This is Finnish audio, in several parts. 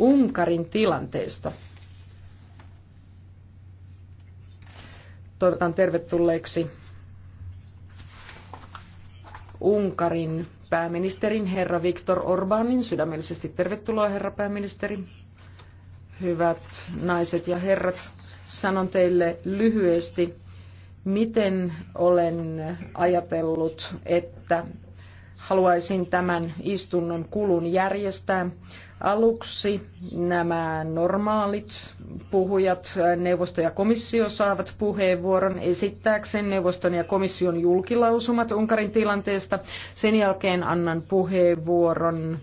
Unkarin tilanteesta. Toivotan tervetulleeksi Unkarin pääministerin herra Viktor Orbanin. Sydämellisesti tervetuloa herra pääministeri. Hyvät naiset ja herrat, sanon teille lyhyesti, miten olen ajatellut, että haluaisin tämän istunnon kulun järjestää. Aluksi nämä normaalit puhujat, neuvosto ja komissio saavat puheenvuoron esittääkseen neuvoston ja komission julkilausumat Unkarin tilanteesta. Sen jälkeen annan puheenvuoron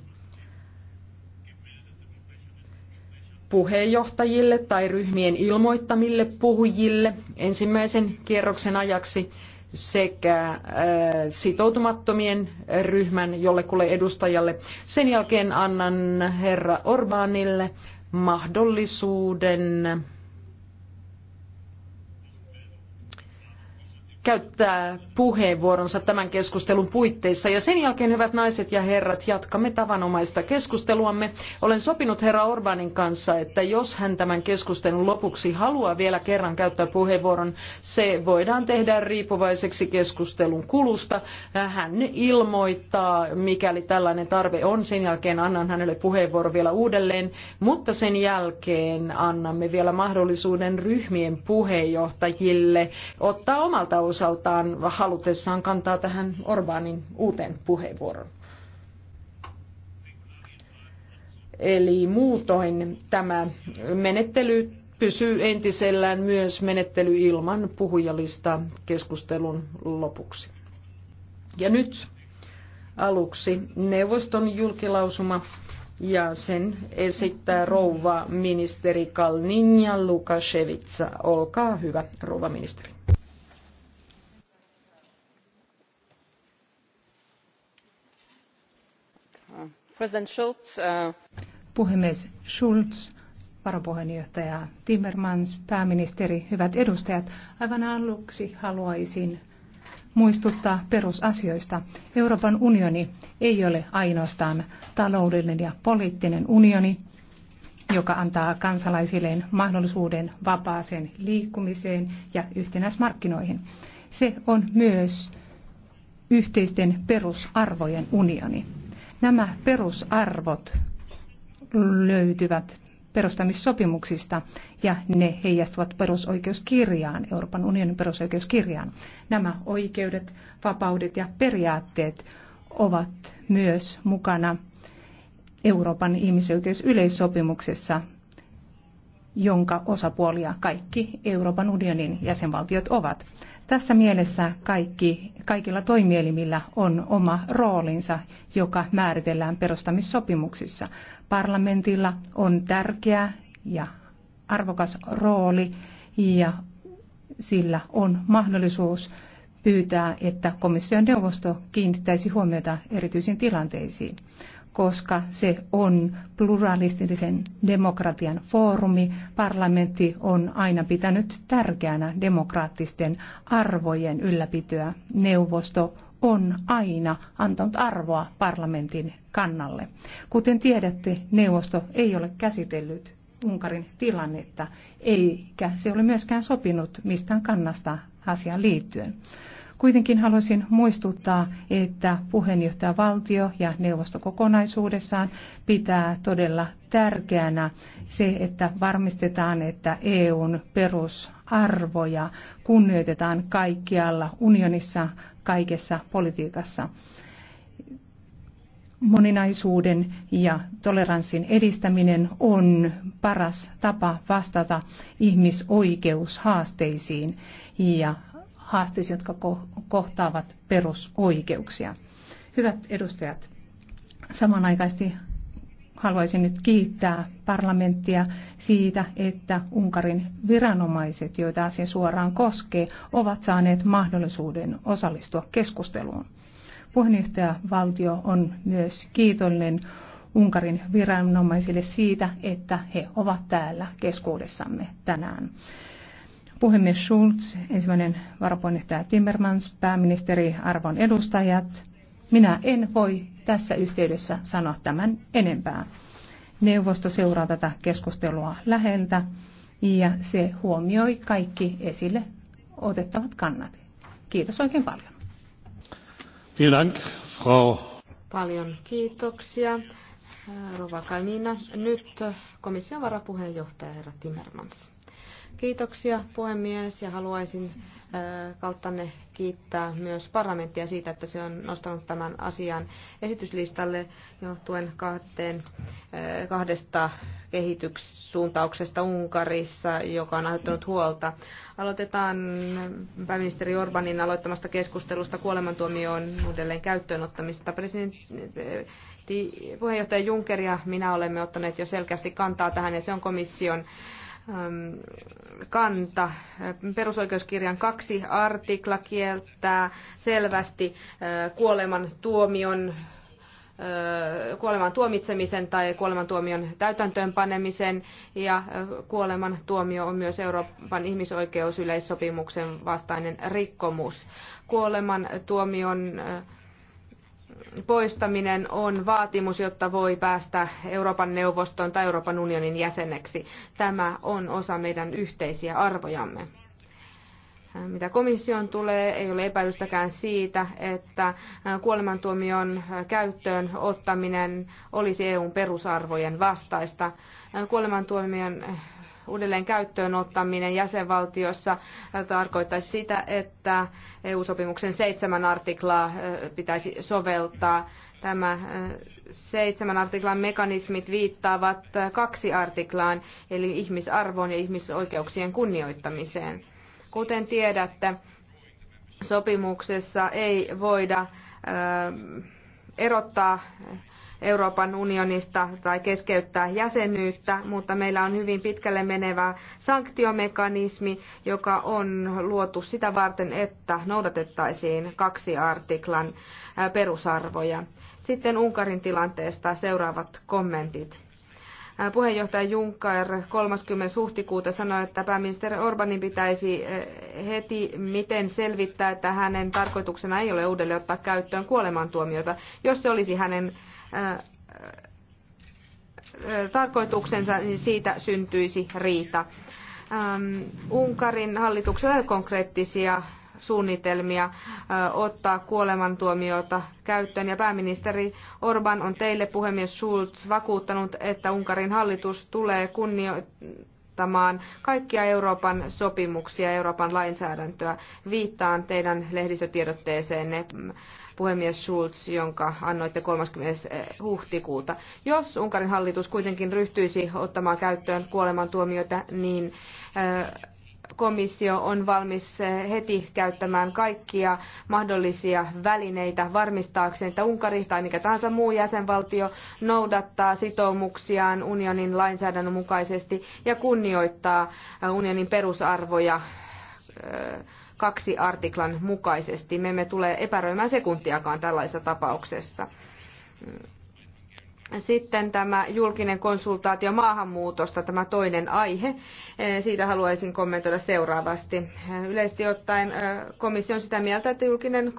puheenjohtajille tai ryhmien ilmoittamille puhujille ensimmäisen kierroksen ajaksi sekä äh, sitoutumattomien ryhmän jollekulle edustajalle. Sen jälkeen annan herra Orbanille mahdollisuuden käyttää puheenvuoronsa tämän keskustelun puitteissa. Ja sen jälkeen, hyvät naiset ja herrat, jatkamme tavanomaista keskusteluamme. Olen sopinut herra Orbanin kanssa, että jos hän tämän keskustelun lopuksi haluaa vielä kerran käyttää puheenvuoron, se voidaan tehdä riippuvaiseksi keskustelun kulusta. Hän ilmoittaa, mikäli tällainen tarve on. Sen jälkeen annan hänelle puheenvuoro vielä uudelleen, mutta sen jälkeen annamme vielä mahdollisuuden ryhmien puheenjohtajille ottaa omalta osaltaan halutessaan kantaa tähän Orbanin uuteen puheenvuoroon. Eli muutoin tämä menettely pysyy entisellään myös menettely ilman puhujalista keskustelun lopuksi. Ja nyt aluksi neuvoston julkilausuma ja sen esittää rouva ministeri Kalninja Lukashevitsa. Olkaa hyvä, rouva ministeri. Uh, Puhemies Schulz, varapuheenjohtaja Timmermans, pääministeri, hyvät edustajat. Aivan aluksi haluaisin muistuttaa perusasioista. Euroopan unioni ei ole ainoastaan taloudellinen ja poliittinen unioni, joka antaa kansalaisilleen mahdollisuuden vapaaseen liikkumiseen ja yhtenäismarkkinoihin. Se on myös yhteisten perusarvojen unioni. Nämä perusarvot löytyvät perustamissopimuksista ja ne heijastuvat perusoikeuskirjaan, Euroopan unionin perusoikeuskirjaan. Nämä oikeudet, vapaudet ja periaatteet ovat myös mukana Euroopan ihmisoikeusyleissopimuksessa, jonka osapuolia kaikki Euroopan unionin jäsenvaltiot ovat. Tässä mielessä kaikki, kaikilla toimielimillä on oma roolinsa, joka määritellään perustamissopimuksissa. Parlamentilla on tärkeä ja arvokas rooli ja sillä on mahdollisuus pyytää, että komission neuvosto kiinnittäisi huomiota erityisiin tilanteisiin koska se on pluralistisen demokratian foorumi. Parlamentti on aina pitänyt tärkeänä demokraattisten arvojen ylläpitoa. Neuvosto on aina antanut arvoa parlamentin kannalle. Kuten tiedätte, neuvosto ei ole käsitellyt Unkarin tilannetta, eikä se ole myöskään sopinut mistään kannasta asiaan liittyen. Kuitenkin haluaisin muistuttaa, että puheenjohtajavaltio ja neuvosto kokonaisuudessaan pitää todella tärkeänä se, että varmistetaan, että EUn perusarvoja kunnioitetaan kaikkialla unionissa, kaikessa politiikassa moninaisuuden ja toleranssin edistäminen on paras tapa vastata ihmisoikeushaasteisiin ja haasteisiin, jotka kohtaavat perusoikeuksia. Hyvät edustajat, samanaikaisesti haluaisin nyt kiittää parlamenttia siitä, että Unkarin viranomaiset, joita asia suoraan koskee, ovat saaneet mahdollisuuden osallistua keskusteluun. Puheenjohtaja valtio on myös kiitollinen Unkarin viranomaisille siitä, että he ovat täällä keskuudessamme tänään. Puhemies Schulz, ensimmäinen varapuheenjohtaja Timmermans, pääministeri, arvon edustajat. Minä en voi tässä yhteydessä sanoa tämän enempää. Neuvosto seuraa tätä keskustelua läheltä ja se huomioi kaikki esille otettavat kannat. Kiitos oikein paljon. Vielen Dank, Frau. Paljon kiitoksia. Rova Kalina. nyt komission varapuheenjohtaja herra Timmermans. Kiitoksia puhemies ja haluaisin kauttanne kiittää myös parlamenttia siitä, että se on nostanut tämän asian esityslistalle johtuen kahteen, kahdesta kehityssuuntauksesta Unkarissa, joka on aiheuttanut huolta. Aloitetaan pääministeri Orbanin aloittamasta keskustelusta kuolemantuomioon uudelleen käyttöönottamista. Presidentti puheenjohtaja Juncker ja minä olemme ottaneet jo selkeästi kantaa tähän ja se on komission Ähm, kanta. Perusoikeuskirjan kaksi artikla kieltää selvästi äh, kuoleman tuomion äh, kuoleman tuomitsemisen tai kuoleman tuomion täytäntöönpanemisen ja äh, kuoleman tuomio on myös Euroopan ihmisoikeusyleissopimuksen vastainen rikkomus. Kuoleman tuomion poistaminen on vaatimus, jotta voi päästä Euroopan neuvoston tai Euroopan unionin jäseneksi. Tämä on osa meidän yhteisiä arvojamme. Mitä komission tulee, ei ole epäilystäkään siitä, että kuolemantuomion käyttöön ottaminen olisi EUn perusarvojen vastaista. Kuolemantuomion uudelleen käyttöön ottaminen jäsenvaltiossa tarkoittaisi sitä, että EU-sopimuksen seitsemän artiklaa pitäisi soveltaa. Tämä seitsemän artiklan mekanismit viittaavat kaksi artiklaan, eli ihmisarvoon ja ihmisoikeuksien kunnioittamiseen. Kuten tiedätte, sopimuksessa ei voida erottaa Euroopan unionista tai keskeyttää jäsenyyttä, mutta meillä on hyvin pitkälle menevä sanktiomekanismi, joka on luotu sitä varten, että noudatettaisiin kaksi artiklan perusarvoja. Sitten Unkarin tilanteesta seuraavat kommentit puheenjohtaja Juncker 30. huhtikuuta sanoi, että pääministeri Orbanin pitäisi heti miten selvittää, että hänen tarkoituksena ei ole uudelleen ottaa käyttöön kuolemantuomiota. Jos se olisi hänen tarkoituksensa, niin siitä syntyisi riita. Unkarin hallituksella ei ole konkreettisia suunnitelmia ottaa kuolemantuomiota käyttöön. Ja pääministeri Orban on teille, puhemies Schulz, vakuuttanut, että Unkarin hallitus tulee kunnioittamaan noudattamaan kaikkia Euroopan sopimuksia, Euroopan lainsäädäntöä. Viittaan teidän lehdistötiedotteeseenne puhemies Schulz, jonka annoitte 30. Eh, huhtikuuta. Jos Unkarin hallitus kuitenkin ryhtyisi ottamaan käyttöön kuolemantuomioita, niin eh, komissio on valmis eh, heti käyttämään kaikkia mahdollisia välineitä varmistaakseen, että Unkari tai mikä tahansa muu jäsenvaltio noudattaa sitoumuksiaan unionin lainsäädännön mukaisesti ja kunnioittaa eh, unionin perusarvoja eh, kaksi artiklan mukaisesti. Me emme tule epäröimään sekuntiakaan tällaisessa tapauksessa. Sitten tämä julkinen konsultaatio maahanmuutosta, tämä toinen aihe. E, siitä haluaisin kommentoida seuraavasti. Yleisesti ottaen e, komissio on sitä mieltä, että julkinen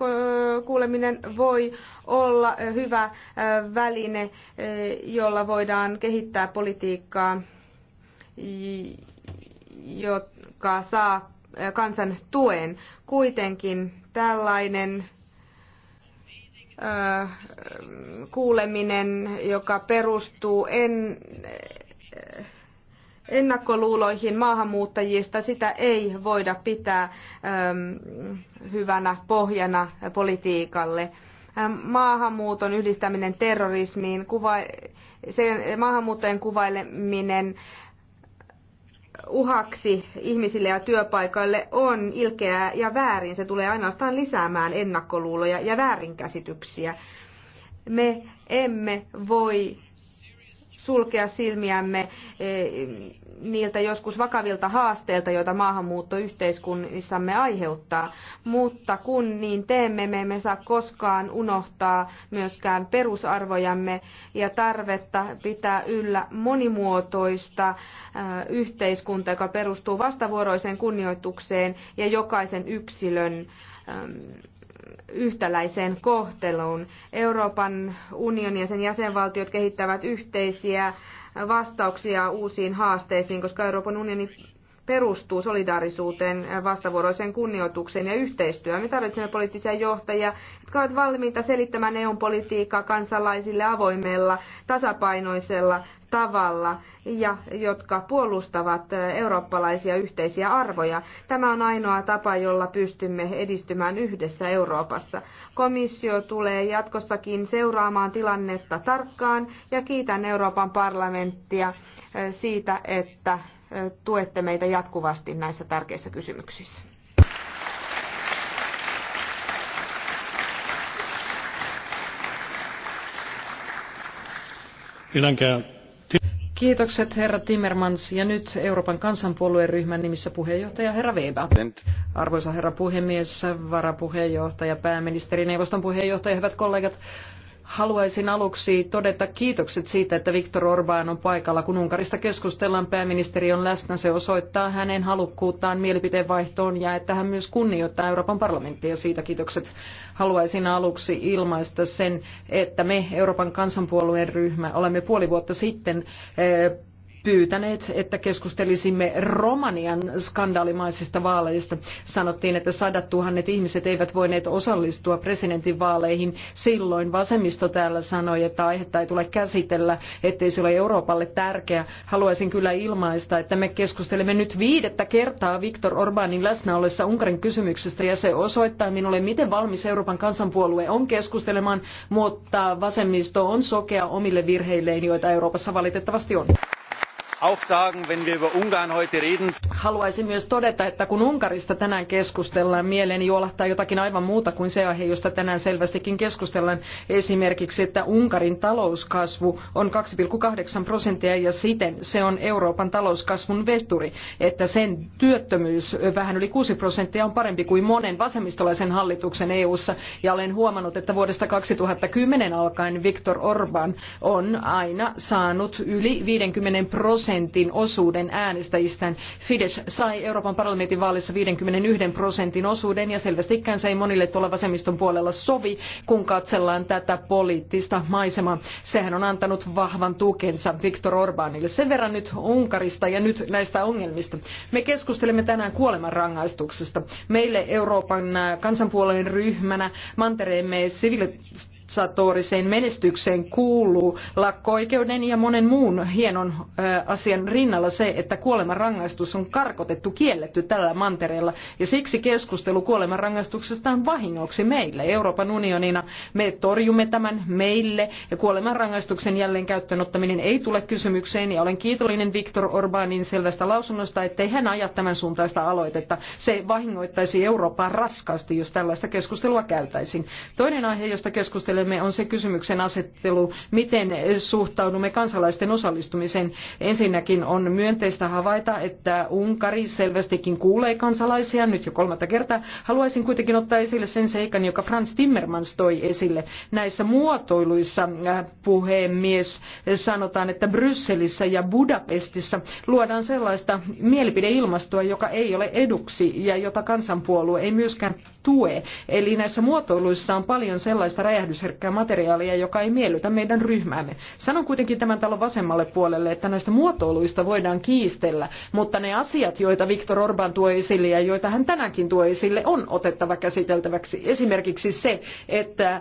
kuuleminen voi olla hyvä e, väline, jolla voidaan kehittää politiikkaa, joka saa kansan tuen. Kuitenkin tällainen Äh, kuuleminen, joka perustuu en, äh, ennakkoluuloihin maahanmuuttajista, sitä ei voida pitää ähm, hyvänä pohjana politiikalle. Ähm, maahanmuuton yhdistäminen terrorismiin, kuva, maahanmuuttajien kuvaileminen uhaksi ihmisille ja työpaikoille on ilkeää ja väärin. Se tulee ainoastaan lisäämään ennakkoluuloja ja väärinkäsityksiä. Me emme voi sulkea silmiämme eh, niiltä joskus vakavilta haasteilta, joita maahanmuutto yhteiskunnissamme aiheuttaa. Mutta kun niin teemme, me emme saa koskaan unohtaa myöskään perusarvojamme ja tarvetta pitää yllä monimuotoista yhteiskuntaa, joka perustuu vastavuoroiseen kunnioitukseen ja jokaisen yksilön yhtäläiseen kohteluun. Euroopan unioni ja sen jäsenvaltiot kehittävät yhteisiä vastauksia uusiin haasteisiin, koska Euroopan unioni perustuu solidaarisuuteen, vastavuoroiseen kunnioitukseen ja yhteistyöhön. Me tarvitsemme poliittisia johtajia, jotka ovat valmiita selittämään eu politiikkaa kansalaisille avoimella, tasapainoisella tavalla ja jotka puolustavat eurooppalaisia yhteisiä arvoja. Tämä on ainoa tapa, jolla pystymme edistymään yhdessä Euroopassa. Komissio tulee jatkossakin seuraamaan tilannetta tarkkaan ja kiitän Euroopan parlamenttia eh, siitä, että eh, tuette meitä jatkuvasti näissä tärkeissä kysymyksissä. herr Kiitokset herra Timmermans ja nyt Euroopan kansanpuolueen ryhmän nimissä puheenjohtaja herra Weber. Arvoisa herra puhemies, varapuheenjohtaja, pääministeri, neuvoston puheenjohtaja, hyvät kollegat. Haluaisin aluksi todeta kiitokset siitä, että Viktor Orbán on paikalla. Kun Unkarista keskustellaan, pääministeri on läsnä. Se osoittaa hänen halukkuuttaan mielipiteenvaihtoon ja että hän myös kunnioittaa Euroopan parlamenttia. Siitä kiitokset. Haluaisin aluksi ilmaista sen, että me Euroopan kansanpuolueen ryhmä olemme puoli vuotta sitten eh, pyytäneet, että keskustelisimme Romanian skandaalimaisista vaaleista. Sanottiin, että sadat tuhannet ihmiset eivät voineet osallistua presidentinvaaleihin. Silloin vasemmisto täällä sanoi, että aihetta ei tule käsitellä, ettei se ole Euroopalle tärkeä. Haluaisin kyllä ilmaista, että me keskustelemme nyt viidettä kertaa Viktor Orbanin läsnä ollessa Unkarin kysymyksestä ja se osoittaa minulle, miten valmis Euroopan kansanpuolue on keskustelemaan, mutta vasemmisto on sokea omille virheilleen, joita Euroopassa valitettavasti on. Haluaisin myös todeta, että kun Unkarista tänään keskustellaan, mieleeni juolahtaa jotakin aivan muuta kuin se aihe, josta tänään selvästikin keskustellaan. Esimerkiksi, että Unkarin talouskasvu on 2,8 prosenttia ja siten se on Euroopan talouskasvun veturi, että sen työttömyys vähän yli 6 prosenttia on parempi kuin monen vasemmistolaisen hallituksen EU-ssa. Ja olen huomannut, että vuodesta 2010 alkaen Viktor Orban on aina saanut yli 50 prosenttia prosentin osuuden äänestäjistään. Fidesz sai Euroopan parlamentin vaaleissa 51 prosentin osuuden ja selvästikään se ei monille tuolla vasemmiston puolella sovi, kun katsellaan tätä poliittista maisemaa. Sehän on antanut vahvan tukensa Viktor Orbanille. Sen verran nyt Unkarista ja nyt näistä ongelmista. Me keskustelemme tänään kuolemanrangaistuksesta. Meille Euroopan äh, kansanpuolueen ryhmänä mantereemme sivilit satoriseen menestykseen kuuluu lakko-oikeuden ja monen muun hienon asian rinnalla se, että kuolemanrangaistus on karkotettu, kielletty tällä mantereella. Ja siksi keskustelu kuolemanrangaistuksesta on vahingoksi meille. Euroopan unionina me torjumme tämän meille ja kuolemanrangaistuksen jälleen käyttöönottaminen ei tule kysymykseen. Ja olen kiitollinen Viktor Orbanin selvästä lausunnosta, ettei hän aja tämän suuntaista aloitetta. Se vahingoittaisi Eurooppaa raskaasti, jos tällaista keskustelua käytäisiin. Toinen aihe, josta keskustelemme, käsittelemme, on se kysymyksen asettelu, miten suhtaudumme kansalaisten osallistumiseen. Ensinnäkin on myönteistä havaita, että Unkari selvästikin kuulee kansalaisia nyt jo kolmatta kertaa. Haluaisin kuitenkin ottaa esille sen seikan, joka Franz Timmermans toi esille. Näissä muotoiluissa äh, puhemies sanotaan, että Brysselissä ja Budapestissa luodaan sellaista mielipideilmastoa, joka ei ole eduksi ja jota kansanpuolue ei myöskään tue. Eli näissä muotoiluissa on paljon sellaista räjähdys herkkää materiaalia, joka ei miellytä meidän ryhmäämme. Sanon kuitenkin tämän talon vasemmalle puolelle, että näistä muotoiluista voidaan kiistellä, mutta ne asiat, joita Viktor Orban tuo esille ja joita hän tänäänkin tuo esille, on otettava käsiteltäväksi. Esimerkiksi se, että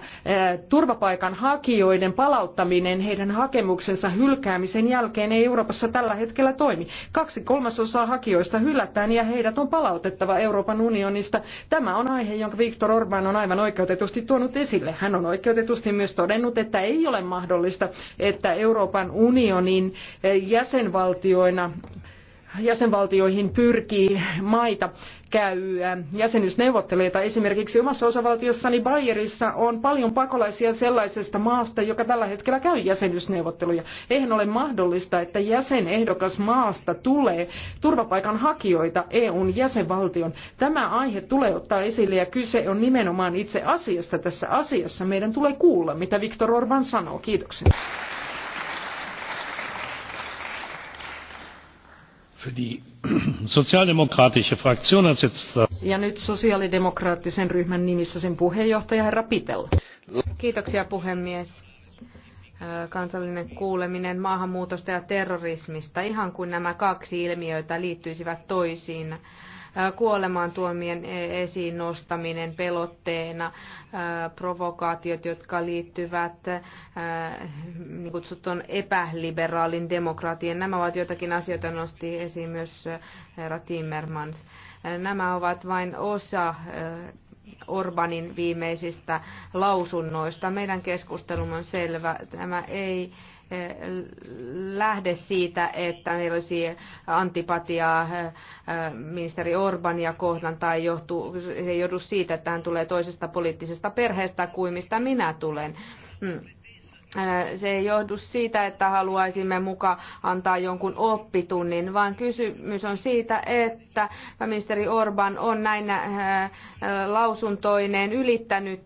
turvapaikan hakijoiden palauttaminen heidän hakemuksensa hylkäämisen jälkeen ei Euroopassa tällä hetkellä toimi. Kaksi kolmasosaa hakijoista hylätään ja heidät on palautettava Euroopan unionista. Tämä on aihe, jonka Viktor Orban on aivan oikeutetusti tuonut esille. Hän on oikeutettu oikeutetusti myös todennut, että ei ole mahdollista, että Euroopan unionin jäsenvaltioina jäsenvaltioihin pyrkii maita, käy ähm, jäsenyysneuvotteluita. Esimerkiksi omassa osavaltiossani Bayerissa on paljon pakolaisia sellaisesta maasta, joka tällä hetkellä käy jäsenyysneuvotteluja. Eihän ole mahdollista, että jäsenehdokas maasta tulee turvapaikanhakijoita EUn jäsenvaltion. Tämä aihe tulee ottaa esille ja kyse on nimenomaan itse asiasta tässä asiassa. Meidän tulee kuulla, mitä Viktor Orban sanoo. Kiitoksia. Für die äh, Ja nyt sosiaalidemokraattisen ryhmän nimissä sen puheenjohtaja herra Pitel. Kiitoksia puhemies äh, kansallinen kuuleminen maahanmuutosta ja terrorismista, ihan kuin nämä kaksi ilmiötä liittyisivät toisiin kuolemaantuomien e- esiin nostaminen pelotteena, provokaatiot, jotka liittyvät niin kutsutun epäliberaalin demokratian. Nämä ovat joitakin asioita, nosti esiin myös herra Timmermans. Nämä ovat vain osa Orbanin viimeisistä lausunnoista. Meidän keskustelumme on selvä. Tämä ei lähde siitä, että meillä olisi antipatiaa äh, ministeri Orbania kohtaan tai johtuu, se ei joudu siitä, että hän tulee toisesta poliittisesta perheestä kuin mistä minä tulen. Mm se ei johdu siitä, että haluaisimme muka antaa jonkun oppitunnin, vaan kysymys on siitä, että pääministeri Orban on näinä lausuntoineen ylittänyt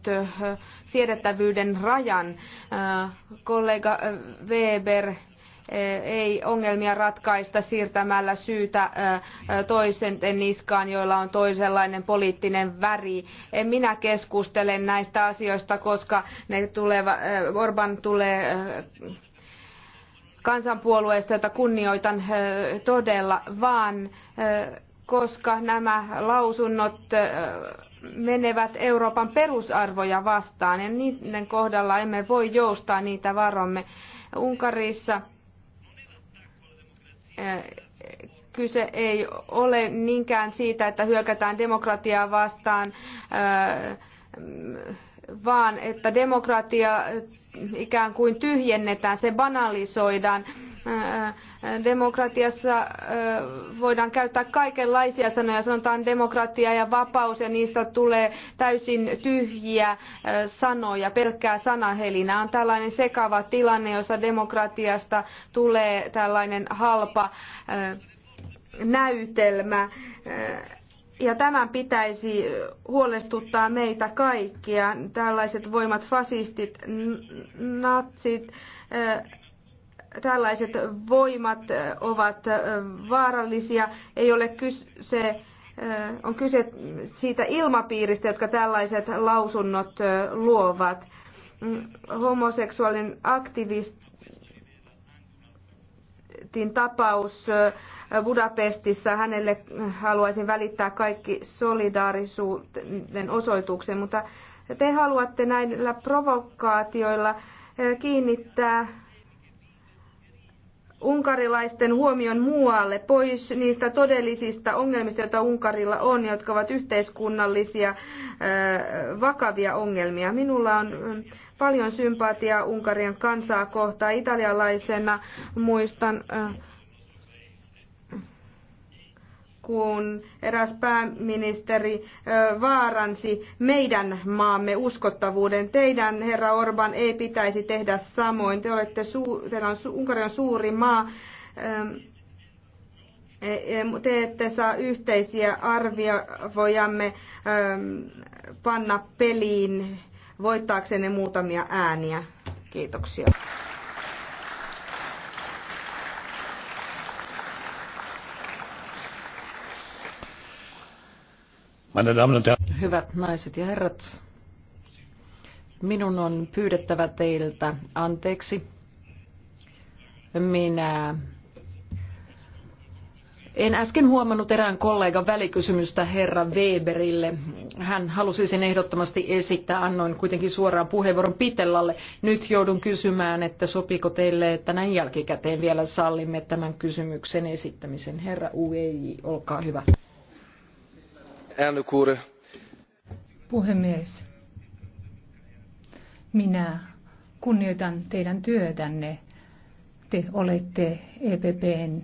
siedettävyyden rajan. Kollega Weber ei ongelmia ratkaista siirtämällä syytä toisen niskaan, joilla on toisenlainen poliittinen väri. En minä keskustele näistä asioista, koska ne tuleva, Orban tulee kansanpuolueesta, jota kunnioitan todella, vaan koska nämä lausunnot menevät Euroopan perusarvoja vastaan ja niiden kohdalla emme voi joustaa niitä varomme. Unkarissa kyse ei ole niinkään siitä, että hyökätään demokratiaa vastaan, vaan että demokratia ikään kuin tyhjennetään, se banalisoidaan Demokratiassa voidaan käyttää kaikenlaisia sanoja, sanotaan demokratia ja vapaus ja niistä tulee täysin tyhjiä sanoja, pelkkää sanahelinää. On tällainen sekava tilanne, jossa demokratiasta tulee tällainen halpa näytelmä ja tämän pitäisi huolestuttaa meitä kaikkia. Tällaiset voimat, fasistit, natsit, tällaiset voimat ovat vaarallisia. Ei ole kyse, on kyse siitä ilmapiiristä, jotka tällaiset lausunnot luovat. Mm, Homoseksuaalinen aktivistin tapaus Budapestissa, hänelle haluaisin välittää kaikki solidaarisuuden osoituksen, mutta te haluatte näillä provokaatioilla kiinnittää unkarilaisten huomion muualle, pois niistä todellisista ongelmista, joita Unkarilla on, jotka ovat yhteiskunnallisia vakavia ongelmia. Minulla on paljon sympatiaa Unkarin kansaa kohtaan. Italialaisena muistan kun eräs pääministeri vaaransi meidän maamme uskottavuuden. Teidän, herra Orban, ei pitäisi tehdä samoin. Te olette suu, teillä on, Unkari on suuri maa. E, e, te ette saa yhteisiä arvojamme panna peliin voittaaksenne muutamia ääniä. Kiitoksia. Hyvät naiset ja herrat, minun on pyydettävä teiltä anteeksi. Minä en äsken huomannut erään kollegan välikysymystä herra Weberille. Hän halusi sen ehdottomasti esittää, annoin kuitenkin suoraan puheenvuoron Pitellalle. Nyt joudun kysymään, että sopiiko teille, että näin jälkikäteen vielä sallimme tämän kysymyksen esittämisen. Herra Uei, olkaa hyvä. Puhemies, minä kunnioitan teidän työtänne. Te olette EPPn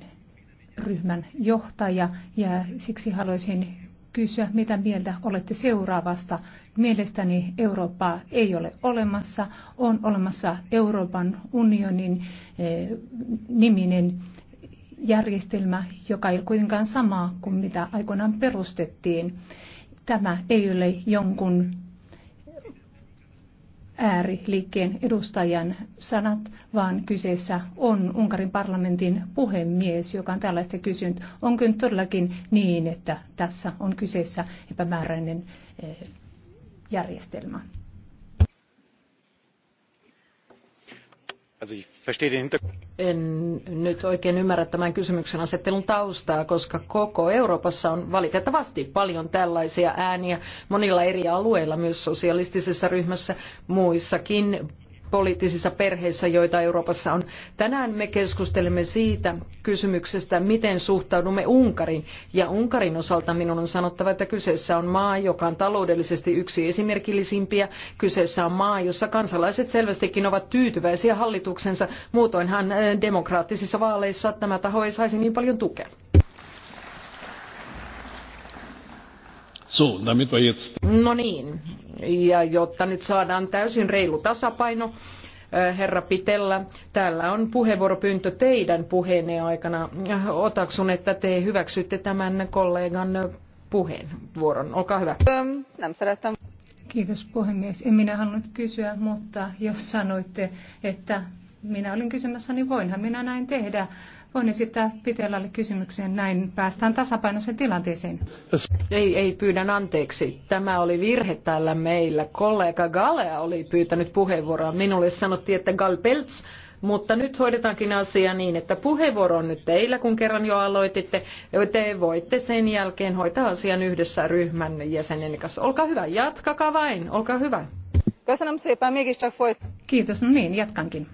ryhmän johtaja ja siksi haluaisin kysyä, mitä mieltä olette seuraavasta. Mielestäni Eurooppaa ei ole olemassa. On olemassa Euroopan unionin eh, niminen järjestelmä, joka ei ole kuitenkaan sama kuin mitä aikoinaan perustettiin. Tämä ei ole jonkun ääriliikkeen edustajan sanat, vaan kyseessä on Unkarin parlamentin puhemies, joka on tällaista kysynyt. Onko nyt todellakin niin, että tässä on kyseessä epämääräinen eh, järjestelmä? En nyt oikein ymmärrä tämän kysymyksen asettelun taustaa, koska koko Euroopassa on valitettavasti paljon tällaisia ääniä monilla eri alueilla, myös sosialistisessa ryhmässä, muissakin poliittisissa perheissä, joita Euroopassa on. Tänään me keskustelemme siitä kysymyksestä, miten suhtaudumme Unkariin. Ja Unkarin osalta minun on sanottava, että kyseessä on maa, joka on taloudellisesti yksi esimerkillisimpiä. Kyseessä on maa, jossa kansalaiset selvästikin ovat tyytyväisiä hallituksensa. Muutoinhan eh, demokraattisissa vaaleissa tämä taho ei saisi niin paljon tukea. So, damit jetzt... No niin, ja jotta nyt saadaan täysin reilu tasapaino, eh, herra Pitellä. Täällä on puheenvuoropyyntö teidän puheenne aikana. Eh, otaksun, että te hyväksytte tämän kollegan puheenvuoron. Olkaa hyvä. Kiitos puhemies. En minä halunnut kysyä, mutta jos sanoitte, että minä olin kysymässä, niin voinhan minä näin tehdä. Voin esittää Pitelalle kysymyksen, näin päästään tasapainoisen tilanteeseen. Ei, ei, pyydän anteeksi. Tämä oli virhe täällä meillä. Kollega Galea oli pyytänyt puheenvuoroa. Minulle sanottiin, että Gal Peltz mutta nyt hoidetaankin asia niin, että puheenvuoro on nyt teillä, kun kerran jo aloititte. Te voitte sen jälkeen hoitaa asian yhdessä ryhmän jäsenen kanssa. Olkaa hyvä, jatkakaa vain, olkaa hyvä. Kiitos, no niin, jatkankin.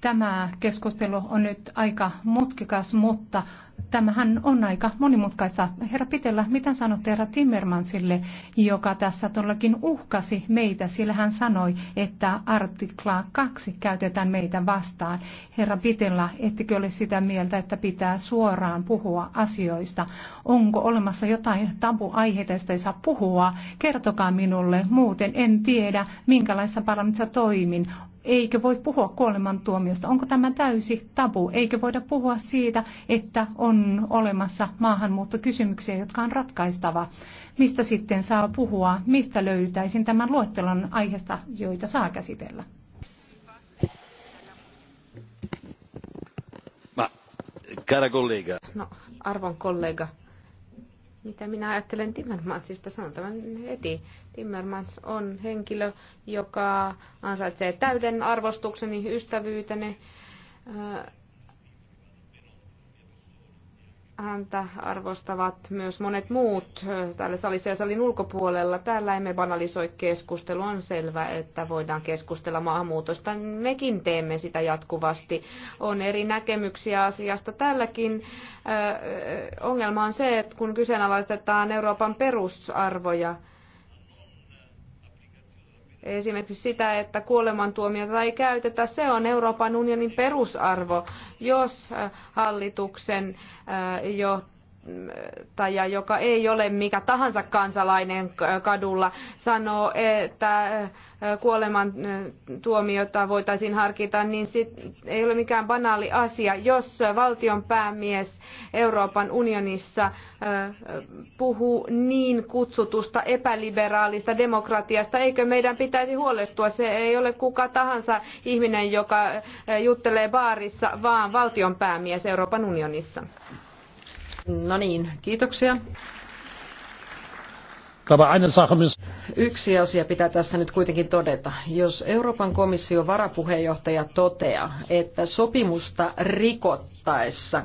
Tämä keskustelu on nyt aika mutkikas, mutta tämähän on aika monimutkaista. Herra Pitellä, mitä sanotte herra Timmermansille, joka tässä todellakin uhkasi meitä, sillä hän sanoi, että artikla 2 käytetään meitä vastaan. Herra Pitellä, ettekö ole sitä mieltä, että pitää suoraan puhua asioista? Onko olemassa jotain tabuaiheita, joista ei saa puhua? Kertokaa minulle, muuten en tiedä, minkälaisessa parlamentissa toimin. Eikö voi puhua kuolemantuomiosta? Onko tämä täysi tabu? Eikö voida puhua siitä, että on olemassa maahanmuuttokysymyksiä, jotka on ratkaistava? Mistä sitten saa puhua? Mistä löytäisin tämän luettelon aiheesta, joita saa käsitellä? Cara collega. No, arvon kollega, mitä minä ajattelen Timmermansista, sanon tämän heti. Timmermans on henkilö, joka ansaitsee täyden arvostukseni, ystävyyteni häntä arvostavat myös monet muut täällä salissa ja salin ulkopuolella. Täällä emme banalisoi keskustelua. On selvä, että voidaan keskustella maahanmuutosta. Mekin teemme sitä jatkuvasti. On eri näkemyksiä asiasta. Tälläkin ongelma on se, että kun kyseenalaistetaan Euroopan perusarvoja, esimerkiksi sitä, että kuolemantuomiota ei käytetä, se on Euroopan unionin perusarvo. Jos äh, hallituksen äh, jo tai joka ei ole mikä tahansa kansalainen kadulla, sanoo, että äh, kuoleman äh, tuomiota voitaisiin harkita, niin sit ei ole mikään banaali asia. Jos valtion päämies Euroopan unionissa äh, puhuu niin kutsutusta epäliberaalista demokratiasta, eikö meidän pitäisi huolestua? Se ei ole kuka tahansa ihminen, joka juttelee baarissa, vaan valtion päämies Euroopan unionissa. No niin, kiitoksia. Yksi asia pitää tässä nyt kuitenkin todeta. Jos Euroopan komission varapuheenjohtaja toteaa, että sopimusta rikottaessa,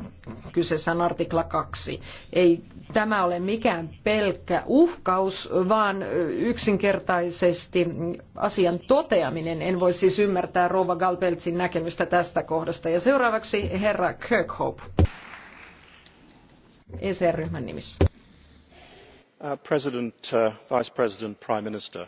kyseessä on artikla 2, ei tämä ole mikään pelkkä uhkaus, vaan yksinkertaisesti asian toteaminen. En voi siis ymmärtää Rova Galpeltsin näkemystä tästä kohdasta. Ja seuraavaksi herra Kirkhope. ECR-ryhmän nimissä. Uh, uh,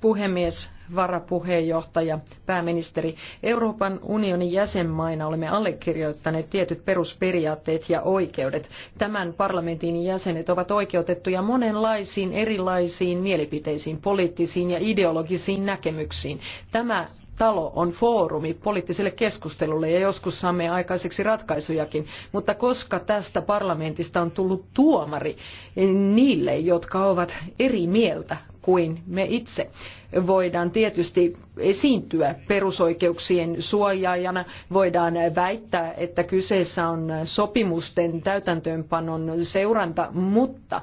Puhemies, varapuheenjohtaja, pääministeri, Euroopan unionin jäsenmaina olemme allekirjoittaneet tietyt perusperiaatteet ja oikeudet. Tämän parlamentin jäsenet ovat oikeutettuja monenlaisiin erilaisiin mielipiteisiin, poliittisiin ja ideologisiin näkemyksiin. Tämä talo on foorumi poliittiselle keskustelulle ja joskus saamme aikaiseksi ratkaisujakin, mutta koska tästä parlamentista on tullut tuomari niin niille, jotka ovat eri mieltä kuin me itse. Voidaan tietysti esiintyä perusoikeuksien suojaajana, voidaan väittää, että kyseessä on sopimusten täytäntöönpanon seuranta, mutta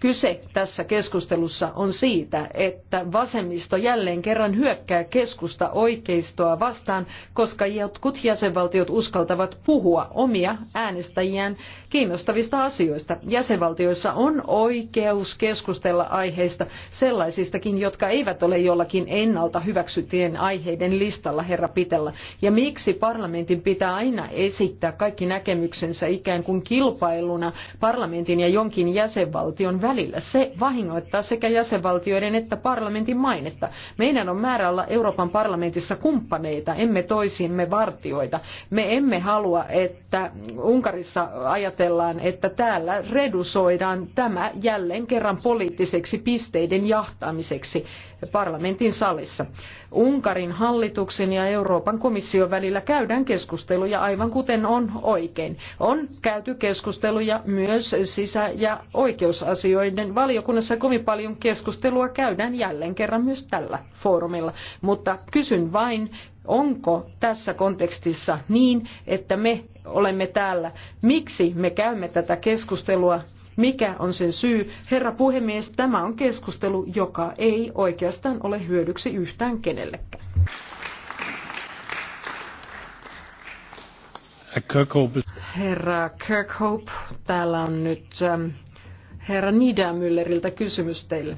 Kyse tässä keskustelussa on siitä, että vasemmisto jälleen kerran hyökkää keskusta oikeistoa vastaan, koska jotkut jäsenvaltiot uskaltavat puhua omia äänestäjiään kiinnostavista asioista. Jäsenvaltioissa on oikeus keskustella aiheista sellaisistakin, jotka eivät ole jollakin ennalta hyväksyttyjen aiheiden listalla, herra Pitellä. Ja miksi parlamentin pitää aina esittää kaikki näkemyksensä ikään kuin kilpailuna parlamentin ja jonkin jäsenvaltion välillä? Se vahingoittaa sekä jäsenvaltioiden että parlamentin mainetta. Meidän on määrä olla Euroopan parlamentissa kumppaneita, emme toisimme vartioita. Me emme halua, että Unkarissa ajat ajatellaan, että täällä redusoidaan tämä jälleen kerran poliittiseksi pisteiden jahtaamiseksi parlamentin salissa. Unkarin hallituksen ja Euroopan komission välillä käydään keskusteluja aivan kuten on oikein. On käyty keskusteluja myös sisä- ja oikeusasioiden valiokunnassa. Kovin paljon keskustelua käydään jälleen kerran myös tällä foorumilla. Mutta kysyn vain, onko tässä kontekstissa niin, että me olemme täällä. Miksi me käymme tätä keskustelua mikä on sen syy? Herra puhemies, tämä on keskustelu, joka ei oikeastaan ole hyödyksi yhtään kenellekään. Herra Kirkhope, täällä on nyt ähm, herra Niedermülleriltä kysymys teille.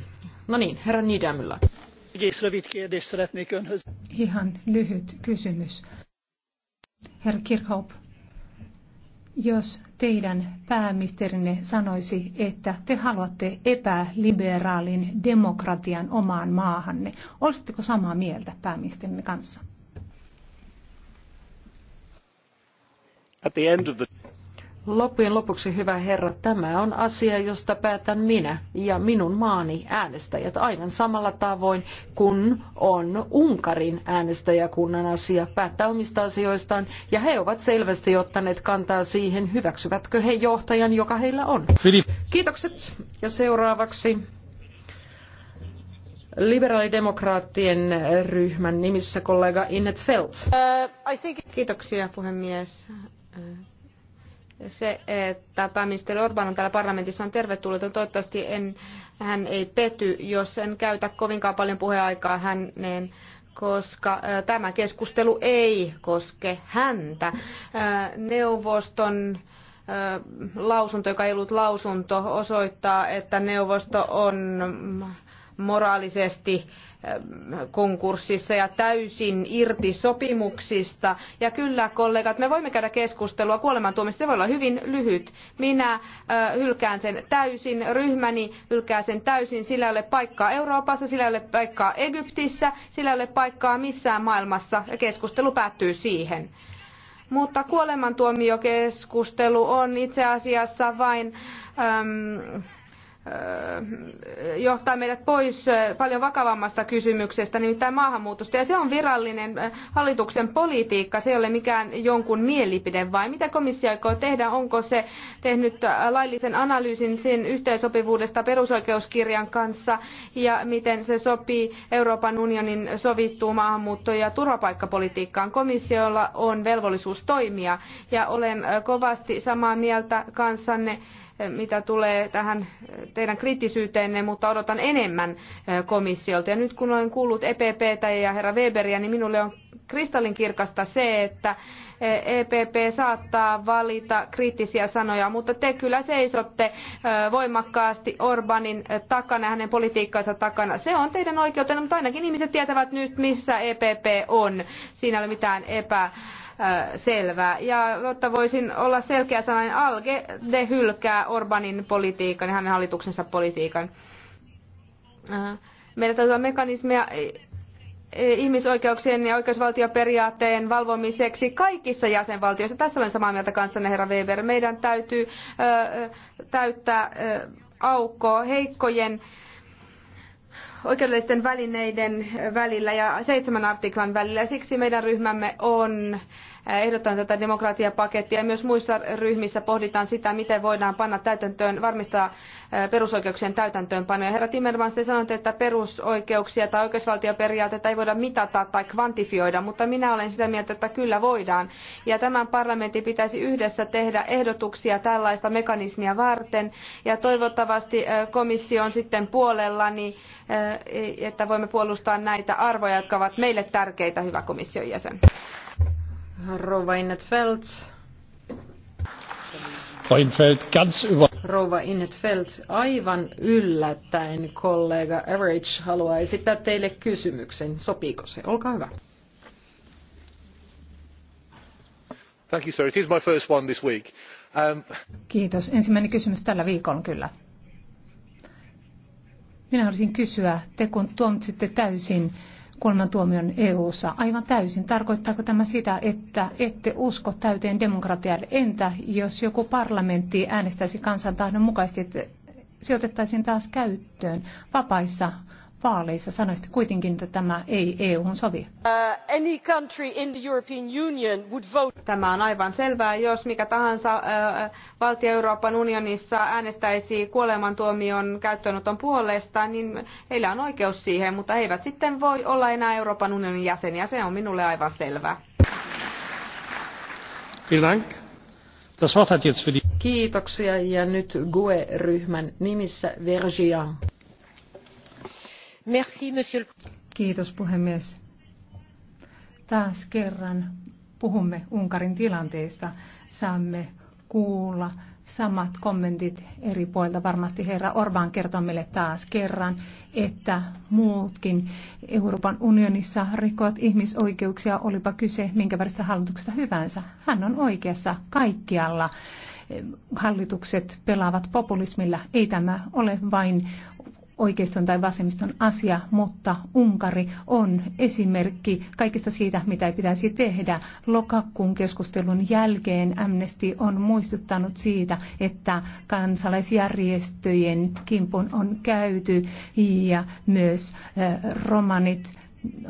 No niin, herra Niedermüller. Ihan lyhyt kysymys. Herra Kirkhope, jos teidän pääministerinne sanoisi, että te haluatte epäliberaalin demokratian omaan maahanne. Olisitteko samaa mieltä pääministerinne kanssa? At the end of the... Loppujen lopuksi, hyvä herra, tämä on asia, josta päätän minä ja minun maani äänestäjät aivan samalla tavoin kuin on Unkarin äänestäjäkunnan asia päättää omista asioistaan ja he ovat selvästi ottaneet kantaa siihen, hyväksyvätkö he johtajan, joka heillä on. Filip. Kiitokset ja seuraavaksi liberaalidemokraattien ryhmän nimissä kollega Innet Felt. Uh, Kiitoksia puhemies se, että pääministeri Orban on täällä parlamentissa on tervetullut. Toivottavasti en, hän ei pety, jos en käytä kovinkaan paljon puheaikaa hänen, koska tämä keskustelu ei koske häntä. Neuvoston lausunto, joka ei ollut lausunto, osoittaa, että neuvosto on moraalisesti konkurssissa ja täysin irti sopimuksista. Ja kyllä, kollegat, me voimme käydä keskustelua kuolemantuomista. Se voi olla hyvin lyhyt. Minä hylkään sen täysin, ryhmäni hylkää sen täysin. Sillä ei ole paikkaa Euroopassa, sillä ei ole paikkaa Egyptissä, sillä ei ole paikkaa missään maailmassa. Ja keskustelu päättyy siihen. Mutta kuolemantuomiokeskustelu on itse asiassa vain... Äm, johtaa meidät pois paljon vakavammasta kysymyksestä, nimittäin maahanmuutosta. Ja se on virallinen hallituksen politiikka, se ei ole mikään jonkun mielipide, vai mitä komissio aikoo tehdä? Onko se tehnyt laillisen analyysin sen yhteensopivuudesta perusoikeuskirjan kanssa ja miten se sopii Euroopan unionin sovittuun maahanmuutto- ja turvapaikkapolitiikkaan? Komissiolla on velvollisuus toimia ja olen kovasti samaa mieltä kanssanne Eh, mitä tulee tähän eh, teidän kriittisyyteenne, mutta odotan enemmän eh, komissiolta. Ja nyt kun olen kuullut EPPtä ja herra Weberiä, niin minulle on kristallinkirkasta se, että EPP e saattaa valita kriittisiä sanoja, mutta te kyllä seisotte voimakkaasti Orbanin takana ja hänen politiikkansa takana. Se on teidän oikeutenne, mutta ainakin ihmiset tietävät nyt, missä EPP on. Siinä ei ole mitään epää selvää. Ja jotta voisin olla selkeä sanainen, Alge de hylkää Orbanin politiikan ja hänen hallituksensa politiikan. Meillä täytyy olla mekanismeja e, e, ihmisoikeuksien ja oikeusvaltioperiaatteen valvomiseksi kaikissa jäsenvaltioissa. Tässä olen samaa mieltä kanssanne, herra Weber. Meidän täytyy täyttää aukko heikkojen oikeudellisten välineiden välillä ja seitsemän artiklan välillä. Siksi meidän ryhmämme on Äh, ehdotan tätä demokratiapakettia. Myös muissa ryhmissä pohditaan sitä, miten voidaan panna täytäntöön, varmistaa äh, perusoikeuksien täytäntöönpano. herra Timmermans, te sanoitte, että perusoikeuksia tai oikeusvaltioperiaatetta ei voida mitata tai kvantifioida, mutta minä olen sitä mieltä, että kyllä voidaan. Ja tämän parlamentin pitäisi yhdessä tehdä ehdotuksia tällaista mekanismia varten. Ja toivottavasti äh, komissio on sitten puolellani, niin, että voimme puolustaa näitä arvoja, jotka ovat meille tärkeitä, hyvä komission jäsen. Rouva Innetfeld. Rouva Innetfeld, aivan yllättäen kollega Average haluaa esittää teille kysymyksen. Sopiiko se? Olkaa hyvä. Thank you, sir. It is my first one this week. Um... Kiitos. Ensimmäinen kysymys tällä viikolla kyllä. Minä haluaisin kysyä, te kun tuomitsitte täysin kuolemantuomion EU-ssa aivan täysin. Tarkoittaako tämä sitä, että ette usko täyteen demokratiaan, Entä jos joku parlamentti äänestäisi kansantahdon mukaisesti, että se otettaisiin taas käyttöön vapaissa vaaleissa. Sanoisitte kuitenkin, että tämä ei EU:hun sovi. Uh, tämä on aivan selvää. Jos mikä tahansa uh, valtio Euroopan unionissa äänestäisi kuolemantuomion käyttöönoton puolesta, niin heillä on oikeus siihen, mutta he eivät sitten voi olla enää Euroopan unionin jäseniä. Se on minulle aivan selvää. Kiitoksia ja nyt GUE-ryhmän nimissä Vergia. Merci, monsieur... Kiitos puhemies. Taas kerran puhumme Unkarin tilanteesta. Saamme kuulla samat kommentit eri puolilta. Varmasti herra Orban kertoo meille taas kerran, että muutkin Euroopan unionissa rikovat ihmisoikeuksia, olipa kyse minkä väristä hallituksesta hyvänsä. Hän on oikeassa kaikkialla. Hallitukset pelaavat populismilla. Ei tämä ole vain oikeiston tai vasemmiston asia, mutta Unkari on esimerkki kaikista siitä, mitä ei pitäisi tehdä. Lokakuun keskustelun jälkeen Amnesty on muistuttanut siitä, että kansalaisjärjestöjen kimpun on käyty ja myös eh, romanit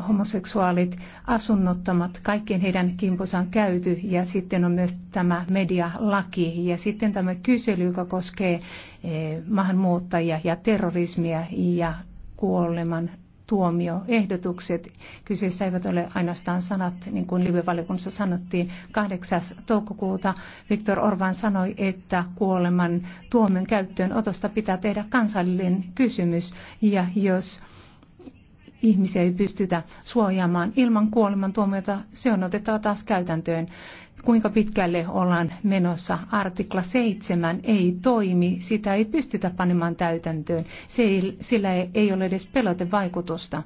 homoseksuaalit, asunnottomat, kaikkien heidän kimpusan on käyty ja sitten on myös tämä medialaki ja sitten tämä kysely, joka koskee eh, maahanmuuttajia ja terrorismia ja kuoleman tuomioehdotukset. Kyseessä eivät ole ainoastaan sanat, niin kuin live sanottiin. 8. toukokuuta Viktor Orban sanoi, että kuoleman tuomion käyttöön otosta pitää tehdä kansallinen kysymys. Ja jos ihmisiä ei pystytä suojaamaan ilman kuolemantuomiota, se on otettava taas käytäntöön. Kuinka pitkälle ollaan menossa? Artikla 7 ei toimi, sitä ei pystytä panemaan täytäntöön, se ei, sillä ei ole edes pelotevaikutusta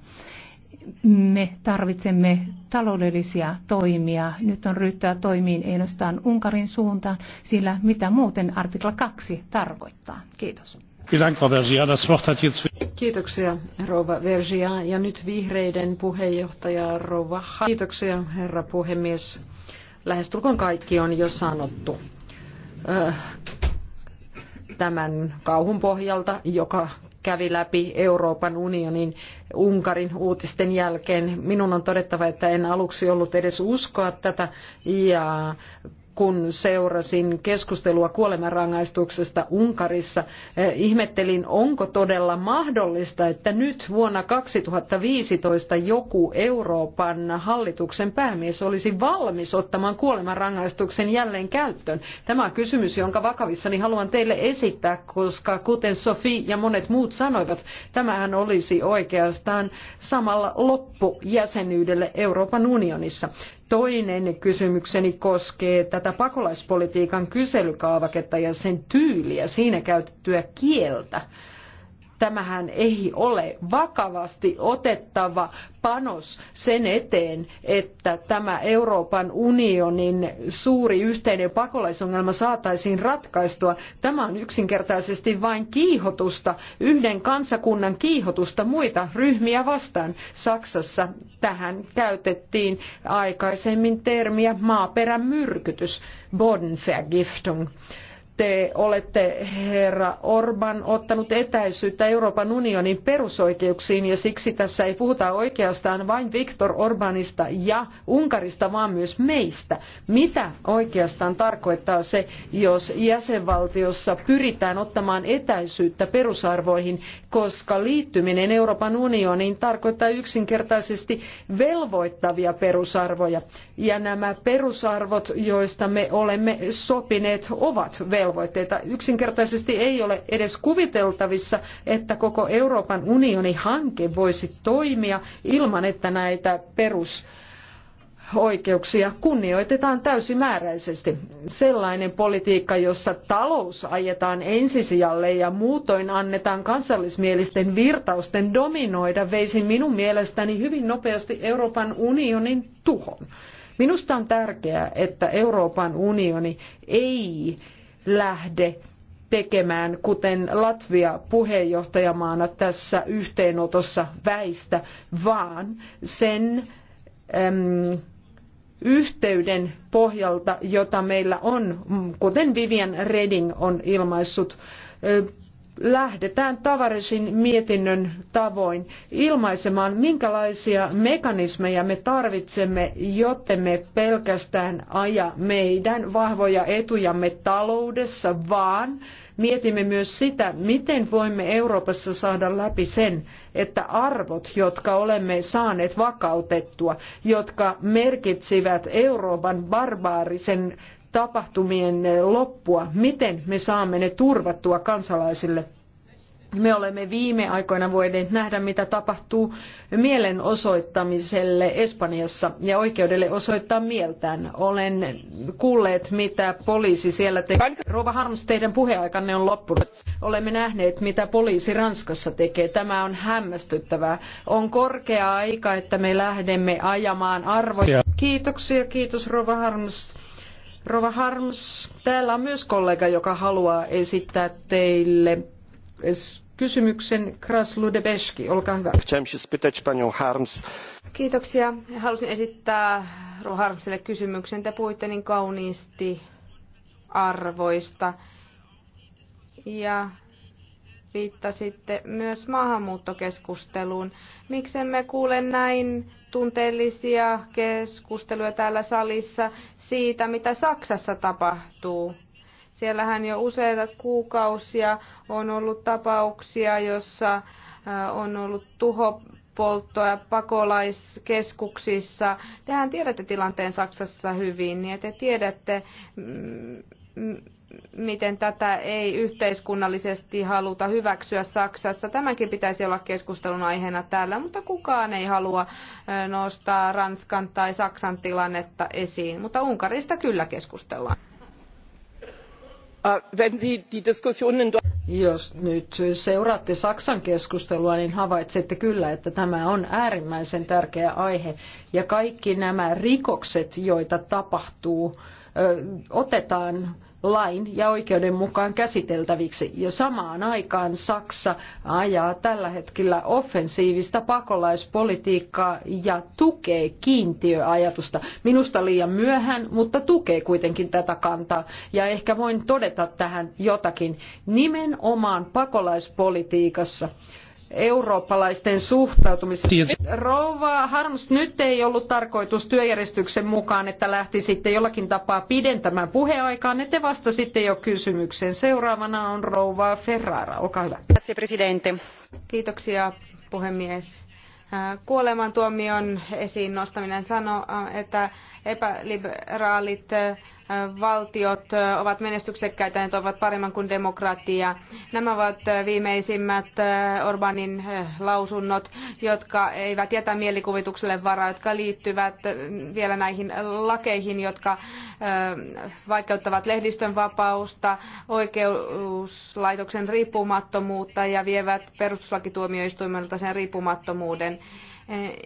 me tarvitsemme taloudellisia toimia. Nyt on ryhtyä toimiin ei ainoastaan Unkarin suuntaan, sillä mitä muuten artikla 2 tarkoittaa. Kiitos. Kiitoksia rouva Vergia ja nyt vihreiden puheenjohtaja rouva ha- Kiitoksia herra puhemies. Lähestulkoon kaikki on jo sanottu. tämän kauhun pohjalta, joka kävi läpi Euroopan unionin Unkarin uutisten jälkeen. Minun on todettava, että en aluksi ollut edes uskoa tätä ja kun seurasin keskustelua kuolemanrangaistuksesta Unkarissa, eh, ihmettelin, onko todella mahdollista, että nyt vuonna 2015 joku Euroopan hallituksen päämies olisi valmis ottamaan kuolemanrangaistuksen jälleen käyttöön. Tämä on kysymys, jonka vakavissani haluan teille esittää, koska kuten Sofi ja monet muut sanoivat, tämähän olisi oikeastaan samalla loppu jäsenyydelle Euroopan unionissa. Toinen kysymykseni koskee tätä pakolaispolitiikan kyselykaavaketta ja sen tyyliä, siinä käytettyä kieltä. Tämähän ei ole vakavasti otettava panos sen eteen, että tämä Euroopan unionin suuri yhteinen pakolaisongelma saataisiin ratkaistua. Tämä on yksinkertaisesti vain kiihotusta, yhden kansakunnan kiihotusta muita ryhmiä vastaan. Saksassa tähän käytettiin aikaisemmin termiä maaperän myrkytys, Bodenvergiftung te olette, herra Orban, ottanut etäisyyttä Euroopan unionin perusoikeuksiin ja siksi tässä ei puhuta oikeastaan vain Viktor Orbanista ja Unkarista, vaan myös meistä. Mitä oikeastaan tarkoittaa se, jos jäsenvaltiossa pyritään ottamaan etäisyyttä perusarvoihin, koska liittyminen Euroopan unioniin tarkoittaa yksinkertaisesti velvoittavia perusarvoja. Ja nämä perusarvot, joista me olemme sopineet, ovat velvoittavia velvoitteita. Yksinkertaisesti ei ole edes kuviteltavissa, että koko Euroopan unionin hanke voisi toimia ilman, että näitä perus oikeuksia kunnioitetaan täysimääräisesti. Sellainen politiikka, jossa talous ajetaan ensisijalle ja muutoin annetaan kansallismielisten virtausten dominoida, veisi minun mielestäni hyvin nopeasti Euroopan unionin tuhon. Minusta on tärkeää, että Euroopan unioni ei lähde tekemään, kuten Latvia puheenjohtajamaana tässä yhteenotossa väistä, vaan sen äm, yhteyden pohjalta, jota meillä on, kuten Vivian Reding on ilmaissut, lähdetään Tavaresin mietinnön tavoin ilmaisemaan, minkälaisia mekanismeja me tarvitsemme, jotta me pelkästään aja meidän vahvoja etujamme taloudessa, vaan mietimme myös sitä, miten voimme Euroopassa saada läpi sen, että arvot, jotka olemme saaneet vakautettua, jotka merkitsivät Euroopan barbaarisen tapahtumien loppua, miten me saamme ne turvattua kansalaisille. Me olemme viime aikoina voineet nähdä, mitä tapahtuu mielenosoittamiselle Espanjassa ja oikeudelle osoittaa mieltään. Olen kuulleet, mitä poliisi siellä tekee. Rova Harms, teidän puheaikanne on loppunut. Olemme nähneet, mitä poliisi Ranskassa tekee. Tämä on hämmästyttävää. On korkea aika, että me lähdemme ajamaan arvoja. Kiitoksia, kiitos Rova Harms. Rova Harms, täällä on myös kollega, joka haluaa esittää teille kysymyksen Krasludebeski. Olkaa hyvä. Harms. Kiitoksia. Halusin esittää Rova Harmsille kysymyksen. Te puhuitte niin kauniisti arvoista ja viittasitte myös maahanmuuttokeskusteluun. Miksemme kuule näin tunteellisia keskusteluja täällä salissa siitä, mitä Saksassa tapahtuu. Siellähän jo useita kuukausia on ollut tapauksia, jossa äh, on ollut tuho polttoa pakolaiskeskuksissa. Tehän tiedätte tilanteen Saksassa hyvin, niin te tiedätte, mm, miten tätä ei yhteiskunnallisesti haluta hyväksyä Saksassa. Tämänkin pitäisi olla keskustelun aiheena täällä, mutta kukaan ei halua nostaa Ranskan tai Saksan tilannetta esiin. Mutta Unkarista kyllä keskustellaan. Jos nyt seuraatte Saksan keskustelua, niin havaitsette kyllä, että tämä on äärimmäisen tärkeä aihe. Ja kaikki nämä rikokset, joita tapahtuu, otetaan lain ja oikeuden mukaan käsiteltäviksi. Ja samaan aikaan Saksa ajaa tällä hetkellä offensiivista pakolaispolitiikkaa ja tukee kiintiöajatusta. Minusta liian myöhään, mutta tukee kuitenkin tätä kantaa. Ja ehkä voin todeta tähän jotakin. Nimenomaan pakolaispolitiikassa eurooppalaisten suhtautumisesta. Rouva Harms, nyt ei ollut tarkoitus työjärjestyksen mukaan, että lähtisitte jollakin tapaa pidentämään puheaikaan, että te vastasitte jo kysymykseen. Seuraavana on rouva Ferrara, olkaa hyvä. Kiitoksia puhemies. Kuolemantuomion esiin nostaminen sanoo, että epäliberaalit äh, valtiot äh, ovat menestyksekkäitä ja toivat paremman kuin demokratia. Nämä ovat äh, viimeisimmät Orbanin lausunnot, jotka eivät jätä mielikuvitukselle varaa, jotka liittyvät vielä näihin lakeihin, jotka vaikeuttavat lehdistön vapausta, oikeuslaitoksen riippumattomuutta ja vievät perustuslakituomioistuimelta sen riippumattomuuden.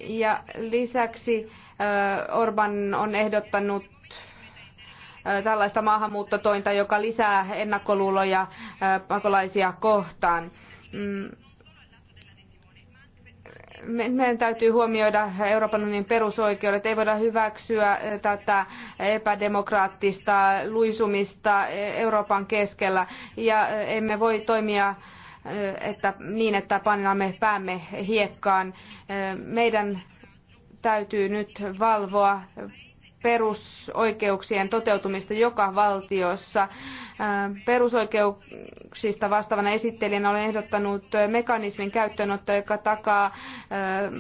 Ja lisäksi Orban on ehdottanut tällaista maahanmuuttotointa, joka lisää ennakkoluuloja pakolaisia kohtaan. Mm. Meidän täytyy huomioida Euroopan unionin perusoikeudet. Ei voida hyväksyä tätä epädemokraattista luisumista Euroopan keskellä ja emme voi toimia että, niin, että panemme päämme hiekkaan. Meidän täytyy nyt valvoa perusoikeuksien toteutumista joka valtiossa. Äh, perusoikeuksista vastaavana esittelijänä olen ehdottanut mekanismin käyttöönottoa, joka takaa äh,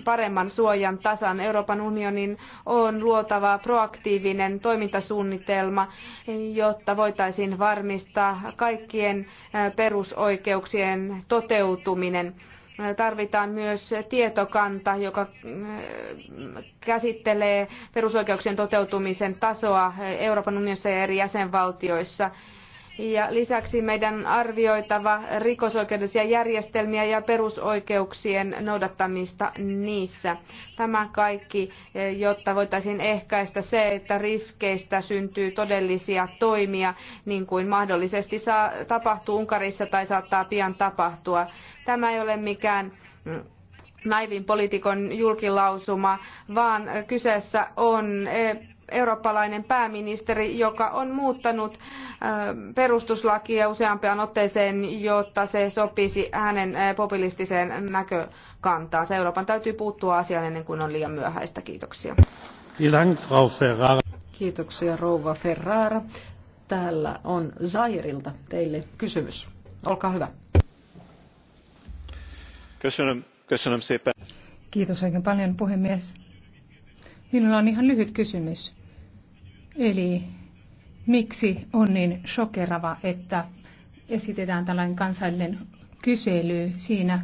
paremman suojan tasan. Euroopan unionin on luotava proaktiivinen toimintasuunnitelma, jotta voitaisiin varmistaa kaikkien äh, perusoikeuksien toteutuminen tarvitaan myös tietokanta, joka äh, käsittelee perusoikeuksien toteutumisen tasoa Euroopan unionissa ja eri jäsenvaltioissa ja lisäksi meidän arvioitava rikosoikeudellisia järjestelmiä ja perusoikeuksien noudattamista niissä. Tämä kaikki, jotta voitaisiin ehkäistä se, että riskeistä syntyy todellisia toimia, niin kuin mahdollisesti saa, tapahtuu Unkarissa tai saattaa pian tapahtua. Tämä ei ole mikään mm, naivin poliitikon julkilausuma, vaan kyseessä on eh, eurooppalainen pääministeri, joka on muuttanut perustuslakia useampaan otteeseen, jotta se sopisi hänen populistiseen näkökantaansa. Euroopan täytyy puuttua asiaan ennen kuin on liian myöhäistä. Kiitoksia. Kiitoksia rouva Ferrara. Täällä on Zairilta teille kysymys. Olkaa hyvä. Kiitos oikein paljon puhemies. Minulla on ihan lyhyt kysymys. Eli miksi on niin shokerava, että esitetään tällainen kansallinen kysely siinä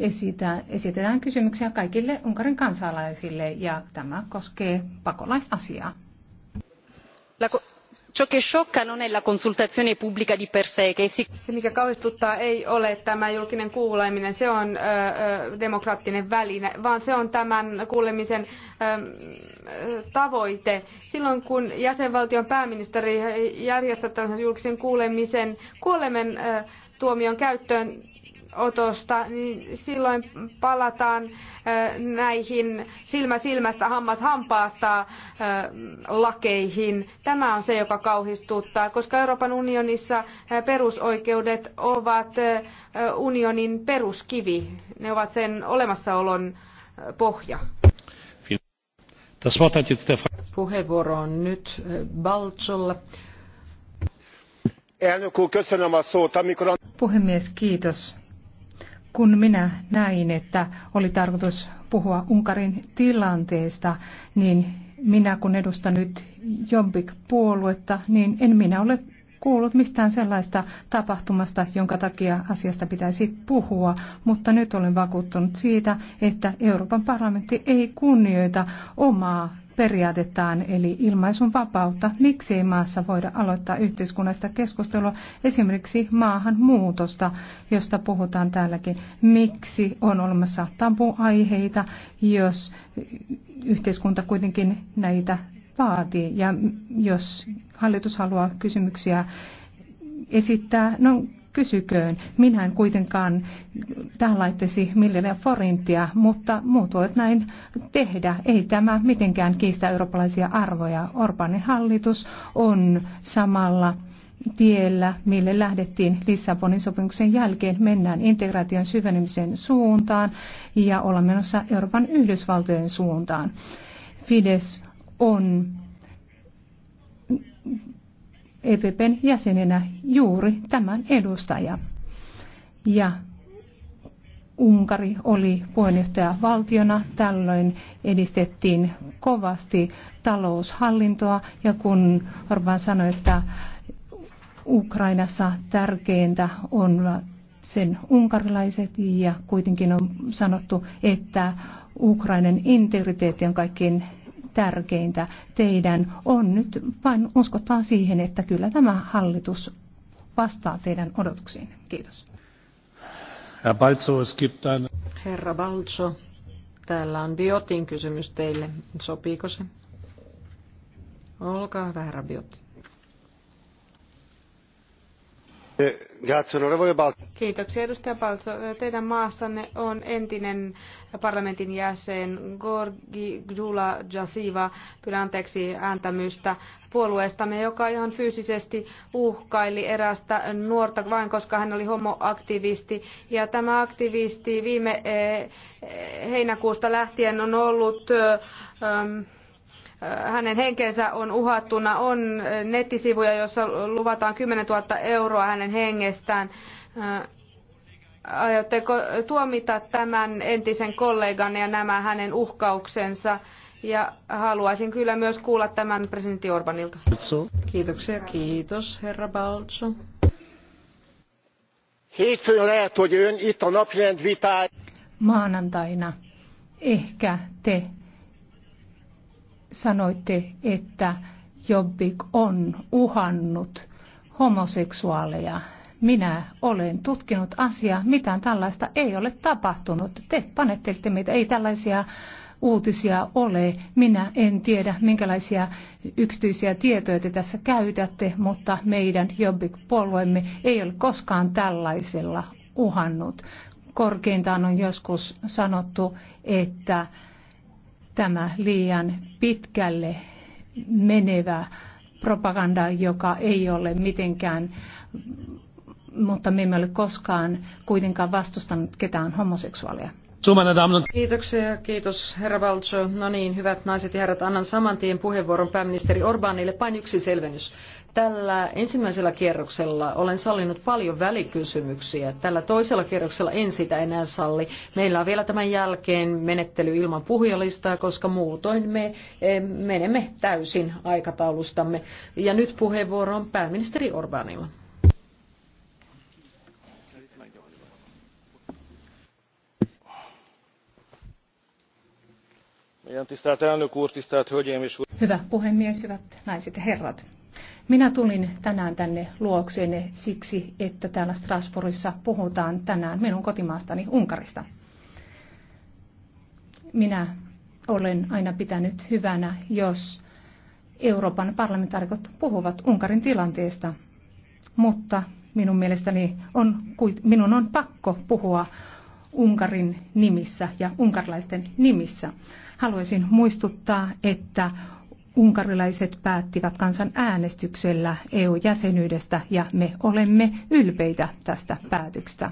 esitä, esitetään kysymyksiä kaikille Unkarin kansalaisille ja tämä koskee pakolaisasiaa ciò che sciocca non è la consultazione pubblica di per sé che se mikä kauhistuttaa ei ole tämä julkinen kuuleminen se on ö, demokraattinen väline vaan se on tämän kuulemisen ö, tavoite silloin kun jäsenvaltion pääministeri järjestää tällaisen julkisen kuulemisen kuolemen tuomion käyttöön otosta, niin silloin palataan näihin silmä silmästä, hammas hampaasta lakeihin. Tämä on se, joka kauhistuttaa, koska Euroopan unionissa perusoikeudet ovat unionin peruskivi. Ne ovat sen olemassaolon pohja. Puheenvuoro on nyt Baltsolla puhemies kiitos kun minä näin, että oli tarkoitus puhua Unkarin tilanteesta, niin minä kun edustan nyt Jobbik-puoluetta, niin en minä ole kuullut mistään sellaista tapahtumasta, jonka takia asiasta pitäisi puhua, mutta nyt olen vakuuttunut siitä, että Euroopan parlamentti ei kunnioita omaa periaatettaan eli ilmaisun vapautta. Miksi ei maassa voida aloittaa yhteiskunnallista keskustelua esimerkiksi maahanmuutosta, josta puhutaan täälläkin? Miksi on olemassa tabuaiheita, jos yhteiskunta kuitenkin näitä vaatii ja jos hallitus haluaa kysymyksiä esittää, no kysyköön. Minä en kuitenkaan tähän laittaisi miljoonaa forintia, mutta muut voivat näin tehdä. Ei tämä mitenkään kiistä eurooppalaisia arvoja. Orbanin hallitus on samalla tiellä, mille lähdettiin Lissabonin sopimuksen jälkeen. Mennään integraation syvenemisen suuntaan ja ollaan menossa Euroopan Yhdysvaltojen suuntaan. Fides on EPPn jäsenenä juuri tämän edustaja. Ja Unkari oli valtiona Tällöin edistettiin kovasti taloushallintoa ja kun Orban sanoi, että Ukrainassa tärkeintä on sen unkarilaiset ja kuitenkin on sanottu, että Ukrainan integriteetti on kaikkein tärkeintä. Teidän on nyt vain uskottaa siihen, että kyllä tämä hallitus vastaa teidän odotuksiin. Kiitos. Herra Balzo, es gibt Herra Balzo, täällä on Biotin kysymys teille. Sopiiko se? Olkaa hyvä, herra Biotin. Eh, Kiitoksia edustaja Balzo. Eh, teidän maassanne on entinen parlamentin jäsen Gorgi Gdula Jasiva, pyydän anteeksi ääntämystä, puolueestamme, joka ihan fyysisesti uhkaili erästä nuorta vain, koska hän oli homoaktivisti. Ja tämä aktivisti viime eh, heinäkuusta lähtien on ollut hänen henkensä on uhattuna. On nettisivuja, joissa luvataan 10 000 euroa hänen hengestään. Aiotteko tuomita tämän entisen kollegan ja nämä hänen uhkauksensa? Ja haluaisin kyllä myös kuulla tämän presidentti Orbanilta. Kiitoksia. Kiitos, herra Baltso. Maanantaina ehkä te sanoitte, että Jobbik on uhannut homoseksuaaleja. Minä olen tutkinut asiaa, mitään tällaista ei ole tapahtunut. Te panettelitte meitä, ei tällaisia uutisia ole. Minä en tiedä, minkälaisia yksityisiä tietoja te tässä käytätte, mutta meidän Jobbik-puolueemme ei ole koskaan tällaisella uhannut. Korkeintaan on joskus sanottu, että tämä liian pitkälle menevä propaganda, joka ei ole mitenkään, mutta me emme ole koskaan kuitenkaan vastustanut ketään homoseksuaalia. Kiitoksia, kiitos herra Valtso. No niin, hyvät naiset ja herrat, annan saman tien puheenvuoron pääministeri Orbanille. Pain yksi selvennys. Tällä ensimmäisellä kierroksella olen sallinut paljon välikysymyksiä. Tällä toisella kierroksella en sitä enää salli. Meillä on vielä tämän jälkeen menettely ilman puhujalistaa, koska muutoin me eh, menemme täysin aikataulustamme. Ja nyt puheenvuoro on pääministeri Orbanilla. Hyvä puhemies, hyvät naiset ja herrat. Minä tulin tänään tänne luoksenne siksi, että täällä Strasbourgissa puhutaan tänään minun kotimaastani Unkarista. Minä olen aina pitänyt hyvänä, jos Euroopan parlamentaarikot puhuvat Unkarin tilanteesta, mutta minun mielestäni on, minun on pakko puhua Unkarin nimissä ja Unkarlaisten nimissä. Haluaisin muistuttaa, että unkarilaiset päättivät kansan äänestyksellä EU-jäsenyydestä ja me olemme ylpeitä tästä päätöksestä.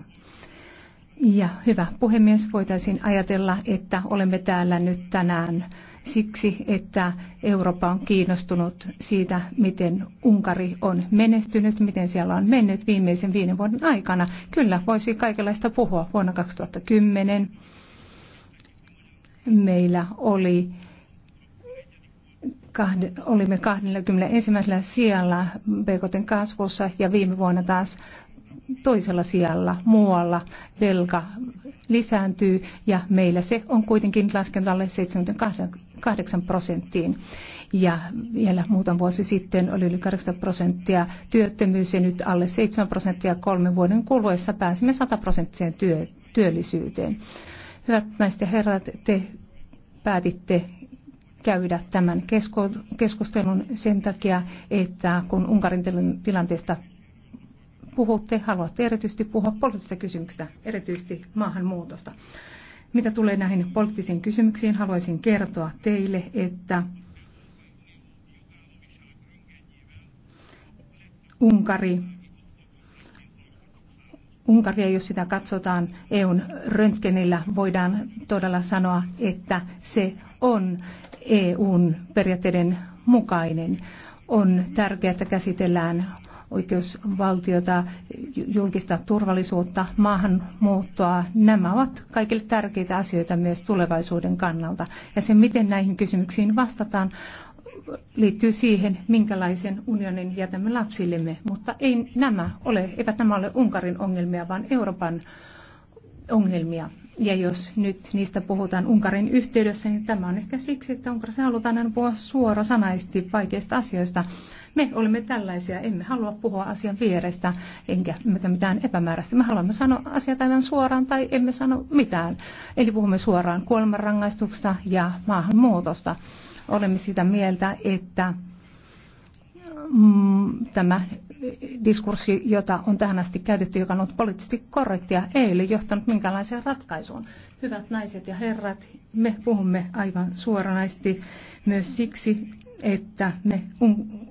Ja hyvä puhemies, voitaisiin ajatella, että olemme täällä nyt tänään siksi, että Eurooppa on kiinnostunut siitä, miten Unkari on menestynyt, miten siellä on mennyt viimeisen viiden vuoden aikana. Kyllä, voisi kaikenlaista puhua. Vuonna 2010 meillä oli kahde, olimme 21. sijalla BKTn kasvussa ja viime vuonna taas toisella sijalla muualla velka lisääntyy ja meillä se on kuitenkin laskenut alle 78 prosenttiin. Ja vielä muutama vuosi sitten oli yli 80 prosenttia työttömyys ja nyt alle 7 prosenttia kolmen vuoden kuluessa pääsimme 100 prosenttiseen työ, työllisyyteen. Hyvät naiset ja herrat, te päätitte käydä tämän keskustelun sen takia, että kun Unkarin tilanteesta puhutte, haluatte erityisesti puhua poliittisista kysymyksistä, erityisesti maahanmuutosta. Mitä tulee näihin poliittisiin kysymyksiin, haluaisin kertoa teille, että Unkari, Unkaria, jos sitä katsotaan EUn röntgenillä, voidaan todella sanoa, että se on EUn periaatteiden mukainen. On tärkeää, että käsitellään oikeusvaltiota, julkista turvallisuutta, maahanmuuttoa. Nämä ovat kaikille tärkeitä asioita myös tulevaisuuden kannalta. Ja se, miten näihin kysymyksiin vastataan, liittyy siihen, minkälaisen unionin jätämme lapsillemme. Mutta ei nämä ole, eivät nämä ole Unkarin ongelmia, vaan Euroopan ongelmia. Ja jos nyt niistä puhutaan Unkarin yhteydessä, niin tämä on ehkä siksi, että Unkarissa halutaan aina puhua suorasanaisesti vaikeista asioista. Me olemme tällaisia, emme halua puhua asian vierestä, enkä mitään epämääräistä. Me haluamme sanoa asiat aivan suoraan tai emme sano mitään. Eli puhumme suoraan kuolemanrangaistuksesta ja maahanmuutosta. Olemme sitä mieltä, että mm, tämä diskurssi, jota on tähän asti käytetty, joka on ollut poliittisesti korrektia, ei ole johtanut minkäänlaiseen ratkaisuun. Hyvät naiset ja herrat, me puhumme aivan suoranaisesti myös siksi, että me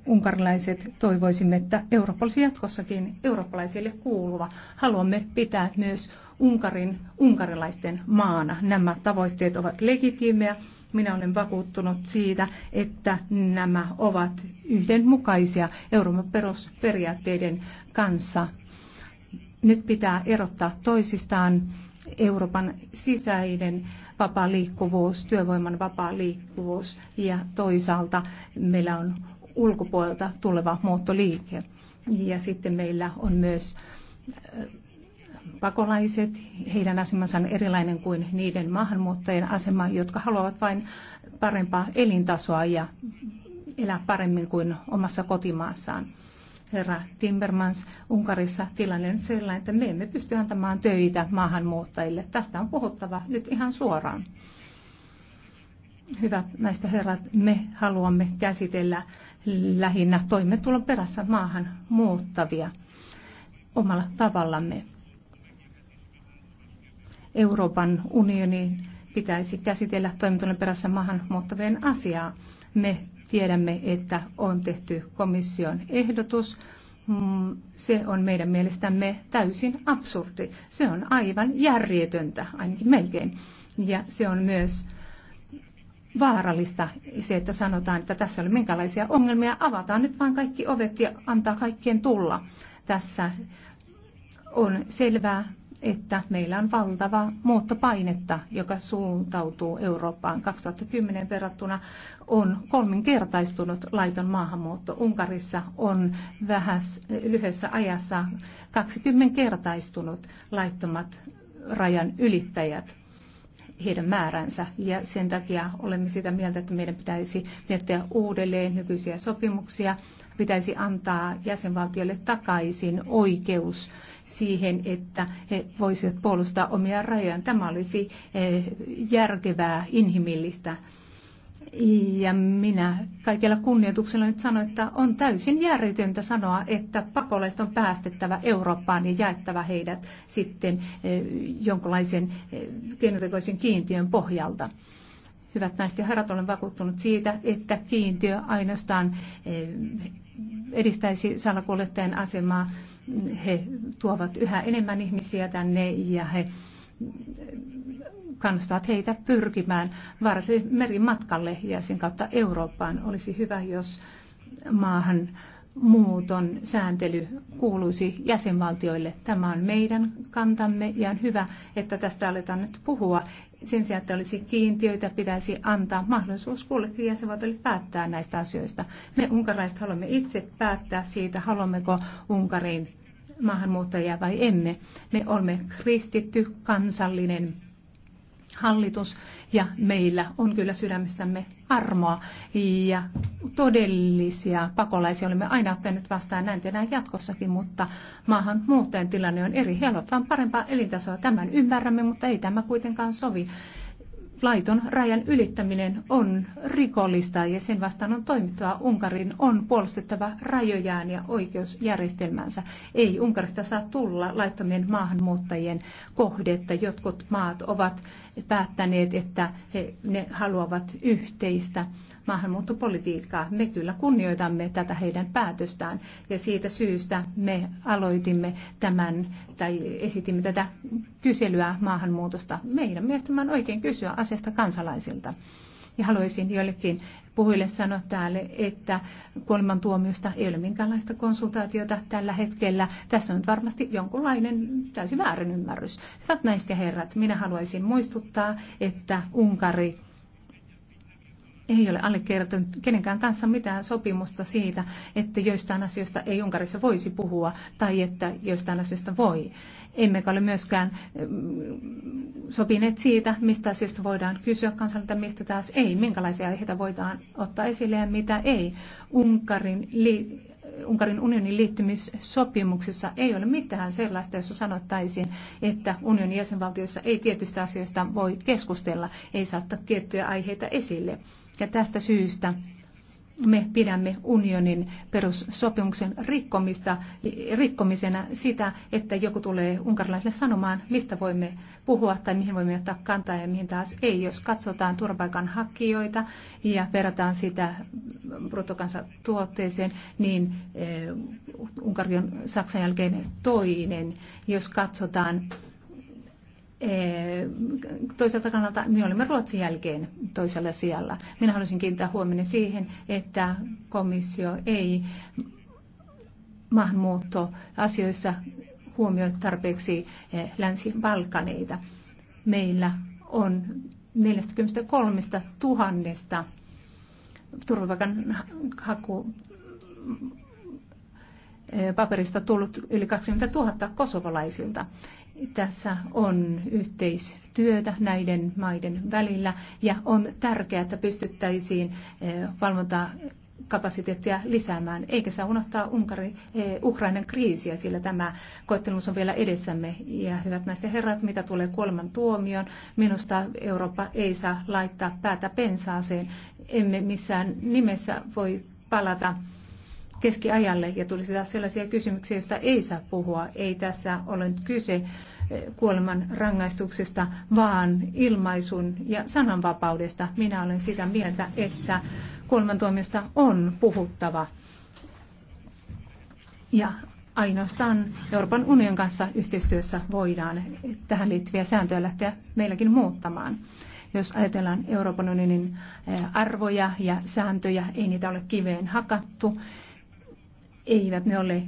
unkarilaiset toivoisimme, että Eurooppa olisi jatkossakin eurooppalaisille kuuluva. Haluamme pitää myös Unkarin unkarilaisten maana. Nämä tavoitteet ovat legitiimejä minä olen vakuuttunut siitä, että nämä ovat yhdenmukaisia Euroopan perusperiaatteiden kanssa. Nyt pitää erottaa toisistaan Euroopan sisäinen vapaa liikkuvuus, työvoiman vapaa liikkuvuus ja toisaalta meillä on ulkopuolelta tuleva muuttoliike. Ja sitten meillä on myös pakolaiset, heidän asemansa on erilainen kuin niiden maahanmuuttajien asema, jotka haluavat vain parempaa elintasoa ja elää paremmin kuin omassa kotimaassaan. Herra Timmermans, Unkarissa tilanne on sellainen, että me emme pysty antamaan töitä maahanmuuttajille. Tästä on puhuttava nyt ihan suoraan. Hyvät näistä herrat, me haluamme käsitellä lähinnä toimeentulon perässä maahan muuttavia omalla tavallamme. Euroopan unionin pitäisi käsitellä toimintojen perässä maahanmuuttavien asiaa. Me tiedämme, että on tehty komission ehdotus. Mm, se on meidän mielestämme täysin absurdi. Se on aivan järjetöntä, ainakin melkein. Ja se on myös vaarallista se, että sanotaan, että tässä ei ole minkälaisia ongelmia. Avataan nyt vain kaikki ovet ja antaa kaikkien tulla. Tässä on selvää että meillä on valtava muuttopainetta, joka suuntautuu Eurooppaan 2010 verrattuna, on kolminkertaistunut laiton maahanmuutto. Unkarissa on vähäs, lyhyessä ajassa 20 kertaistunut laittomat rajan ylittäjät heidän määränsä. Ja sen takia olemme sitä mieltä, että meidän pitäisi miettiä uudelleen nykyisiä sopimuksia, pitäisi antaa jäsenvaltiolle takaisin oikeus siihen, että he voisivat puolustaa omia rajojaan. Tämä olisi eh, järkevää, inhimillistä. Ja minä kaikella kunnioituksella nyt sanon, että on täysin järjetöntä sanoa, että pakolaiset on päästettävä Eurooppaan ja jaettava heidät sitten eh, jonkinlaisen eh, keinotekoisen kiintiön pohjalta. Hyvät naiset ja herrat, olen vakuuttunut siitä, että kiintiö ainoastaan edistäisi salakuljettajan asemaa he tuovat yhä enemmän ihmisiä tänne ja he kannustavat heitä pyrkimään varsin merimatkalle ja sen kautta Eurooppaan. Olisi hyvä, jos maahan muuton sääntely kuuluisi jäsenvaltioille. Tämä on meidän kantamme ja on hyvä, että tästä aletaan nyt puhua. Sen sijaan, että olisi kiintiöitä, pitäisi antaa mahdollisuus kullekin jäsenvaltioille päättää näistä asioista. Me unkaraiset haluamme itse päättää siitä, haluammeko Unkarin maahanmuuttajia vai emme. Me olemme kristitty kansallinen hallitus ja meillä on kyllä sydämessämme armoa ja todellisia pakolaisia olemme aina ottaneet vastaan näin tänään jatkossakin, mutta maahanmuuttajan tilanne on eri. He parempaa elintasoa. Tämän ymmärrämme, mutta ei tämä kuitenkaan sovi laiton rajan ylittäminen on rikollista ja sen vastaan on toimittava. Unkarin on puolustettava rajojaan ja oikeusjärjestelmänsä. Ei Unkarista saa tulla laittomien maahanmuuttajien kohdetta. Jotkut maat ovat päättäneet, että he, ne haluavat yhteistä maahanmuuttopolitiikkaa. Me kyllä kunnioitamme tätä heidän päätöstään ja siitä syystä me aloitimme tämän tai esitimme tätä kyselyä maahanmuutosta. Meidän mielestämme on oikein kysyä asiasta kansalaisilta. Ja haluaisin joillekin puhujille sanoa täällä, että kuolemantuomiosta ei ole minkäänlaista konsultaatiota tällä hetkellä. Tässä on varmasti jonkunlainen täysin väärin ymmärrys. Hyvät naiset ja herrat, minä haluaisin muistuttaa, että Unkari ei ole allekirjoittanut kenenkään kanssa mitään sopimusta siitä, että joistain asioista ei Unkarissa voisi puhua tai että joistain asioista voi. Emmekä ole myöskään mm, sopineet siitä, mistä asioista voidaan kysyä kansalta, mistä taas ei, minkälaisia aiheita voidaan ottaa esille ja mitä ei. Unkarin li- Unkarin unionin liittymissopimuksessa ei ole mitään sellaista, jossa sanottaisiin, että unionin jäsenvaltioissa ei tietystä asioista voi keskustella, ei saattaa tiettyjä aiheita esille. Ja tästä syystä me pidämme unionin perussopimuksen rikkomista, rikkomisena sitä, että joku tulee unkarilaisille sanomaan, mistä voimme puhua tai mihin voimme ottaa kantaa ja mihin taas ei. Jos katsotaan turvapaikanhakijoita ja verrataan sitä bruttokansantuotteeseen, niin eh, Unkari on Saksan jälkeen toinen. Jos katsotaan Eh, toiselta kannalta me olimme Ruotsin jälkeen toisella sijalla. Minä haluaisin kiinnittää huomioon siihen, että komissio ei maahanmuuttoasioissa huomioi tarpeeksi eh, länsi-Balkaneita. Meillä on 43 000 turvapaikan haku eh, paperista tullut yli 20 000 kosovalaisilta. Tässä on yhteistyötä näiden maiden välillä ja on tärkeää, että pystyttäisiin eh, valvontaa kapasiteettia lisäämään, eikä saa unohtaa Unkari, eh, Ukrainan kriisiä, sillä tämä koettelus on vielä edessämme. Ja hyvät naiset ja herrat, mitä tulee kuoleman tuomioon, minusta Eurooppa ei saa laittaa päätä pensaaseen. Emme missään nimessä voi palata keskiajalle ja tulisi taas sellaisia kysymyksiä, joista ei saa puhua. Ei tässä ole nyt kyse eh, kuoleman rangaistuksesta, vaan ilmaisun ja sananvapaudesta. Minä olen sitä mieltä, että kuolemantuomiosta on puhuttava. Ja ainoastaan Euroopan unionin kanssa yhteistyössä voidaan tähän liittyviä sääntöjä lähteä meilläkin muuttamaan. Jos ajatellaan Euroopan unionin eh, arvoja ja sääntöjä, ei niitä ole kiveen hakattu eivät ne ole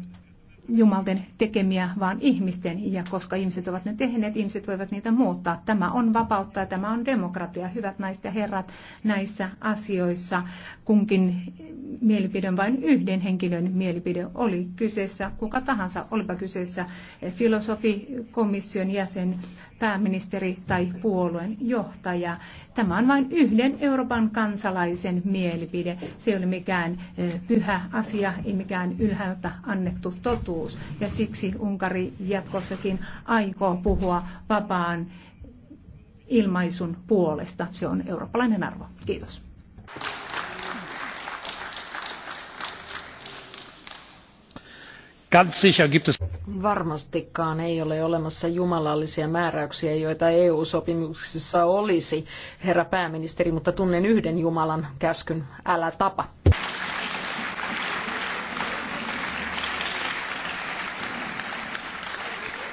jumalten tekemiä, vaan ihmisten. Ja koska ihmiset ovat ne tehneet, ihmiset voivat niitä muuttaa. Tämä on vapautta ja tämä on demokratia. Hyvät naiset ja herrat, näissä asioissa kunkin mielipide vain yhden henkilön mielipide. Oli kyseessä kuka tahansa, olipa kyseessä filosofi, komission jäsen, pääministeri tai puolueen johtaja. Tämä on vain yhden Euroopan kansalaisen mielipide. Se ei ole mikään pyhä asia, ei mikään ylhäältä annettu totuus. Ja siksi Unkari jatkossakin aikoo puhua vapaan ilmaisun puolesta. Se on eurooppalainen arvo. Kiitos. Ganz sicher gibt es Varmastikaan ei ole olemassa jumalallisia määräyksiä, joita EU-sopimuksissa olisi, herra pääministeri, mutta tunnen yhden Jumalan käskyn, älä tapa.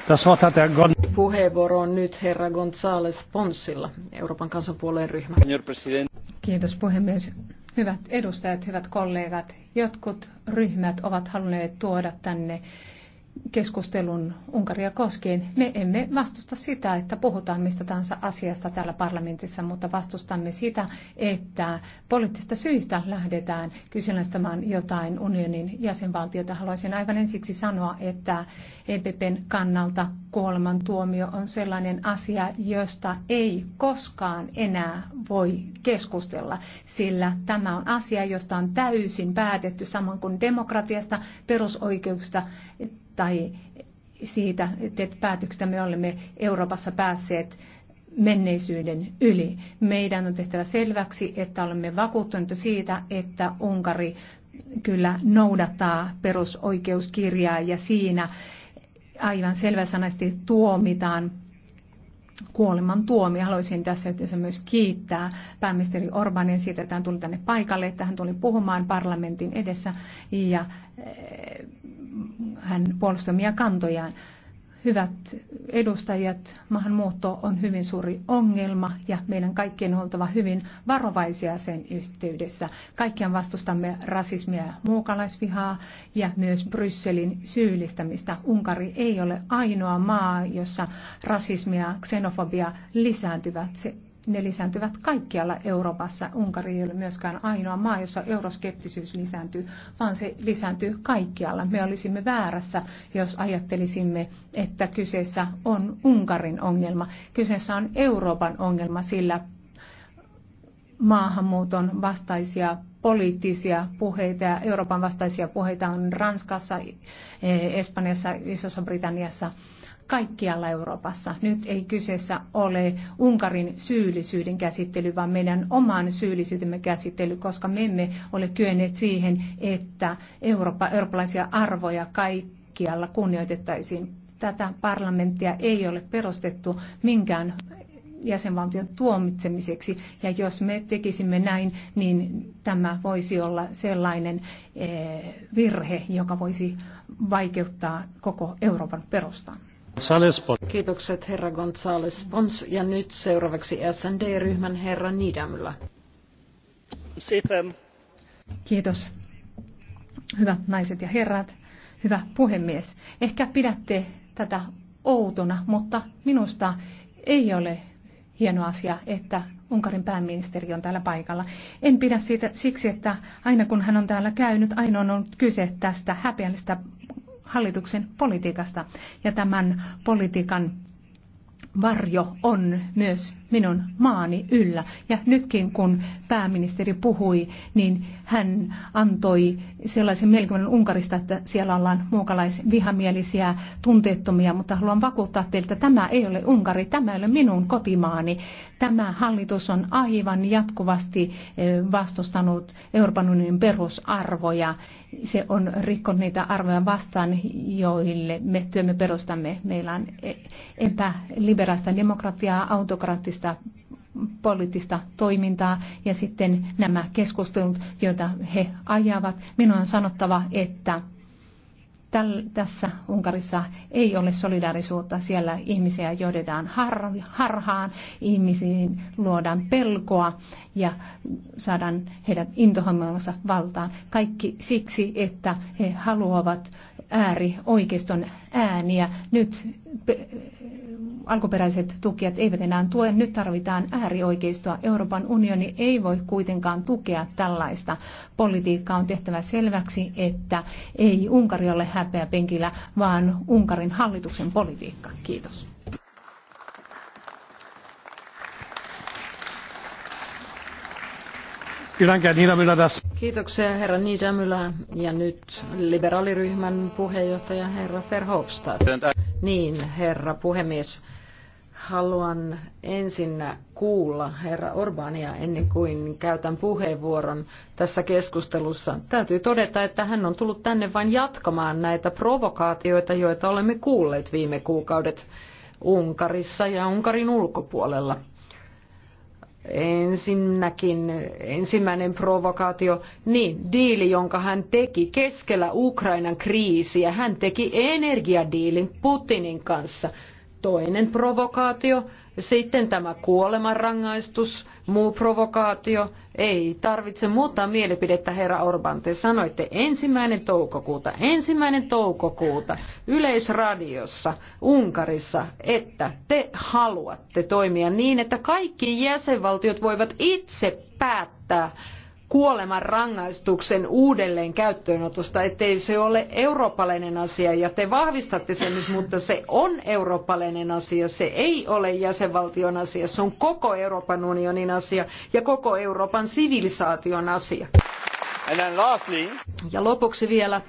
Das Wort hat Herr Gon Puheenvuoro on nyt herra González Ponsilla, Euroopan kansanpuolueen ryhmä. Kiitos puhemies. Hyvät edustajat, hyvät kollegat, jotkut ryhmät ovat halunneet tuoda tänne keskustelun Unkaria koskien. Me emme vastusta sitä, että puhutaan mistä tahansa asiasta täällä parlamentissa, mutta vastustamme sitä, että poliittisista syistä lähdetään kyseenalaistamaan jotain unionin jäsenvaltiota. Haluaisin aivan ensiksi sanoa, että EPPn kannalta kuoleman tuomio on sellainen asia, josta ei koskaan enää voi keskustella, sillä tämä on asia, josta on täysin päätetty samoin kuin demokratiasta, perusoikeuksista, tai siitä että päätöksestä me olemme Euroopassa päässeet menneisyyden yli. Meidän on tehtävä selväksi, että olemme vakuuttuneita siitä, että Unkari kyllä noudattaa perusoikeuskirjaa ja siinä aivan selväsanaisesti tuomitaan kuoleman tuomi. Haluaisin tässä yhteydessä myös kiittää pääministeri Orbanin siitä, että hän tuli tänne paikalle, että hän tuli puhumaan parlamentin edessä ja eh, hän puolustamia kantojaan. Hyvät edustajat, maahanmuutto on hyvin suuri ongelma ja meidän kaikkien on oltava hyvin varovaisia sen yhteydessä. Kaikkiaan vastustamme rasismia ja muukalaisvihaa ja myös Brysselin syyllistämistä. Unkari ei ole ainoa maa, jossa rasismia ja xenofobia lisääntyvät. Se ne lisääntyvät kaikkialla Euroopassa. Unkari ei ole myöskään ainoa maa, jossa euroskeptisyys lisääntyy, vaan se lisääntyy kaikkialla. Me olisimme väärässä, jos ajattelisimme, että kyseessä on Unkarin ongelma. Kyseessä on Euroopan ongelma, sillä maahanmuuton vastaisia poliittisia puheita ja Euroopan vastaisia puheita on Ranskassa, Espanjassa, Isossa Britanniassa – kaikkialla Euroopassa. Nyt ei kyseessä ole Unkarin syyllisyyden käsittely, vaan meidän oman syyllisyytemme käsittely, koska me emme ole kyenneet siihen, että Eurooppa, eurooppalaisia arvoja kaikkialla kunnioitettaisiin. Tätä parlamenttia ei ole perustettu minkään jäsenvaltion tuomitsemiseksi. Ja jos me tekisimme näin, niin tämä voisi olla sellainen eh, virhe, joka voisi vaikeuttaa koko Euroopan perustaa. Kiitokset herra González Pons ja nyt seuraavaksi SND-ryhmän herra Nidamla. Kiitos. Hyvät naiset ja herrat, hyvä puhemies. Ehkä pidätte tätä outona, mutta minusta ei ole hieno asia, että Unkarin pääministeri on täällä paikalla. En pidä siitä siksi, että aina kun hän on täällä käynyt, aina on ollut kyse tästä häpeällistä hallituksen politiikasta. Ja tämän politiikan varjo on myös minun maani yllä. Ja nytkin kun pääministeri puhui, niin hän antoi sellaisen melkoinen Unkarista, että siellä ollaan muukalaisvihamielisiä, tunteettomia, mutta haluan vakuuttaa teiltä, että tämä ei ole Unkari, tämä ei ole minun kotimaani. Tämä hallitus on aivan jatkuvasti eh, vastustanut Euroopan unionin perusarvoja. Se on rikkonut niitä arvoja vastaan, joille me työmme perustamme. Meillä on eh, epäliberaalia liberaalista demokratiaa, autokraattista poliittista toimintaa ja sitten nämä keskustelut, joita he ajavat. Minun on sanottava, että täl, tässä Unkarissa ei ole solidaarisuutta. Siellä ihmisiä johdetaan har, harhaan, ihmisiin luodaan pelkoa ja saadaan heidän intohimoillansa valtaan. Kaikki siksi, että he haluavat äärioikeiston ääniä. Nyt alkuperäiset tukijat eivät enää tue. Nyt tarvitaan äärioikeistoa. Euroopan unioni ei voi kuitenkaan tukea tällaista politiikkaa. On tehtävä selväksi, että ei Unkari ole häpeä penkillä, vaan Unkarin hallituksen politiikka. Kiitos. Kiitoksia herra Niedermüller ja nyt liberaaliryhmän puheenjohtaja herra Verhofstadt. Niin, herra puhemies. Haluan ensin kuulla herra Orbania ennen kuin käytän puheenvuoron tässä keskustelussa. Täytyy todeta, että hän on tullut tänne vain jatkamaan näitä provokaatioita, joita olemme kuulleet viime kuukaudet Unkarissa ja Unkarin ulkopuolella. Ensinnäkin ensimmäinen provokaatio, niin diili, jonka hän teki keskellä Ukrainan kriisiä. Hän teki energiadiilin Putinin kanssa. Toinen provokaatio, sitten tämä kuolemanrangaistus, muu provokaatio, ei tarvitse muuttaa mielipidettä, herra Orban. Te sanoitte ensimmäinen toukokuuta, ensimmäinen toukokuuta Yleisradiossa Unkarissa, että te haluatte toimia niin, että kaikki jäsenvaltiot voivat itse päättää, kuoleman rangaistuksen uudelleen käyttöönotosta, ettei se ole eurooppalainen asia ja te vahvistatte sen nyt, mutta se on eurooppalainen asia, se ei ole jäsenvaltion asia, se on koko Euroopan unionin asia ja koko Euroopan sivilisaation asia. Lastly... ja lopuksi vielä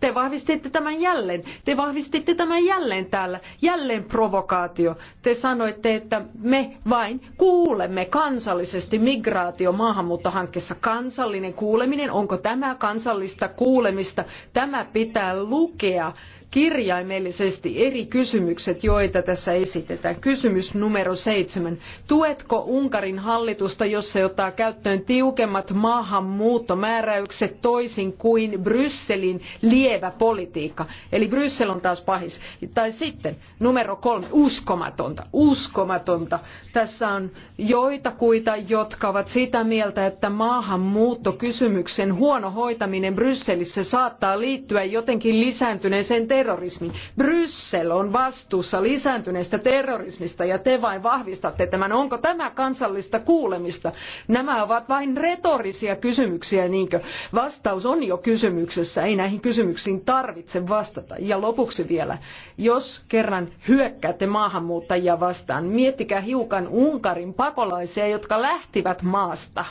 te vahvistitte tämän jälleen. Te vahvistitte tämän jälleen täällä. Jälleen provokaatio. Te sanoitte, että me vain kuulemme kansallisesti migraatio maahanmuuttohankkeessa. Kansallinen kuuleminen, onko tämä kansallista kuulemista? Tämä pitää lukea kirjaimellisesti eri kysymykset, joita tässä esitetään. Kysymys numero seitsemän. Tuetko Unkarin hallitusta, jos se ottaa käyttöön tiukemmat maahanmuuttomääräykset toisin kuin Brysselin lievä politiikka? Eli Bryssel on taas pahis. Tai sitten numero kolme. Uskomatonta. Uskomatonta. Tässä on joitakuita, jotka ovat sitä mieltä, että maahanmuuttokysymyksen huono hoitaminen Brysselissä saattaa liittyä jotenkin lisääntyneeseen terrorismin. Bryssel on vastuussa lisääntyneestä terrorismista ja te vain vahvistatte tämän. Onko tämä kansallista kuulemista? Nämä ovat vain retorisia kysymyksiä, niinkö? Vastaus on jo kysymyksessä, ei näihin kysymyksiin tarvitse vastata. Ja lopuksi vielä, jos kerran hyökkäätte maahanmuuttajia vastaan, miettikää hiukan Unkarin pakolaisia, jotka lähtivät maasta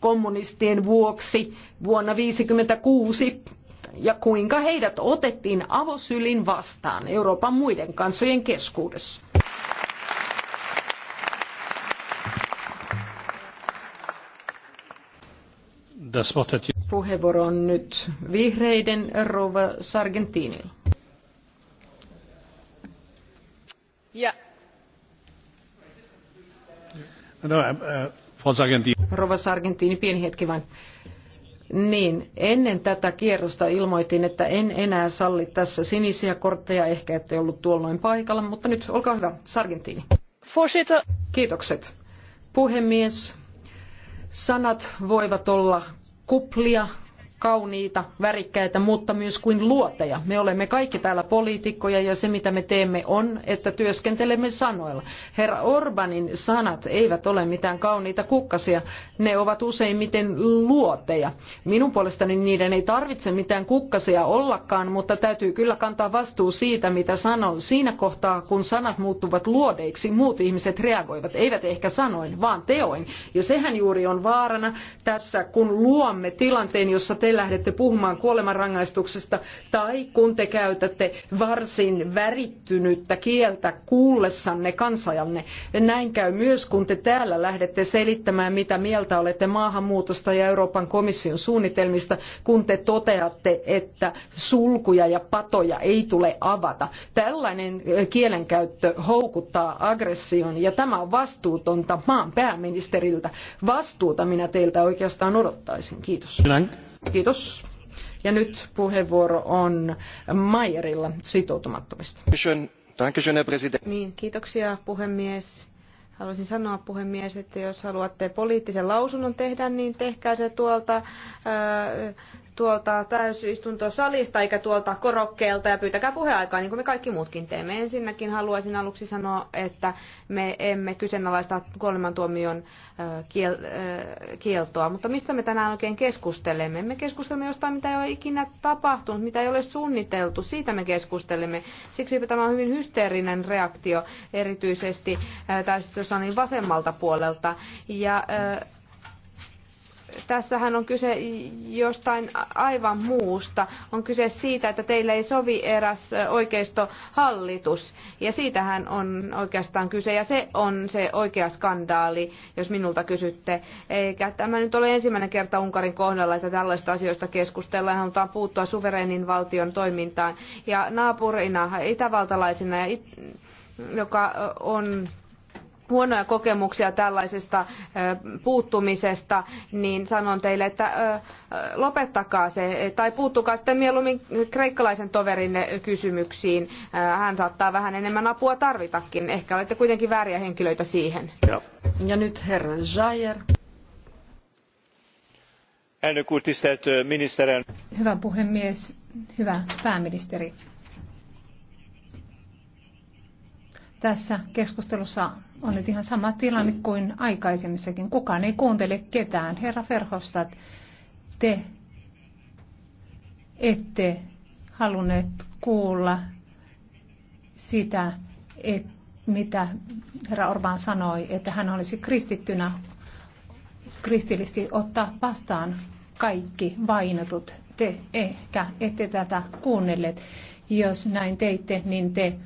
kommunistien vuoksi vuonna 1956 ja kuinka heidät otettiin avosylin vastaan Euroopan muiden kansojen keskuudessa. Puheenvuoro on nyt vihreiden rouva Sargentinilla. Ja. No, äh, äh Sargentini, pieni hetki vain. Niin, ennen tätä kierrosta ilmoitin, että en enää salli tässä sinisiä kortteja, ehkä ette ollut tuolloin paikalla, mutta nyt olkaa hyvä, Sargentini. Kiitokset. Puhemies, sanat voivat olla kuplia, kauniita, värikkäitä, mutta myös kuin luoteja. Me olemme kaikki täällä poliitikkoja ja se mitä me teemme on, että työskentelemme sanoilla. Herra Orbanin sanat eivät ole mitään kauniita kukkasia, ne ovat useimmiten luoteja. Minun puolestani niiden ei tarvitse mitään kukkasia ollakaan, mutta täytyy kyllä kantaa vastuu siitä, mitä sanon. Siinä kohtaa, kun sanat muuttuvat luodeiksi, muut ihmiset reagoivat, eivät ehkä sanoin, vaan teoin. Ja sehän juuri on vaarana tässä, kun luomme tilanteen, jossa te te lähdette puhumaan kuolemanrangaistuksesta tai kun te käytätte varsin värittynyttä kieltä kuullessanne kansajanne. Näin käy myös, kun te täällä lähdette selittämään, mitä mieltä olette maahanmuutosta ja Euroopan komission suunnitelmista, kun te toteatte, että sulkuja ja patoja ei tule avata. Tällainen eh, kielenkäyttö houkuttaa aggression ja tämä on vastuutonta maan pääministeriltä. Vastuuta minä teiltä oikeastaan odottaisin. Kiitos. Kiitos. Kiitos. Ja nyt puheenvuoro on Mayerilla sitoutumattomista. Niin, kiitoksia puhemies. Haluaisin sanoa puhemies, että jos haluatte poliittisen lausunnon tehdä, niin tehkää se tuolta äh, tuolta täysistuntosalista eikä tuolta korokkeelta ja pyytäkää puheaikaa niin kuin me kaikki muutkin teemme. Ensinnäkin haluaisin aluksi sanoa, että me emme kyseenalaista kuolemantuomion kiel- kieltoa, mutta mistä me tänään oikein keskustelemme? Me keskustelemme jostain, mitä ei ole ikinä tapahtunut, mitä ei ole suunniteltu, siitä me keskustelemme. Siksi tämä on hyvin hysteerinen reaktio erityisesti täysistuntosalin vasemmalta puolelta. Ja tässähän on kyse jostain aivan muusta. On kyse siitä, että teille ei sovi eräs oikeistohallitus. Ja siitähän on oikeastaan kyse. Ja se on se oikea skandaali, jos minulta kysytte. Eikä tämä nyt ole ensimmäinen kerta Unkarin kohdalla, että tällaista asioista keskustellaan. Halutaan puuttua suvereenin valtion toimintaan. Ja naapurina, itävaltalaisina, joka on huonoja kokemuksia tällaisesta puuttumisesta, niin sanon teille, että lopettakaa se, tai puuttukaa sitten mieluummin kreikkalaisen toverinne kysymyksiin. Hän saattaa vähän enemmän apua tarvitakin. Ehkä olette kuitenkin vääriä henkilöitä siihen. Ja, ja nyt herra Jair. Hyvä puhemies, hyvä pääministeri. Tässä keskustelussa on nyt ihan sama tilanne kuin aikaisemmissakin. Kukaan ei kuuntele ketään. Herra Verhofstadt, te ette halunneet kuulla sitä, että mitä herra Orban sanoi, että hän olisi kristittynä kristillisesti ottaa vastaan kaikki vainotut. Te ehkä ette tätä kuunnelleet. Jos näin teitte, niin te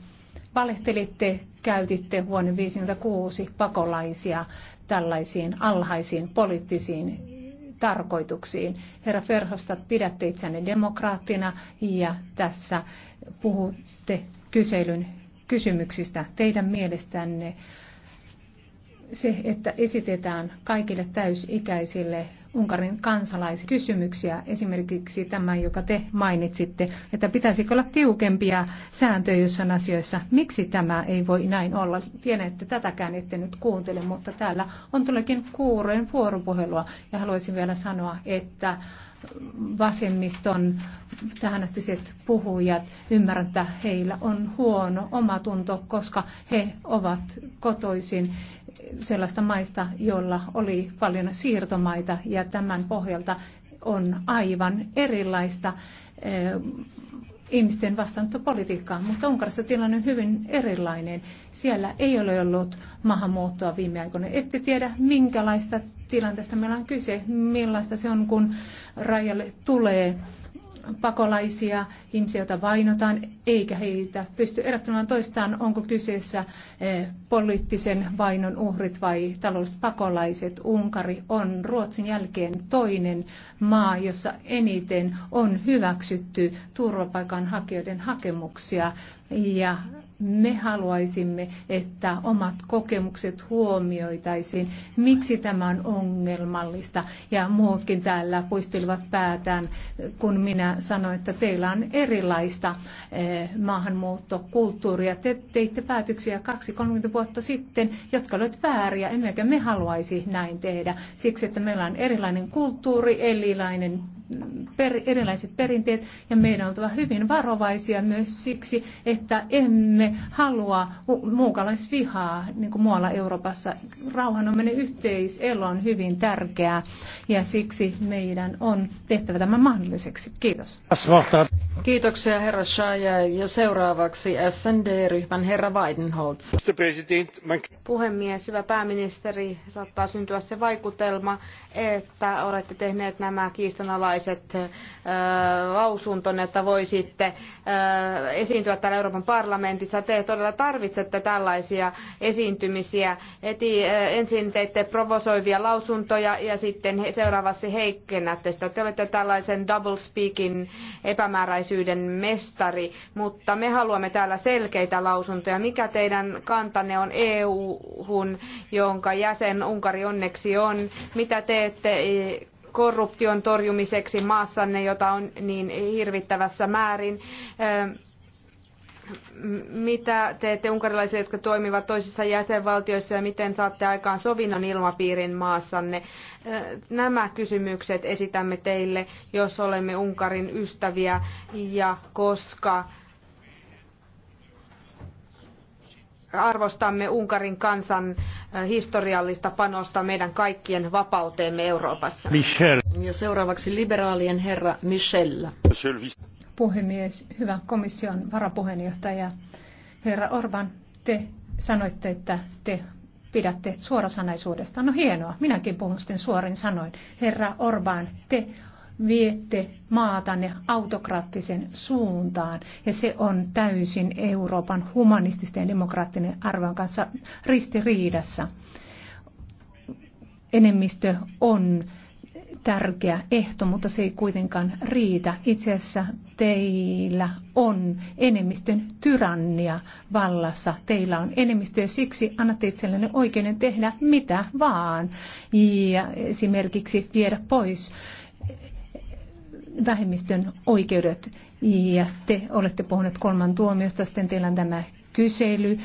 valehtelitte käytitte vuonna 1956 pakolaisia tällaisiin alhaisiin poliittisiin tarkoituksiin. Herra Verhofstadt, pidätte itsenne demokraattina ja tässä puhutte kyselyn kysymyksistä teidän mielestänne se, että esitetään kaikille täysikäisille Unkarin kansalaisia kysymyksiä, esimerkiksi tämä, joka te mainitsitte, että pitäisikö olla tiukempia sääntöjä jossain asioissa. Miksi tämä ei voi näin olla? Tiedän, että tätäkään ette nyt kuuntele, mutta täällä on todellakin kuurojen vuoropuhelua ja haluaisin vielä sanoa, että vasemmiston tähänastiset puhujat ymmärrän, että heillä on huono omatunto, koska he ovat kotoisin sellaista maista, joilla oli paljon siirtomaita ja tämän pohjalta on aivan erilaista eh, ihmisten vastaanottopolitiikkaa, mutta Unkarissa tilanne on hyvin erilainen. Siellä ei ole ollut maahanmuuttoa viime aikoina. Ette tiedä, minkälaista tilanteesta meillä on kyse, millaista se on, kun rajalle tulee pakolaisia, ihmisiä, joita vainotaan, eikä heitä pysty erottamaan toistaan, onko kyseessä eh, poliittisen vainon uhrit vai taloudelliset pakolaiset. Unkari on Ruotsin jälkeen toinen maa, jossa eniten on hyväksytty turvapaikanhakijoiden hakemuksia ja me haluaisimme, että omat kokemukset huomioitaisiin, miksi tämä on ongelmallista. Ja muutkin täällä puistelivat päätään, kun minä sanoin, että teillä on erilaista eh, maahanmuuttokulttuuria. Te teitte päätöksiä 2-30 vuotta sitten, jotka olivat vääriä, emmekä me haluaisi näin tehdä. Siksi, että meillä on erilainen kulttuuri, erilainen per, erilaiset perinteet ja meidän on oltava hyvin varovaisia myös siksi, että emme halua muukalaisvihaa niin kuin muualla Euroopassa. Rauhanomainen yhteiselo on hyvin tärkeää ja siksi meidän on tehtävä tämä mahdolliseksi. Kiitos. Kiitoksia herra Shaja ja seuraavaksi SND-ryhmän herra Weidenholz. Puhemies, hyvä pääministeri, saattaa syntyä se vaikutelma, että olette tehneet nämä kiistanalaiset tällaiset lausuntonne, että voisitte esiintyä täällä Euroopan parlamentissa. Te todella tarvitsette tällaisia esiintymisiä. Eti, ensin teitte provosoivia lausuntoja ja sitten seuraavaksi heikennätte sitä. Te olette tällaisen double speakin epämääräisyyden mestari, mutta me haluamme täällä selkeitä lausuntoja. Mikä teidän kantanne on EU-hun, jonka jäsen Unkari onneksi on? Mitä teette korruption torjumiseksi maassanne, jota on niin hirvittävässä määrin. Ähm, mitä teette unkarilaisille, jotka toimivat toisissa jäsenvaltioissa ja miten saatte aikaan sovinnon ilmapiirin maassanne? Äh, nämä kysymykset esitämme teille, jos olemme Unkarin ystäviä ja koska arvostamme Unkarin kansan eh, historiallista panosta meidän kaikkien vapauteemme Euroopassa. Michel. Ja seuraavaksi liberaalien herra Michel. Puhemies, hyvä komission varapuheenjohtaja. Herra Orban, te sanoitte, että te pidätte suorasanaisuudesta. No hienoa, minäkin puhun sitten suorin sanoin. Herra Orban, te viette maatanne autokraattisen suuntaan ja se on täysin Euroopan humanististen ja demokraattinen arvon kanssa ristiriidassa. Enemmistö on tärkeä ehto, mutta se ei kuitenkaan riitä. Itse asiassa teillä on enemmistön tyrannia vallassa. Teillä on enemmistö ja siksi annatte itsellenne oikeuden tehdä mitä vaan ja esimerkiksi viedä pois vähemmistön oikeudet ja te olette puhuneet kolman tuomiosta, sitten teillä on tämä kysely,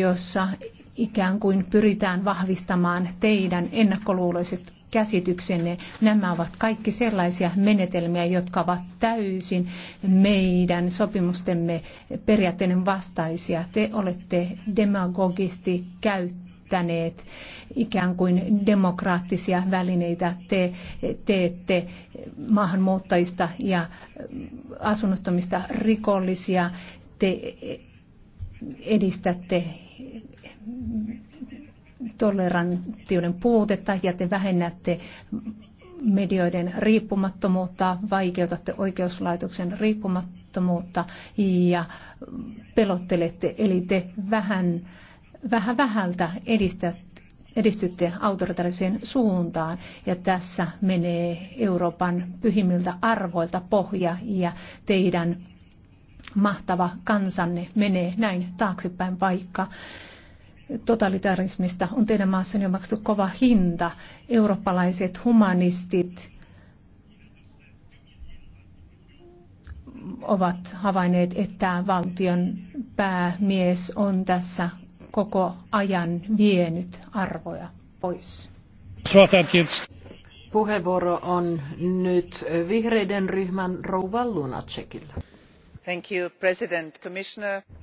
jossa ikään kuin pyritään vahvistamaan teidän ennakkoluuloiset käsityksenne. Nämä ovat kaikki sellaisia menetelmiä, jotka ovat täysin meidän sopimustemme periaatteiden vastaisia. Te olette demagogisti käyttäneet käyttäneet ikään kuin demokraattisia välineitä. Te teette maahanmuuttajista ja asunnottomista rikollisia. Te edistätte toleranttiuden puutetta ja te vähennätte medioiden riippumattomuutta, vaikeutatte oikeuslaitoksen riippumattomuutta ja pelottelette, eli te vähän vähän vähältä edistät, edistytte autoritaariseen suuntaan ja tässä menee Euroopan pyhimmiltä arvoilta pohja ja teidän mahtava kansanne menee näin taaksepäin, vaikka totalitarismista on teidän maassanne jo maksettu kova hinta. Eurooppalaiset humanistit ovat havainneet, että valtion päämies on tässä koko ajan vienyt arvoja pois. Puheenvuoro on nyt vihreiden ryhmän rouva Lunacekillä.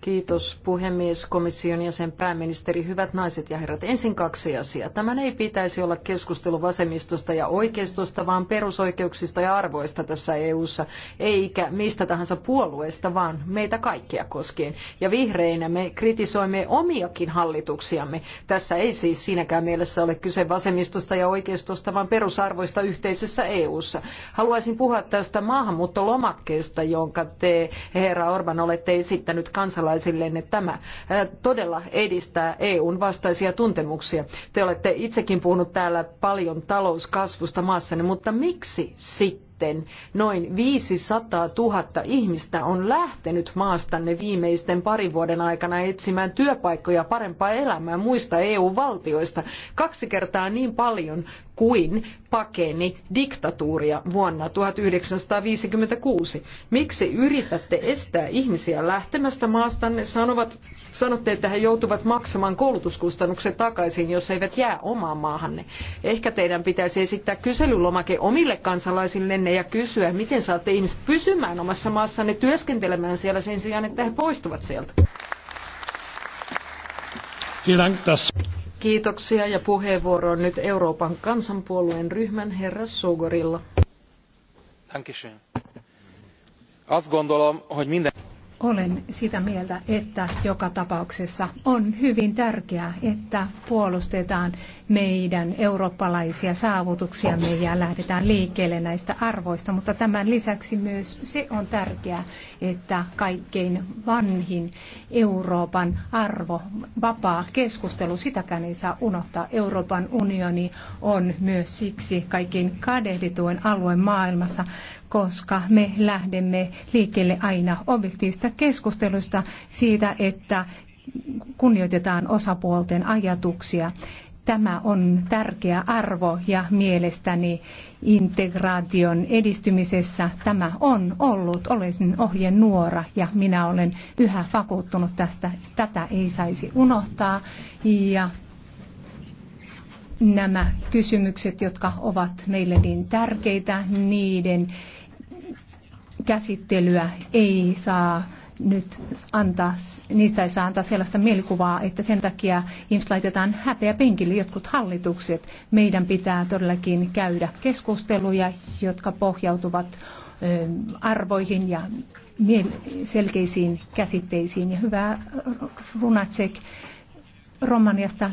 Kiitos puhemies, komission jäsen pääministeri, hyvät naiset ja herrat. Ensin kaksi asiaa. Tämän ei pitäisi olla keskustelu vasemmistosta ja oikeistosta, vaan perusoikeuksista ja arvoista tässä EU:ssa, eikä mistä tahansa puolueesta, vaan meitä kaikkia koskien. Ja vihreinä me kritisoimme omiakin hallituksiamme. Tässä ei siis siinäkään mielessä ole kyse vasemmistosta ja oikeistosta, vaan perusarvoista yhteisessä EU:ssa. Haluaisin puhua tästä maahanmuuttolomakkeesta, jonka te herra Orban olette esittänyt kansalaisillenne tämä todella edistää EUn vastaisia tuntemuksia. Te olette itsekin puhunut täällä paljon talouskasvusta maassanne, mutta miksi sitten? noin 500 000 ihmistä on lähtenyt maastanne viimeisten parin vuoden aikana etsimään työpaikkoja parempaa elämää muista EU-valtioista. Kaksi kertaa niin paljon kuin pakeni diktatuuria vuonna 1956. Miksi yritätte estää ihmisiä lähtemästä maastanne? Sanovat, sanotte, että he joutuvat maksamaan koulutuskustannukset takaisin, jos eivät jää omaan maahanne. Ehkä teidän pitäisi esittää kyselylomake omille kansalaisillenne ja kysyä, miten saatte ihmiset pysymään omassa maassanne työskentelemään siellä sen sijaan, että he poistuvat sieltä. Vielen Dank, Kiitoksia ja puheenvuoro on nyt Euroopan kansanpuolueen ryhmän herra Sogorilla. Olen sitä mieltä, että joka tapauksessa on hyvin tärkeää, että puolustetaan meidän eurooppalaisia saavutuksiamme ja lähdetään liikkeelle näistä arvoista. Mutta tämän lisäksi myös se on tärkeää, että kaikkein vanhin Euroopan arvo, vapaa keskustelu, sitäkään ei saa unohtaa. Euroopan unioni on myös siksi kaikkein kadehdituen alue maailmassa, koska me lähdemme liikkeelle aina objektiivista keskustelusta siitä, että kunnioitetaan osapuolten ajatuksia Tämä on tärkeä arvo ja mielestäni integraation edistymisessä tämä on ollut, olisin ohjenuora ja minä olen yhä vakuuttunut tästä. Tätä ei saisi unohtaa ja nämä kysymykset, jotka ovat meille niin tärkeitä, niiden käsittelyä ei saa nyt antaa, niistä ei saa antaa sellaista mielikuvaa, että sen takia ihmiset laitetaan häpeä penkille jotkut hallitukset. Meidän pitää todellakin käydä keskusteluja, jotka pohjautuvat arvoihin ja selkeisiin käsitteisiin. Ja hyvä Runacek, Romaniasta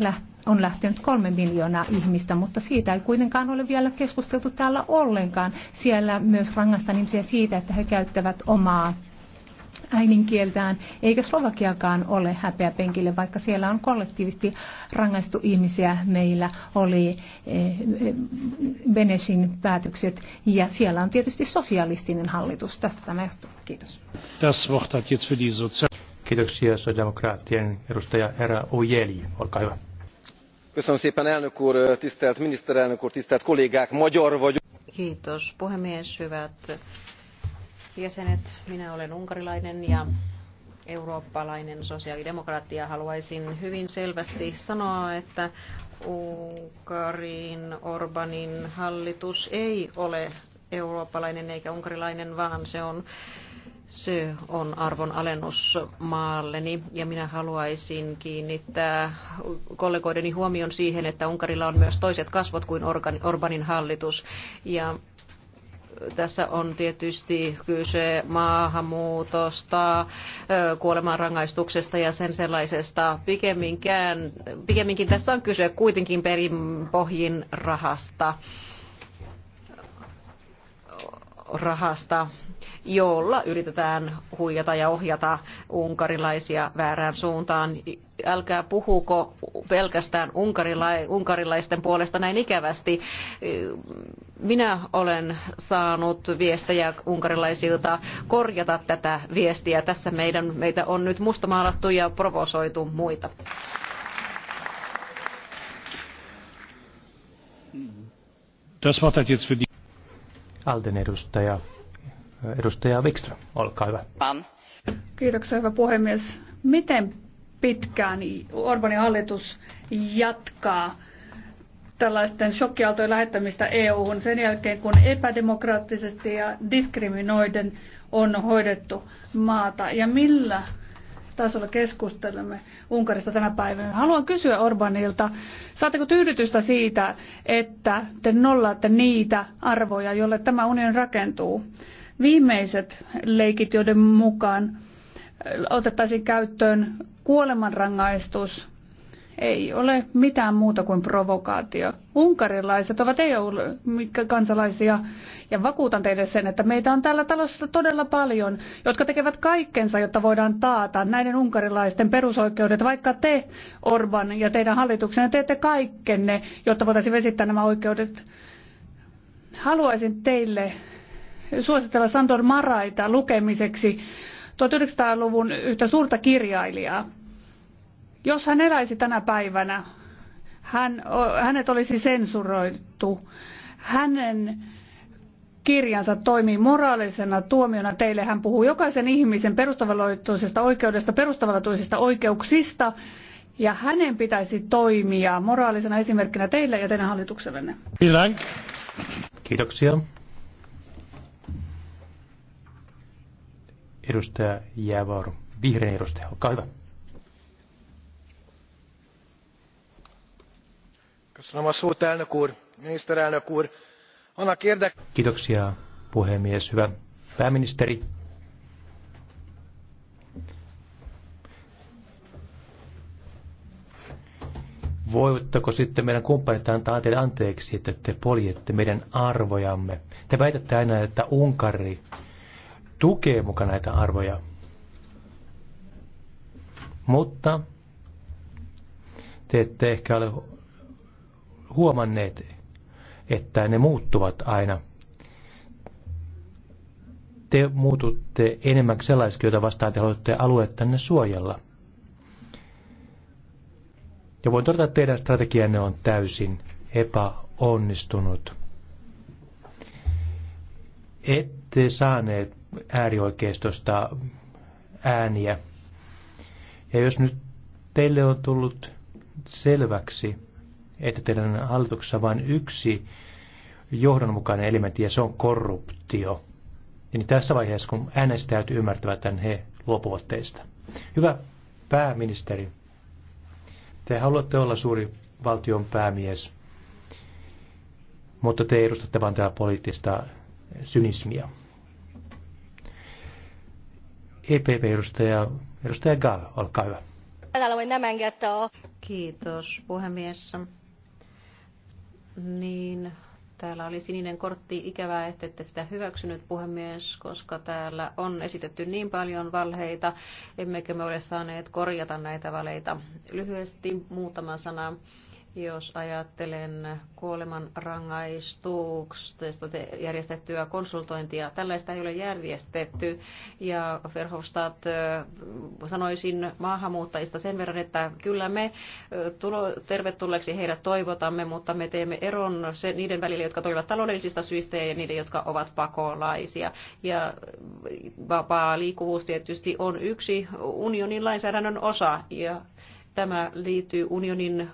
on lähtenyt kolme miljoonaa ihmistä, mutta siitä ei kuitenkaan ole vielä keskusteltu täällä ollenkaan. Siellä myös rangaistaan ihmisiä siitä, että he käyttävät omaa äidinkieltään, eikä Slovakiakaan ole häpeä penkille, vaikka siellä on kollektiivisesti rangaistu ihmisiä. Meillä oli eh, eh, Benesin päätökset ja siellä on tietysti sosialistinen hallitus. Tästä tämä johtuu. Kiitos. Das hat jetzt für die Kiitoksia sosiaalidemokraattien edustaja Herra Ujeli. Olkaa hyvä. Köszönöm szépen, elnök úr, tisztelt miniszterelnök úr, tisztelt kollégák, magyar vagyok. Kiitos puhemies, hyvät jäsenet. Minä olen unkarilainen ja eurooppalainen sosiaalidemokraatti ja haluaisin hyvin selvästi sanoa, että Unkarin Orbanin hallitus ei ole eurooppalainen eikä unkarilainen, vaan se on se on arvon alennus maalleni ja minä haluaisin kiinnittää kollegoideni huomion siihen, että Unkarilla on myös toiset kasvot kuin Orbanin hallitus ja tässä on tietysti kyse maahanmuutosta, kuolemanrangaistuksesta ja sen sellaisesta. Pikemminkään, pikemminkin tässä on kyse kuitenkin perinpohjin rahasta rahasta, jolla yritetään huijata ja ohjata unkarilaisia väärään suuntaan, älkää puhuko pelkästään unkarilaisten puolesta näin ikävästi. Minä olen saanut viestejä unkarilaisilta korjata tätä viestiä. Tässä meidän, meitä on nyt mustamaalattu ja provosoitu muita. Das Wort hat jetzt für die Alden edustaja, edustaja Wikström, olkaa hyvä. Kiitoksia, hyvä puhemies. Miten pitkään Orbanin hallitus jatkaa tällaisten shokkiaaltojen lähettämistä EU-hun sen jälkeen, kun epädemokraattisesti ja diskriminoiden on hoidettu maata. Ja millä tasolla keskustelemme Unkarista tänä päivänä. Haluan kysyä Orbanilta, saatteko tyydytystä siitä, että te nollaatte niitä arvoja, joille tämä unioni rakentuu? Viimeiset leikit, joiden mukaan otettaisiin käyttöön Kuolemanrangaistus ei ole mitään muuta kuin provokaatio. Unkarilaiset ovat EU-kansalaisia ja vakuutan teille sen, että meitä on täällä talossa todella paljon, jotka tekevät kaikkensa, jotta voidaan taata näiden unkarilaisten perusoikeudet, vaikka te, Orban ja teidän hallituksenne, teette kaikkenne, jotta voitaisiin vesittää nämä oikeudet. Haluaisin teille suositella Sandor Maraita lukemiseksi 1900-luvun yhtä suurta kirjailijaa. Jos hän eläisi tänä päivänä, hän, hänet olisi sensuroitu. Hänen kirjansa toimii moraalisena tuomiona teille. Hän puhuu jokaisen ihmisen perustavanlaatuisesta oikeudesta, perustavanlaatuisista oikeuksista, ja hänen pitäisi toimia moraalisena esimerkkinä teille ja teidän hallituksellenne. Kiitoksia. Edustaja Jäävaaro, vihreän edustaja, olkaa hyvä. Kiitoksia puhemies. Hyvä pääministeri. Voivatko sitten meidän kumppanit antaa teille anteeksi, että te poljette meidän arvojamme? Te väitätte aina, että Unkari tukee muka näitä arvoja. Mutta te ette ehkä ole huomanneet, että ne muuttuvat aina. Te muututte enemmän sellaisiksi, joita vastaan te haluatte tänne suojella. Ja voin todeta, että teidän strategianne on täysin epäonnistunut. Ette saaneet äärioikeistosta ääniä. Ja jos nyt teille on tullut selväksi, että teidän hallituksessa vain yksi johdonmukainen elementti, ja se on korruptio. Ja niin tässä vaiheessa, kun äänestäjät ymmärtävät tämän, he luopuvat teistä. Hyvä pääministeri, te haluatte olla suuri valtion päämies, mutta te edustatte vain tätä poliittista synismia. EPP-edustaja edustaja Gall, olkaa hyvä. Kiitos puhemies. Niin, täällä oli sininen kortti. Ikävää, että ette sitä hyväksynyt, puhemies, koska täällä on esitetty niin paljon valheita, emmekä me ole saaneet korjata näitä valeita. Lyhyesti muutama sana jos ajattelen kuoleman rangaistuksesta järjestettyä konsultointia, tällaista ei ole järjestetty. Ja Verhofstadt sanoisin maahanmuuttajista sen verran, että kyllä me tulo, tervetulleeksi heidät toivotamme, mutta me teemme eron se, niiden välillä, jotka toivat taloudellisista syistä ja niiden, jotka ovat pakolaisia. Ja vapaa liikkuvuus tietysti on yksi unionin lainsäädännön osa ja tämä liittyy unionin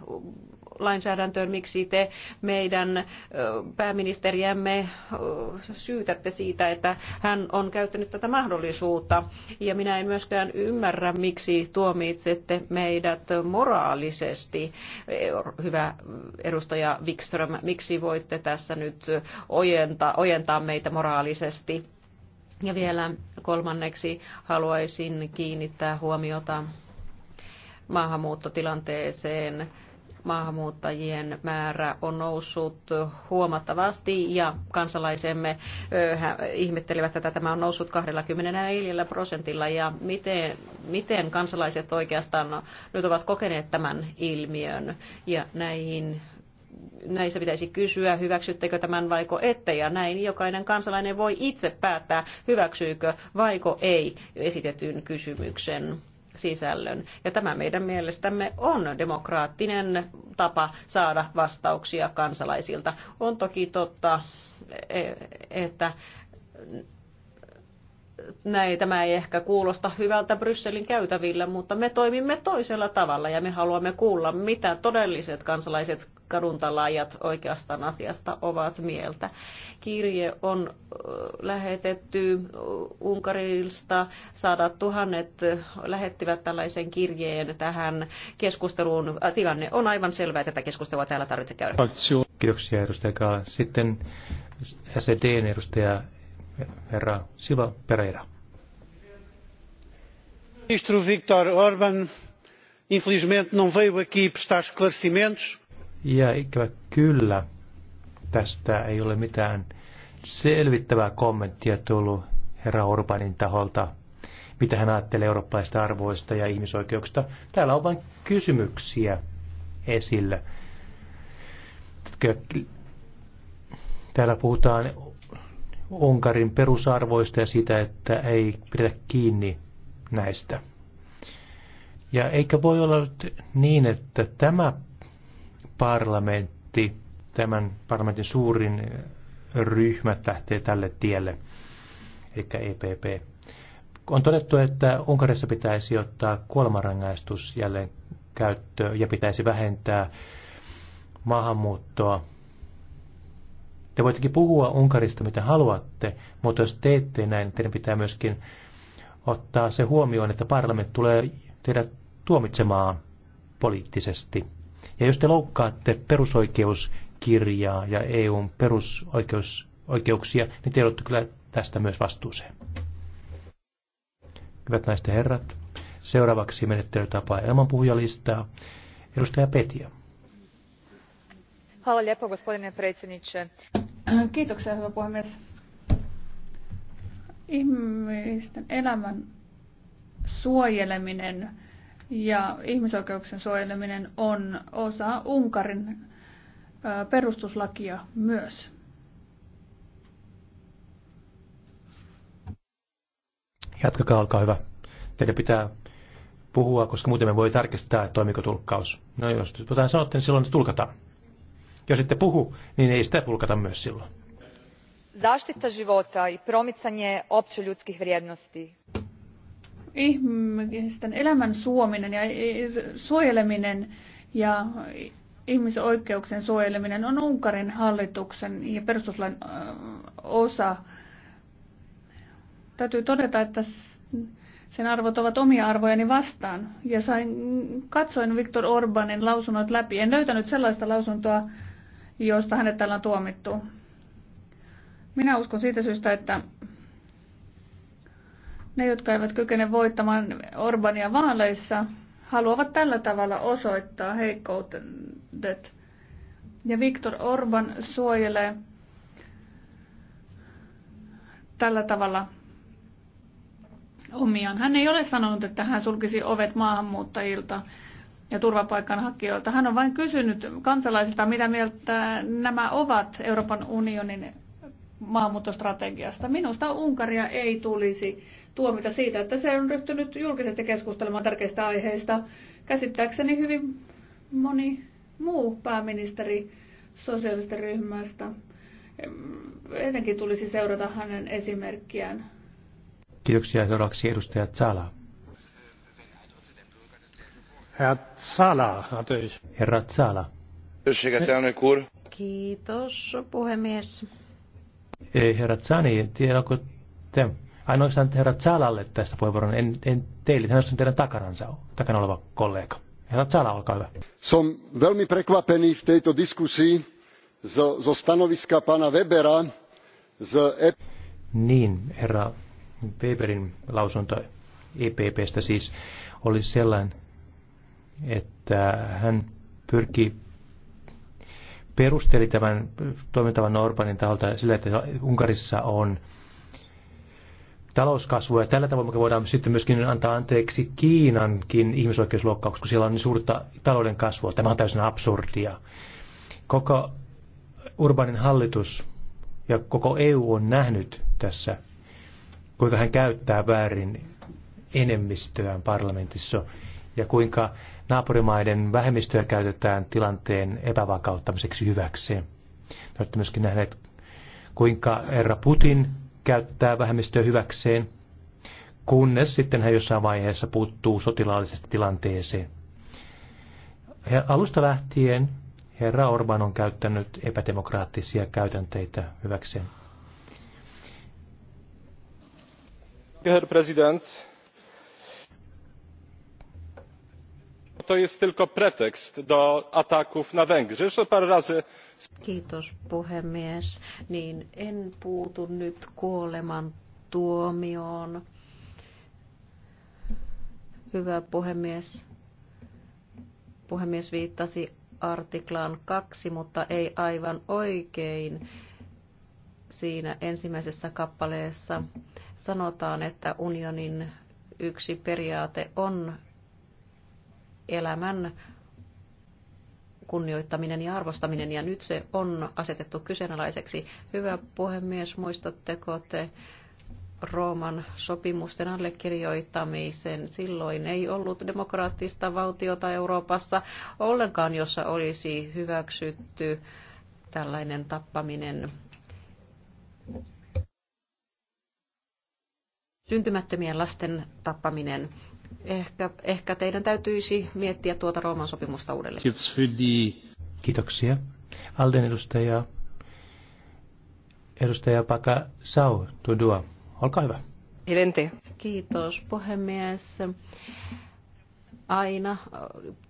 lainsäädäntöön, miksi te meidän pääministeriämme syytätte siitä, että hän on käyttänyt tätä mahdollisuutta. Ja minä en myöskään ymmärrä, miksi tuomitsette meidät moraalisesti, hyvä edustaja Wikström, miksi voitte tässä nyt ojentaa, ojentaa meitä moraalisesti. Ja vielä kolmanneksi haluaisin kiinnittää huomiota maahanmuuttotilanteeseen maahanmuuttajien määrä on noussut huomattavasti ja kansalaisemme ihmettelivät tätä. Tämä on noussut 24 prosentilla ja miten, miten kansalaiset oikeastaan nyt ovat kokeneet tämän ilmiön ja näihin näissä pitäisi kysyä, hyväksyttekö tämän vaiko ette, ja näin jokainen kansalainen voi itse päättää, hyväksyykö vaiko ei esitetyn kysymyksen sisällön. Ja tämä meidän mielestämme on demokraattinen tapa saada vastauksia kansalaisilta. On toki totta, e, että näin, tämä ei ehkä kuulosta hyvältä Brysselin käytävillä, mutta me toimimme toisella tavalla ja me haluamme kuulla, mitä todelliset kansalaiset kaduntalajat oikeastaan asiasta ovat mieltä. Kirje on lähetetty Unkarista. Sadat tuhannet lähettivät tällaisen kirjeen tähän keskusteluun. Tilanne on aivan selvää, että tätä keskustelua täällä tarvitsee käydä. Kiitoksia edustaja Kaala. Sitten SEDn edustaja herra Silva Pereira. Ministro Viktor Orban, infelizmente não veio aqui prestar esclarecimentos ja ikävä kyllä, tästä ei ole mitään selvittävää kommenttia tullut herra Orbanin taholta, mitä hän ajattelee eurooppalaisista arvoista ja ihmisoikeuksista. Täällä on vain kysymyksiä esillä. Täällä puhutaan Unkarin perusarvoista ja sitä, että ei pidä kiinni näistä. Ja eikä voi olla nyt niin, että tämä parlamentti, tämän parlamentin suurin ryhmä lähtee tälle tielle, eli EPP. On todettu, että Unkarissa pitäisi ottaa kuolemanrangaistus jälleen käyttöön ja pitäisi vähentää maahanmuuttoa. Te voittekin puhua Unkarista mitä haluatte, mutta jos teette näin, teidän pitää myöskin ottaa se huomioon, että parlamentti tulee teidät tuomitsemaan poliittisesti. Ja jos te loukkaatte perusoikeuskirjaa ja EUn perusoikeuksia, niin te joudutte kyllä tästä myös vastuuseen. Hyvät naisten herrat, seuraavaksi menettelytapa ilman puhujalistaa. Edustaja Petia. Hvala lijepo, gospodine predsjedniče. Kiitoksia, hyvä puhemies. Ihmisten elämän suojeleminen ja ihmisoikeuksien suojeleminen on osa Unkarin perustuslakia myös. Jatkakaa, olkaa hyvä. Teidän pitää puhua, koska muuten me voi tarkistaa, toimiko tulkkaus. No jos jotain sanotte, niin silloin se tulkataan. Jos ette puhu, niin ei sitä tulkata myös silloin. Zaštita života i promicanje opće ljudskih vrijednosti ihmisten elämän suominen ja suojeleminen ja ihmisoikeuksien suojeleminen on Unkarin hallituksen ja perustuslain osa. Täytyy todeta, että sen arvot ovat omia arvojani vastaan. Ja sain, katsoin Viktor Orbanin lausunnot läpi. En löytänyt sellaista lausuntoa, josta hänet täällä on tuomittu. Minä uskon siitä syystä, että ne, jotka eivät kykene voittamaan Orbania vaaleissa, haluavat tällä tavalla osoittaa heikkoutet. Ja Viktor Orban suojelee tällä tavalla omiaan. Hän ei ole sanonut, että hän sulkisi ovet maahanmuuttajilta ja turvapaikanhakijoilta. Hän on vain kysynyt kansalaisilta, mitä mieltä nämä ovat Euroopan unionin maahanmuuttostrategiasta. Minusta Unkaria ei tulisi tuomita siitä, että se on ryhtynyt julkisesti keskustelemaan tärkeistä aiheista. Käsittääkseni hyvin moni muu pääministeri sosiaalista ryhmästä. Ennenkin tulisi seurata hänen esimerkkiään. Kiitoksia. Seuraavaksi edustaja Zala. Herr Zala, Herra Zala. Kiitos puhemies. Ei, herra Zani, tiedätkö te? Ainoastaan herra Zalalle tästä puheenvuoron, en, en teille, hän on teidän takaransa, takana oleva kollega. Herra Zala, olkaa hyvä. Som velmi prekvapený v tejto diskusii zo, zo stanoviska pana Webera z... e- Niin, herra Weberin lausunto EPPstä siis oli sellainen, että hän pyrkii perusteli tämän toimintavan Orbanin taholta sillä, että Unkarissa on talouskasvua. Ja tällä tavoin voidaan sitten myöskin antaa anteeksi Kiinankin ihmisoikeusluokkauksia, kun siellä on niin suurta talouden kasvua. Tämä on täysin absurdia. Koko Urbanin hallitus ja koko EU on nähnyt tässä, kuinka hän käyttää väärin enemmistöään parlamentissa ja kuinka naapurimaiden vähemmistöä käytetään tilanteen epävakauttamiseksi hyväksi. Te olette myöskin nähneet, kuinka herra Putin käyttää vähemmistöä hyväkseen, kunnes sitten hän jossain vaiheessa puuttuu sotilaallisesti tilanteeseen. Alusta lähtien herra Orban on käyttänyt epädemokraattisia käytänteitä hyväkseen. Herr President, to jest tylko pretekst do ataków na Węgry. Zresztą parę razy... Kiitos puhemies. Niin en puutu nyt kuoleman tuomioon. Hyvä puhemies. Puhemies viittasi artiklaan kaksi, mutta ei aivan oikein. Siinä ensimmäisessä kappaleessa sanotaan, että unionin yksi periaate on elämän kunnioittaminen ja arvostaminen, ja nyt se on asetettu kyseenalaiseksi. Hyvä puhemies, muistatteko te Rooman sopimusten allekirjoittamisen. Silloin ei ollut demokraattista valtiota Euroopassa ollenkaan, jossa olisi hyväksytty tällainen tappaminen syntymättömien lasten tappaminen Ehkä, ehkä teidän täytyisi miettiä tuota Rooman sopimusta uudelleen. Kiitoksia. Alden edustaja, edustaja Paka Sau Tudua, olkaa hyvä. Kiitos puhemies aina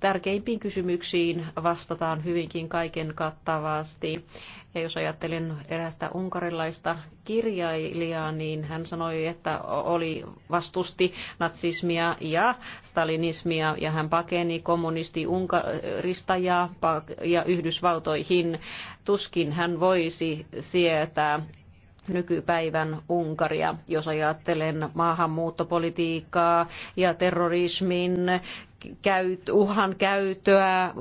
tärkeimpiin kysymyksiin vastataan hyvinkin kaiken kattavasti. Ja jos ajattelen erästä unkarilaista kirjailijaa, niin hän sanoi, että oli vastusti natsismia ja stalinismia ja hän pakeni kommunisti Unkarista ja, ja Yhdysvaltoihin. Tuskin hän voisi sietää nykypäivän Unkaria. Jos ajattelen maahanmuuttopolitiikkaa ja terrorismin uhan käytöä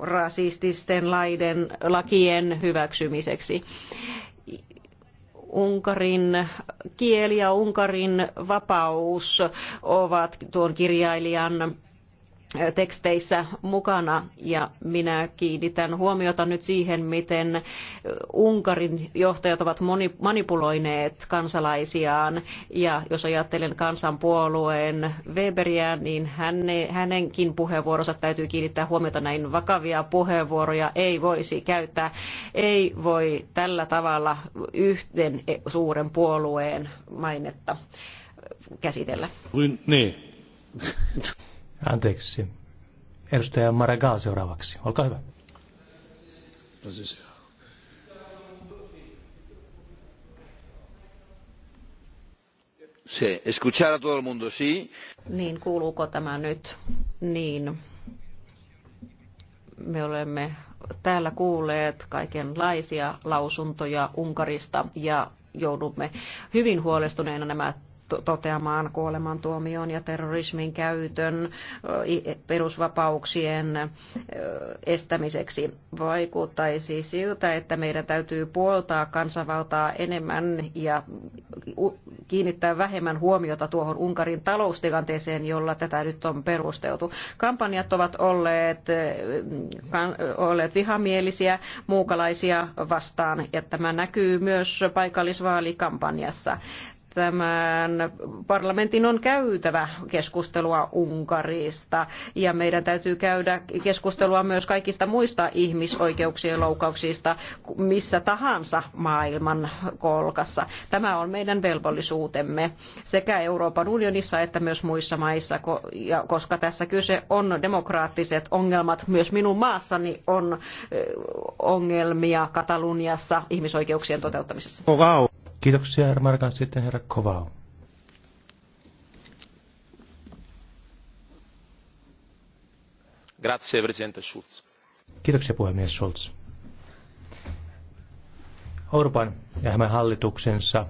rasististen laiden, lakien hyväksymiseksi. Unkarin kieli ja Unkarin vapaus ovat tuon kirjailijan teksteissä mukana ja minä kiinnitän huomiota nyt siihen, miten Unkarin johtajat ovat manipuloineet kansalaisiaan ja jos ajattelen kansanpuolueen Weberiä, niin hänenkin puheenvuoronsa täytyy kiinnittää huomiota näin vakavia puheenvuoroja ei voisi käyttää, ei voi tällä tavalla yhden suuren puolueen mainetta käsitellä. Niin. Anteeksi. Edustaja Maragall seuraavaksi. Olkaa hyvä. Se, escuchara todo el mundo, sí. Niin, kuuluuko tämä nyt? Niin. Me olemme täällä kuulleet kaikenlaisia lausuntoja Unkarista ja joudumme hyvin huolestuneena nämä toteamaan kuolemantuomioon ja terrorismin käytön perusvapauksien estämiseksi. Vaikuttaisi siltä, että meidän täytyy puoltaa kansanvaltaa enemmän ja kiinnittää vähemmän huomiota tuohon Unkarin taloustilanteeseen, jolla tätä nyt on perusteltu. Kampanjat ovat olleet, olleet vihamielisiä muukalaisia vastaan ja tämä näkyy myös paikallisvaalikampanjassa tämän parlamentin on käytävä keskustelua Unkarista ja meidän täytyy käydä keskustelua myös kaikista muista ihmisoikeuksien loukkauksista missä tahansa maailman kolkassa. Tämä on meidän velvollisuutemme sekä Euroopan unionissa että myös muissa maissa, koska tässä kyse on demokraattiset ongelmat. Myös minun maassani on ongelmia Kataluniassa ihmisoikeuksien toteuttamisessa. Oh, wow. Kiitoksia, herra Markan. Sitten herra Kovao. Grazie, presidente Schulz. Kiitoksia, puhemies Schulz. Orban ja hänen hallituksensa,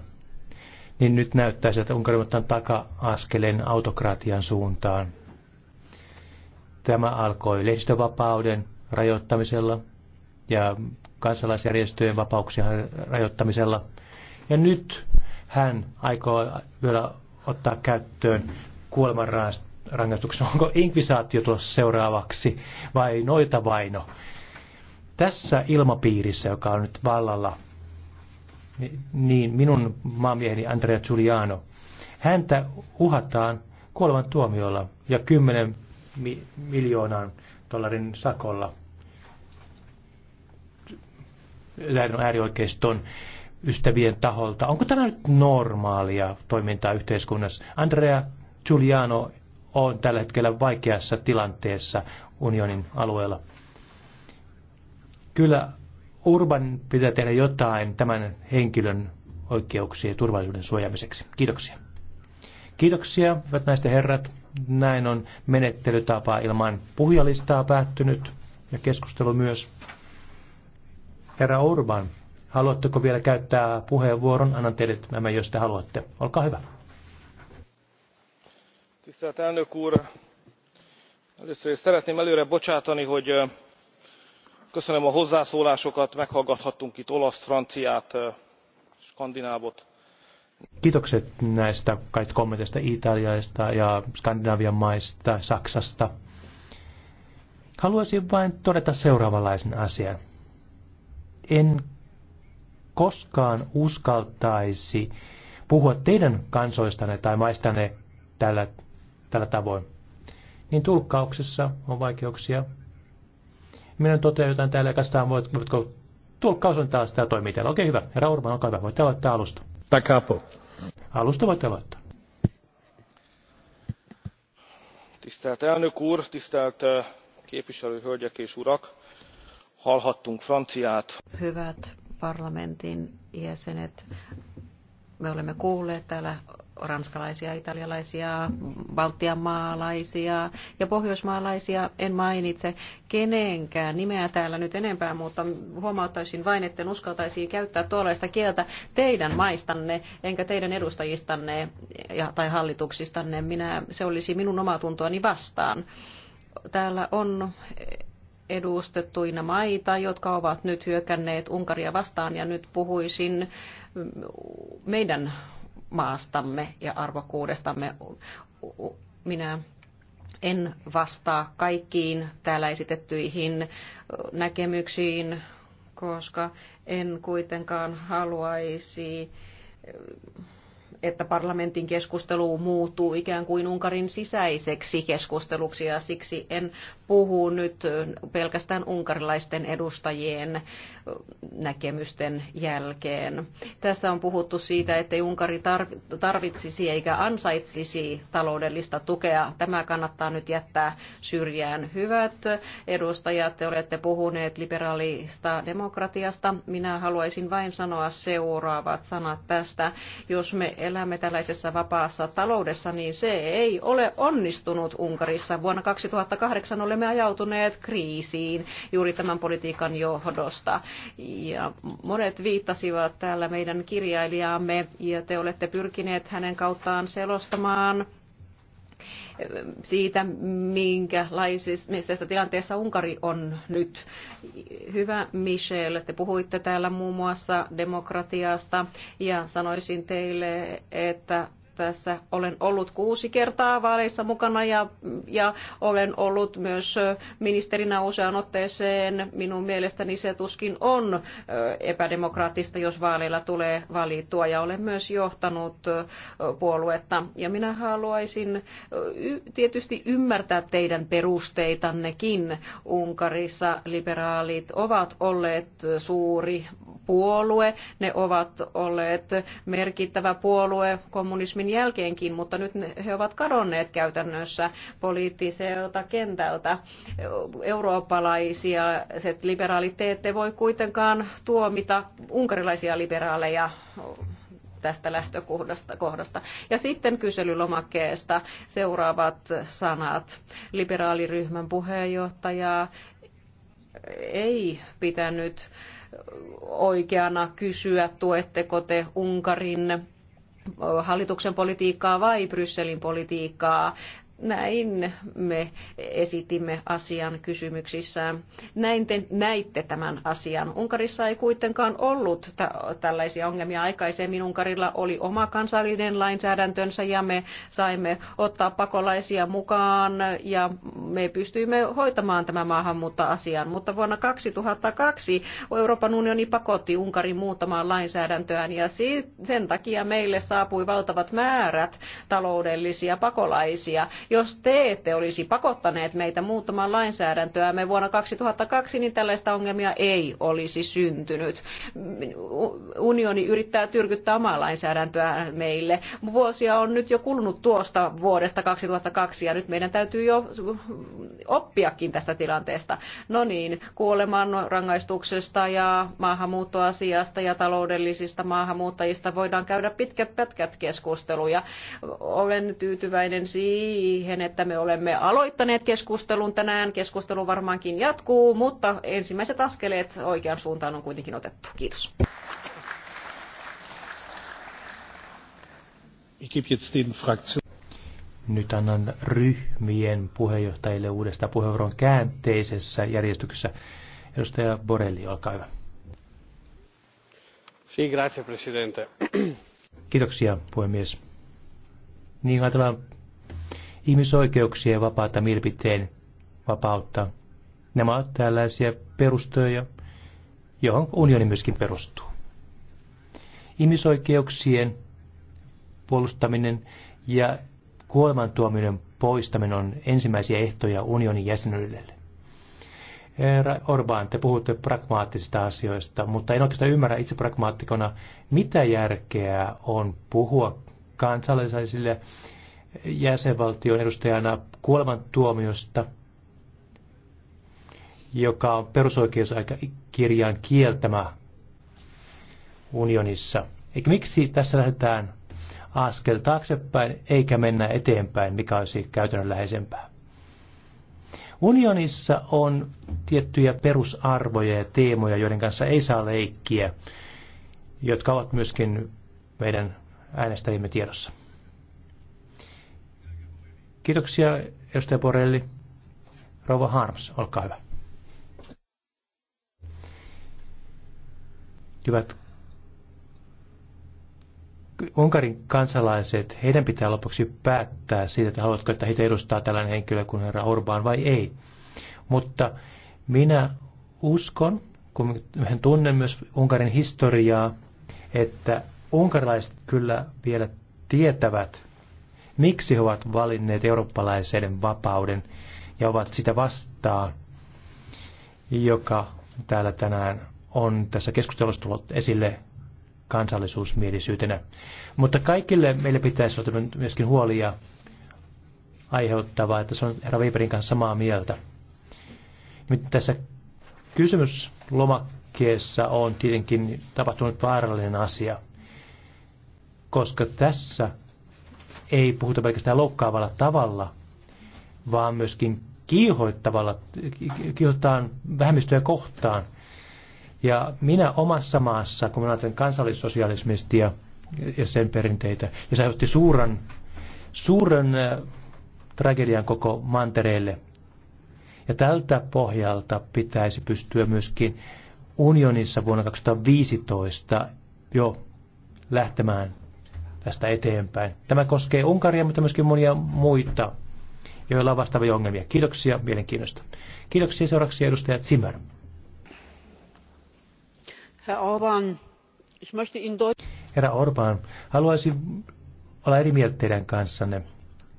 niin nyt näyttää että Unkari ottaa taka-askeleen autokratian suuntaan. Tämä alkoi lehdistövapauden rajoittamisella ja kansalaisjärjestöjen vapauksien rajoittamisella. Ja nyt hän aikoo vielä ottaa käyttöön kuolemanrangaistuksen. Onko inkvisaatio tuossa seuraavaksi vai noita vaino? Tässä ilmapiirissä, joka on nyt vallalla, niin minun maamieheni Andrea Giuliano, häntä uhataan kuoleman tuomiolla ja 10 mi- miljoonan dollarin sakolla. Tämä äärioikeiston ystävien taholta. Onko tämä nyt normaalia toimintaa yhteiskunnassa? Andrea Giuliano on tällä hetkellä vaikeassa tilanteessa unionin alueella. Kyllä Urban pitää tehdä jotain tämän henkilön oikeuksien ja turvallisuuden suojaamiseksi. Kiitoksia. Kiitoksia, hyvät naiset ja herrat. Näin on menettelytapa ilman puhujalistaa päättynyt ja keskustelu myös. Herra Urban, Haluatteko vielä käyttää puheenvuoron? Annan teille tämän, jos te haluatte. Olkaa hyvä. Tisztelt elnök úr! Először is szeretném előre bocsátani, hogy köszönöm a hozzászólásokat, meghallgathattunk itt olaszt, franciát, skandinávot. Kiitokset näistä kaikista kommenteista Italiasta ja Skandinavian maista, Saksasta. Haluaisin vain todeta seuraavanlaisen asian. En koskaan uskaltaisi puhua teidän kansoistanne tai maistanne tällä, tällä tavoin. Niin tulkkauksessa on vaikeuksia. Minä totean jotain täällä ja katsotaan, voitko tulkkaus on taas tämä toimii täällä. Okei, hyvä. Herra Urban, olkaa hyvä. Voitte aloittaa alusta. Takapo. Alusta voitte aloittaa. Tisztelt elnök úr, tisztelt eh, képviselő hölgyek és urak! Hallhattunk franciát. Hyvät parlamentin jäsenet. Me olemme kuulleet täällä ranskalaisia, italialaisia, baltianmaalaisia ja pohjoismaalaisia. En mainitse kenenkään nimeä täällä nyt enempää, mutta huomauttaisin vain, että uskaltaisiin käyttää tuollaista kieltä teidän maistanne, enkä teidän edustajistanne ja, tai hallituksistanne. Minä, se olisi minun omaa vastaan. Täällä on edustettuina maita, jotka ovat nyt hyökänneet Unkaria vastaan ja nyt puhuisin mm, meidän maastamme ja arvokkuudestamme. Minä en vastaa kaikkiin täällä esitettyihin näkemyksiin, koska en kuitenkaan haluaisi että parlamentin keskustelu muuttuu ikään kuin Unkarin sisäiseksi keskusteluksi ja siksi en puhu nyt pelkästään unkarilaisten edustajien näkemysten jälkeen. Tässä on puhuttu siitä, että Unkari tarvitsisi eikä ansaitsisi taloudellista tukea. Tämä kannattaa nyt jättää syrjään. Hyvät edustajat, te olette puhuneet liberaalista demokratiasta. Minä haluaisin vain sanoa seuraavat sanat tästä. Jos me elämme tällaisessa vapaassa taloudessa, niin se ei ole onnistunut Unkarissa. Vuonna 2008 olemme ajautuneet kriisiin juuri tämän politiikan johdosta. Ja monet viittasivat täällä meidän kirjailijaamme ja te olette pyrkineet hänen kauttaan selostamaan siitä, minkälaisessa tilanteessa Unkari on nyt. Hyvä Michel, te puhuitte täällä muun muassa demokratiasta ja sanoisin teille, että tässä olen ollut kuusi kertaa vaaleissa mukana ja, ja olen ollut myös ministerinä usean otteeseen. Minun mielestäni se tuskin on epädemokraattista, jos vaaleilla tulee valittua ja olen myös johtanut puoluetta. Ja minä haluaisin tietysti ymmärtää teidän perusteitannekin. Unkarissa liberaalit ovat olleet suuri puolue, ne ovat olleet merkittävä puolue kommunismin kommunismin jälkeenkin, mutta nyt he ovat kadonneet käytännössä poliittiselta kentältä. Eurooppalaiset liberaalit ette voi kuitenkaan tuomita unkarilaisia liberaaleja tästä lähtökohdasta. Kohdasta. Ja sitten kyselylomakkeesta seuraavat sanat. Liberaaliryhmän puheenjohtaja ei pitänyt oikeana kysyä, tuetteko te Unkarin hallituksen politiikkaa vai Brysselin politiikkaa. Näin me esitimme asian kysymyksissään. Näin te näitte tämän asian. Unkarissa ei kuitenkaan ollut tällaisia ongelmia aikaisemmin. Unkarilla oli oma kansallinen lainsäädäntönsä ja me saimme ottaa pakolaisia mukaan ja me pystyimme hoitamaan tämän maahanmuutta-asian. Mutta vuonna 2002 Euroopan unioni pakotti Unkarin muuttamaan lainsäädäntöään ja sen takia meille saapui valtavat määrät taloudellisia pakolaisia jos te ette olisi pakottaneet meitä muuttamaan lainsäädäntöä me vuonna 2002, niin tällaista ongelmia ei olisi syntynyt. Unioni yrittää tyrkyttää omaa lainsäädäntöä meille. Vuosia on nyt jo kulunut tuosta vuodesta 2002 ja nyt meidän täytyy jo oppiakin tästä tilanteesta. No niin, kuoleman rangaistuksesta ja maahanmuuttoasiasta ja taloudellisista maahanmuuttajista voidaan käydä pitkät pätkät keskusteluja. Olen tyytyväinen siihen, siihen, että me olemme aloittaneet keskustelun tänään. Keskustelu varmaankin jatkuu, mutta ensimmäiset askeleet oikean suuntaan on kuitenkin otettu. Kiitos. Nyt annan ryhmien puheenjohtajille uudesta puheenvuoron käänteisessä järjestyksessä. Edustaja Borelli, olkaa hyvä. Kiitoksia, puhemies. Niin ajatellaan ihmisoikeuksien vapaata mielipiteen vapautta. Nämä ovat tällaisia perustoja, johon unioni myöskin perustuu. Ihmisoikeuksien puolustaminen ja kuolemantuominen poistaminen on ensimmäisiä ehtoja unionin jäsenyydelle. Orbán, te puhutte pragmaattisista asioista, mutta en oikeastaan ymmärrä itse pragmaattikona, mitä järkeä on puhua kansallisille jäsenvaltion edustajana kuolemantuomiosta, joka on perusoikeusaikakirjan kieltämä unionissa. Eikä miksi tässä lähdetään askel taaksepäin eikä mennä eteenpäin, mikä olisi käytännönläheisempää. Unionissa on tiettyjä perusarvoja ja teemoja, joiden kanssa ei saa leikkiä, jotka ovat myöskin meidän äänestäjimme tiedossa. Kiitoksia, edustaja Borelli. Rouva Harms, olkaa hyvä. Hyvät Unkarin kansalaiset, heidän pitää lopuksi päättää siitä, että haluatko, että heitä edustaa tällainen henkilö kuin herra Orbán vai ei. Mutta minä uskon, kun hän tunnen myös Unkarin historiaa, että unkarilaiset kyllä vielä tietävät, miksi he ovat valinneet eurooppalaisen vapauden ja ovat sitä vastaan, joka täällä tänään on tässä keskustelussa tullut esille kansallisuusmielisyytenä. Mutta kaikille meille pitäisi olla myöskin huolia aiheuttavaa, että se on herra Weberin kanssa samaa mieltä. Nyt tässä kysymyslomakkeessa on tietenkin tapahtunut vaarallinen asia, koska tässä ei puhuta pelkästään loukkaavalla tavalla, vaan myöskin kiihoittavalla, kiihoittaan vähemmistöjä kohtaan. Ja minä omassa maassa, kun minä ajattelen kansallissosialismistia ja sen perinteitä, ja se aiheutti suuren, suuren äh, tragedian koko mantereelle. Ja tältä pohjalta pitäisi pystyä myöskin unionissa vuonna 2015 jo lähtemään tästä eteenpäin. Tämä koskee Unkaria, mutta myöskin monia muita, joilla on vastaavia ongelmia. Kiitoksia mielenkiinnosta. Kiitoksia seuraavaksi edustaja Zimmer. Herra Orban, haluaisin olla eri mieltä teidän kanssanne.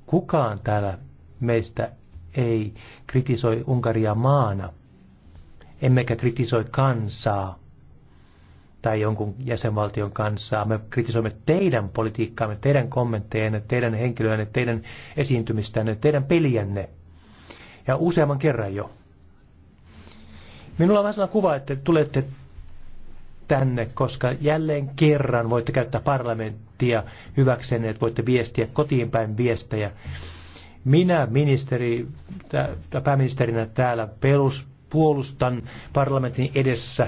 Kukaan täällä meistä ei kritisoi Unkaria maana, emmekä kritisoi kansaa tai jonkun jäsenvaltion kanssa. Me kritisoimme teidän politiikkaamme, teidän kommenttejanne, teidän henkilöänne, teidän esiintymistänne, teidän peliänne. Ja useamman kerran jo. Minulla on vähän kuva, että tulette tänne, koska jälleen kerran voitte käyttää parlamenttia hyväksenne, että voitte viestiä kotiin päin viestejä. Minä ministeri, pääministerinä täällä perus, puolustan parlamentin edessä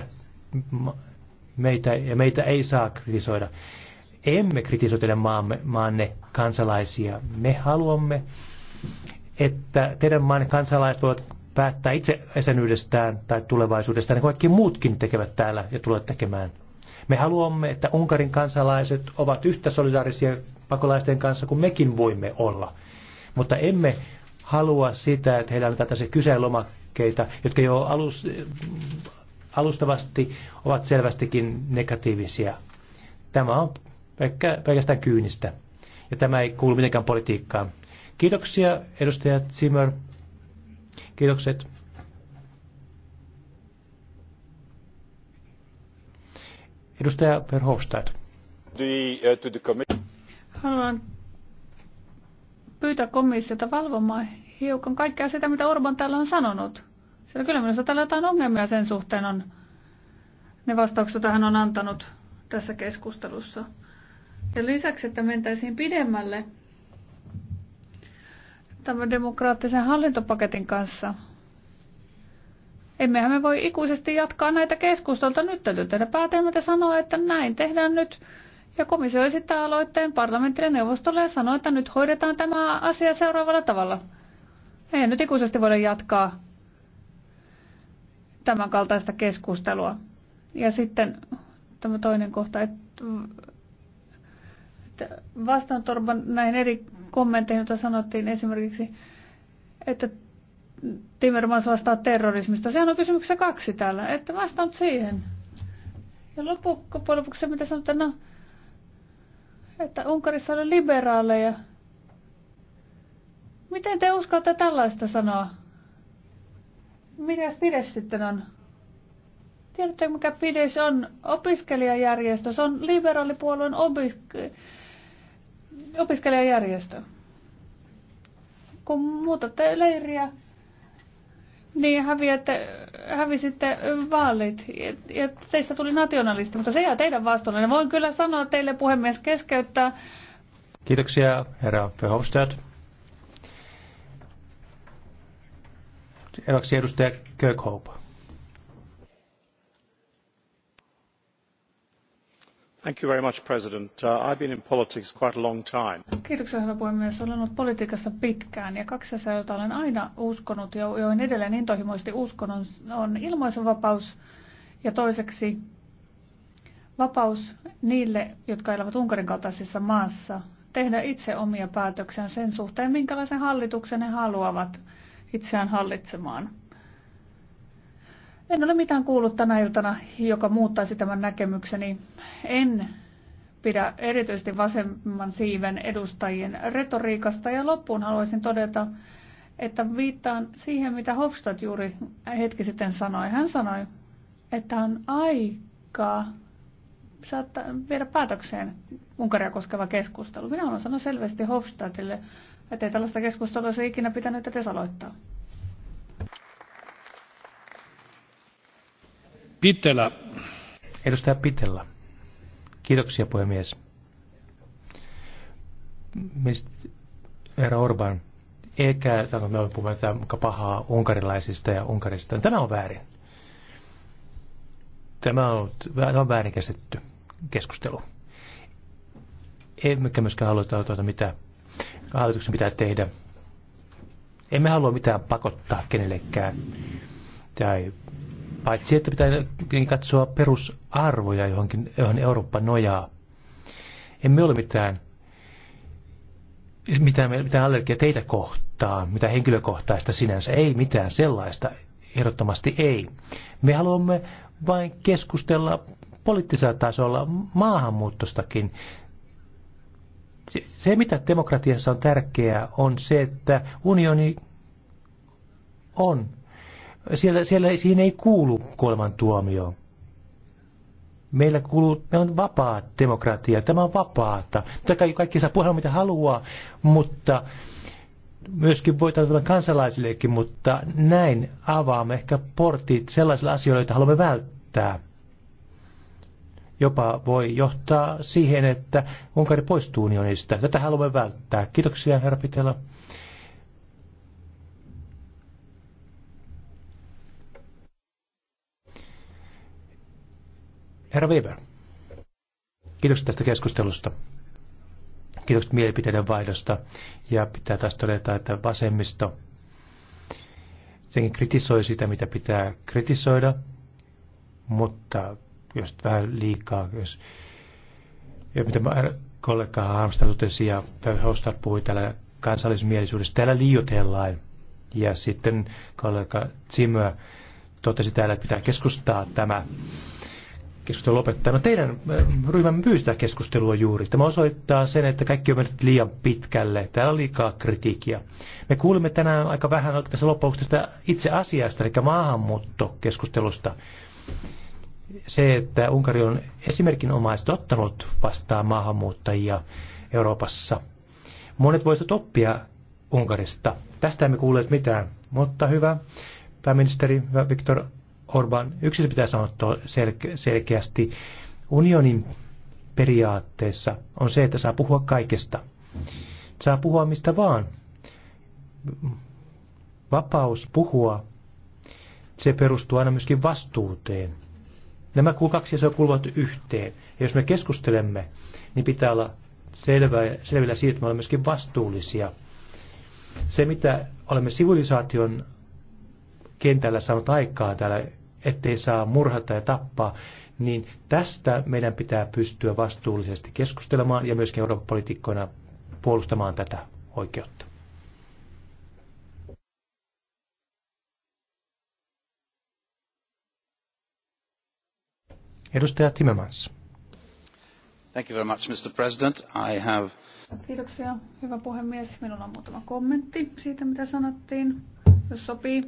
meitä, ja meitä ei saa kritisoida. Emme kritisoi teidän maamme, maanne kansalaisia. Me haluamme, että teidän maanne kansalaiset voivat päättää itse esenyydestään tai tulevaisuudestaan, niin kaikki muutkin tekevät täällä ja tulevat tekemään. Me haluamme, että Unkarin kansalaiset ovat yhtä solidaarisia pakolaisten kanssa kuin mekin voimme olla. Mutta emme halua sitä, että heillä on tällaisia kyselomakkeita, jotka jo alus, alustavasti ovat selvästikin negatiivisia. Tämä on pelkkä, pelkästään kyynistä. Ja tämä ei kuulu mitenkään politiikkaan. Kiitoksia edustaja Zimmer. Kiitokset. Edustaja Verhofstadt. Haluan pyytää komissiota valvomaan hiukan kaikkea sitä, mitä Orban täällä on sanonut. Sillä kyllä minusta täällä jotain ongelmia sen suhteen on ne vastaukset, joita hän on antanut tässä keskustelussa. Ja lisäksi, että mentäisiin pidemmälle tämän demokraattisen hallintopaketin kanssa. Emmehän me voi ikuisesti jatkaa näitä keskustelta. Nyt täytyy tehdä päätelmät sanoa, että näin tehdään nyt. Ja komissio esittää aloitteen parlamentille neuvostolle ja sanoo, että nyt hoidetaan tämä asia seuraavalla tavalla. Ei nyt ikuisesti voida jatkaa tämän kaltaista keskustelua. Ja sitten tämä toinen kohta, että vastaan Torban näihin eri kommentteihin, joita sanottiin esimerkiksi, että Timmermans vastaa terrorismista. Sehän on kysymyksessä kaksi täällä, että vastaan siihen. Ja lopuksi, lopuksi se, mitä sanotaan, no, että Unkarissa oli liberaaleja. Miten te uskatte tällaista sanoa? Mikä Fides sitten on? Tiedättekö, mikä Fides on? Opiskelijajärjestö. Se on liberaalipuolueen opisk- opiskelijajärjestö. Kun muutatte leiriä, niin häviätte, hävisitte vaalit ja teistä tuli nationalisti, mutta se jää teidän vastuullenne. Voin kyllä sanoa teille puhemies keskeyttää. Kiitoksia herra Verhofstadt. Seuraavaksi edustaja Kirkhope. Much, President. Uh, I've been in politics quite a long time. Kiitoksia, hyvä puhemies. Olen ollut politiikassa pitkään ja kaksi asiaa, joita olen aina uskonut ja joihin edelleen intohimoisesti uskon, on, on ilmaisuvapaus ja toiseksi vapaus niille, jotka elävät Unkarin kaltaisessa maassa, tehdä itse omia päätöksiään sen suhteen, minkälaisen hallituksen he haluavat itseään hallitsemaan. En ole mitään kuullut tänä iltana, joka muuttaisi tämän näkemykseni. En pidä erityisesti vasemman siiven edustajien retoriikasta ja loppuun haluaisin todeta, että viittaan siihen, mitä Hofstad juuri hetki sitten sanoi. Hän sanoi, että on aikaa saattaa viedä päätökseen Unkaria koskeva keskustelu. Minä haluan sanoa selvästi Hofstadille, ettei tällaista keskustelua olisi ikinä pitänyt edes aloittaa. Pitellä. Edustaja Pitellä. Kiitoksia puhemies. herra Orban, eikä sano, me puhumme pahaa unkarilaisista ja unkarista. Tämä on väärin. Tämä on, tämä on väärin käsitetty keskustelu. Emmekä myöskään halua tuota mitä hallituksen pitää tehdä. Emme halua mitään pakottaa kenellekään. Tai paitsi, että pitää katsoa perusarvoja, johonkin, johon Eurooppa nojaa. Emme ole mitään, mitään, mitään allergia teitä kohtaan, mitä henkilökohtaista sinänsä. Ei mitään sellaista, ehdottomasti ei. Me haluamme vain keskustella poliittisella tasolla maahanmuuttostakin se, mitä demokratiassa on tärkeää, on se, että unioni on. Siellä, siellä siihen ei kuulu tuomio. Meillä kuuluu, me on vapaa demokratia, tämä on vapaata. Kaikki, kaikki saa puhua mitä haluaa, mutta myöskin voitaisiin kansalaisillekin, mutta näin avaamme ehkä portit sellaisille asioille, joita haluamme välttää jopa voi johtaa siihen, että Unkari poistuu unionista. Tätä haluamme välttää. Kiitoksia, herra Pitela. Herra Weber, kiitoksia tästä keskustelusta. Kiitokset mielipiteiden vaihdosta. Ja pitää taas todeta, että vasemmisto senkin kritisoi sitä, mitä pitää kritisoida, mutta jos vähän liikaa. Jos, ja mitä kollega Armstrong totesi ja Hostat puhui täällä kansallismielisyydestä, täällä liioitellaan. Ja sitten kollega Zimmer totesi täällä, että pitää keskustaa tämä keskustelu lopettaa. No teidän äh, ryhmän pyystä keskustelua juuri. Tämä osoittaa sen, että kaikki on mennyt liian pitkälle. Täällä on liikaa kritiikkiä. Me kuulimme tänään aika vähän tässä loppuksi tästä itse asiasta, eli maahanmuuttokeskustelusta se, että Unkari on esimerkinomaisesti ottanut vastaan maahanmuuttajia Euroopassa. Monet voisivat oppia Unkarista. Tästä emme kuulleet mitään, mutta hyvä pääministeri Viktor Orban, yksi se pitää sanoa selkeästi. Unionin periaatteessa on se, että saa puhua kaikesta. Saa puhua mistä vaan. Vapaus puhua, se perustuu aina myöskin vastuuteen – Nämä kaksi asiaa kuuluvat yhteen. Ja jos me keskustelemme, niin pitää olla selvä, selvillä siitä, että me olemme myöskin vastuullisia. Se, mitä olemme sivilisaation kentällä saanut aikaa täällä, ettei saa murhata ja tappaa, niin tästä meidän pitää pystyä vastuullisesti keskustelemaan ja myöskin Euroopan poliitikkoina puolustamaan tätä oikeutta. Edustaja Timmermans. Thank you very much, Mr. President. I have... Kiitoksia, hyvä puhemies. Minulla on muutama kommentti siitä, mitä sanottiin, jos sopii.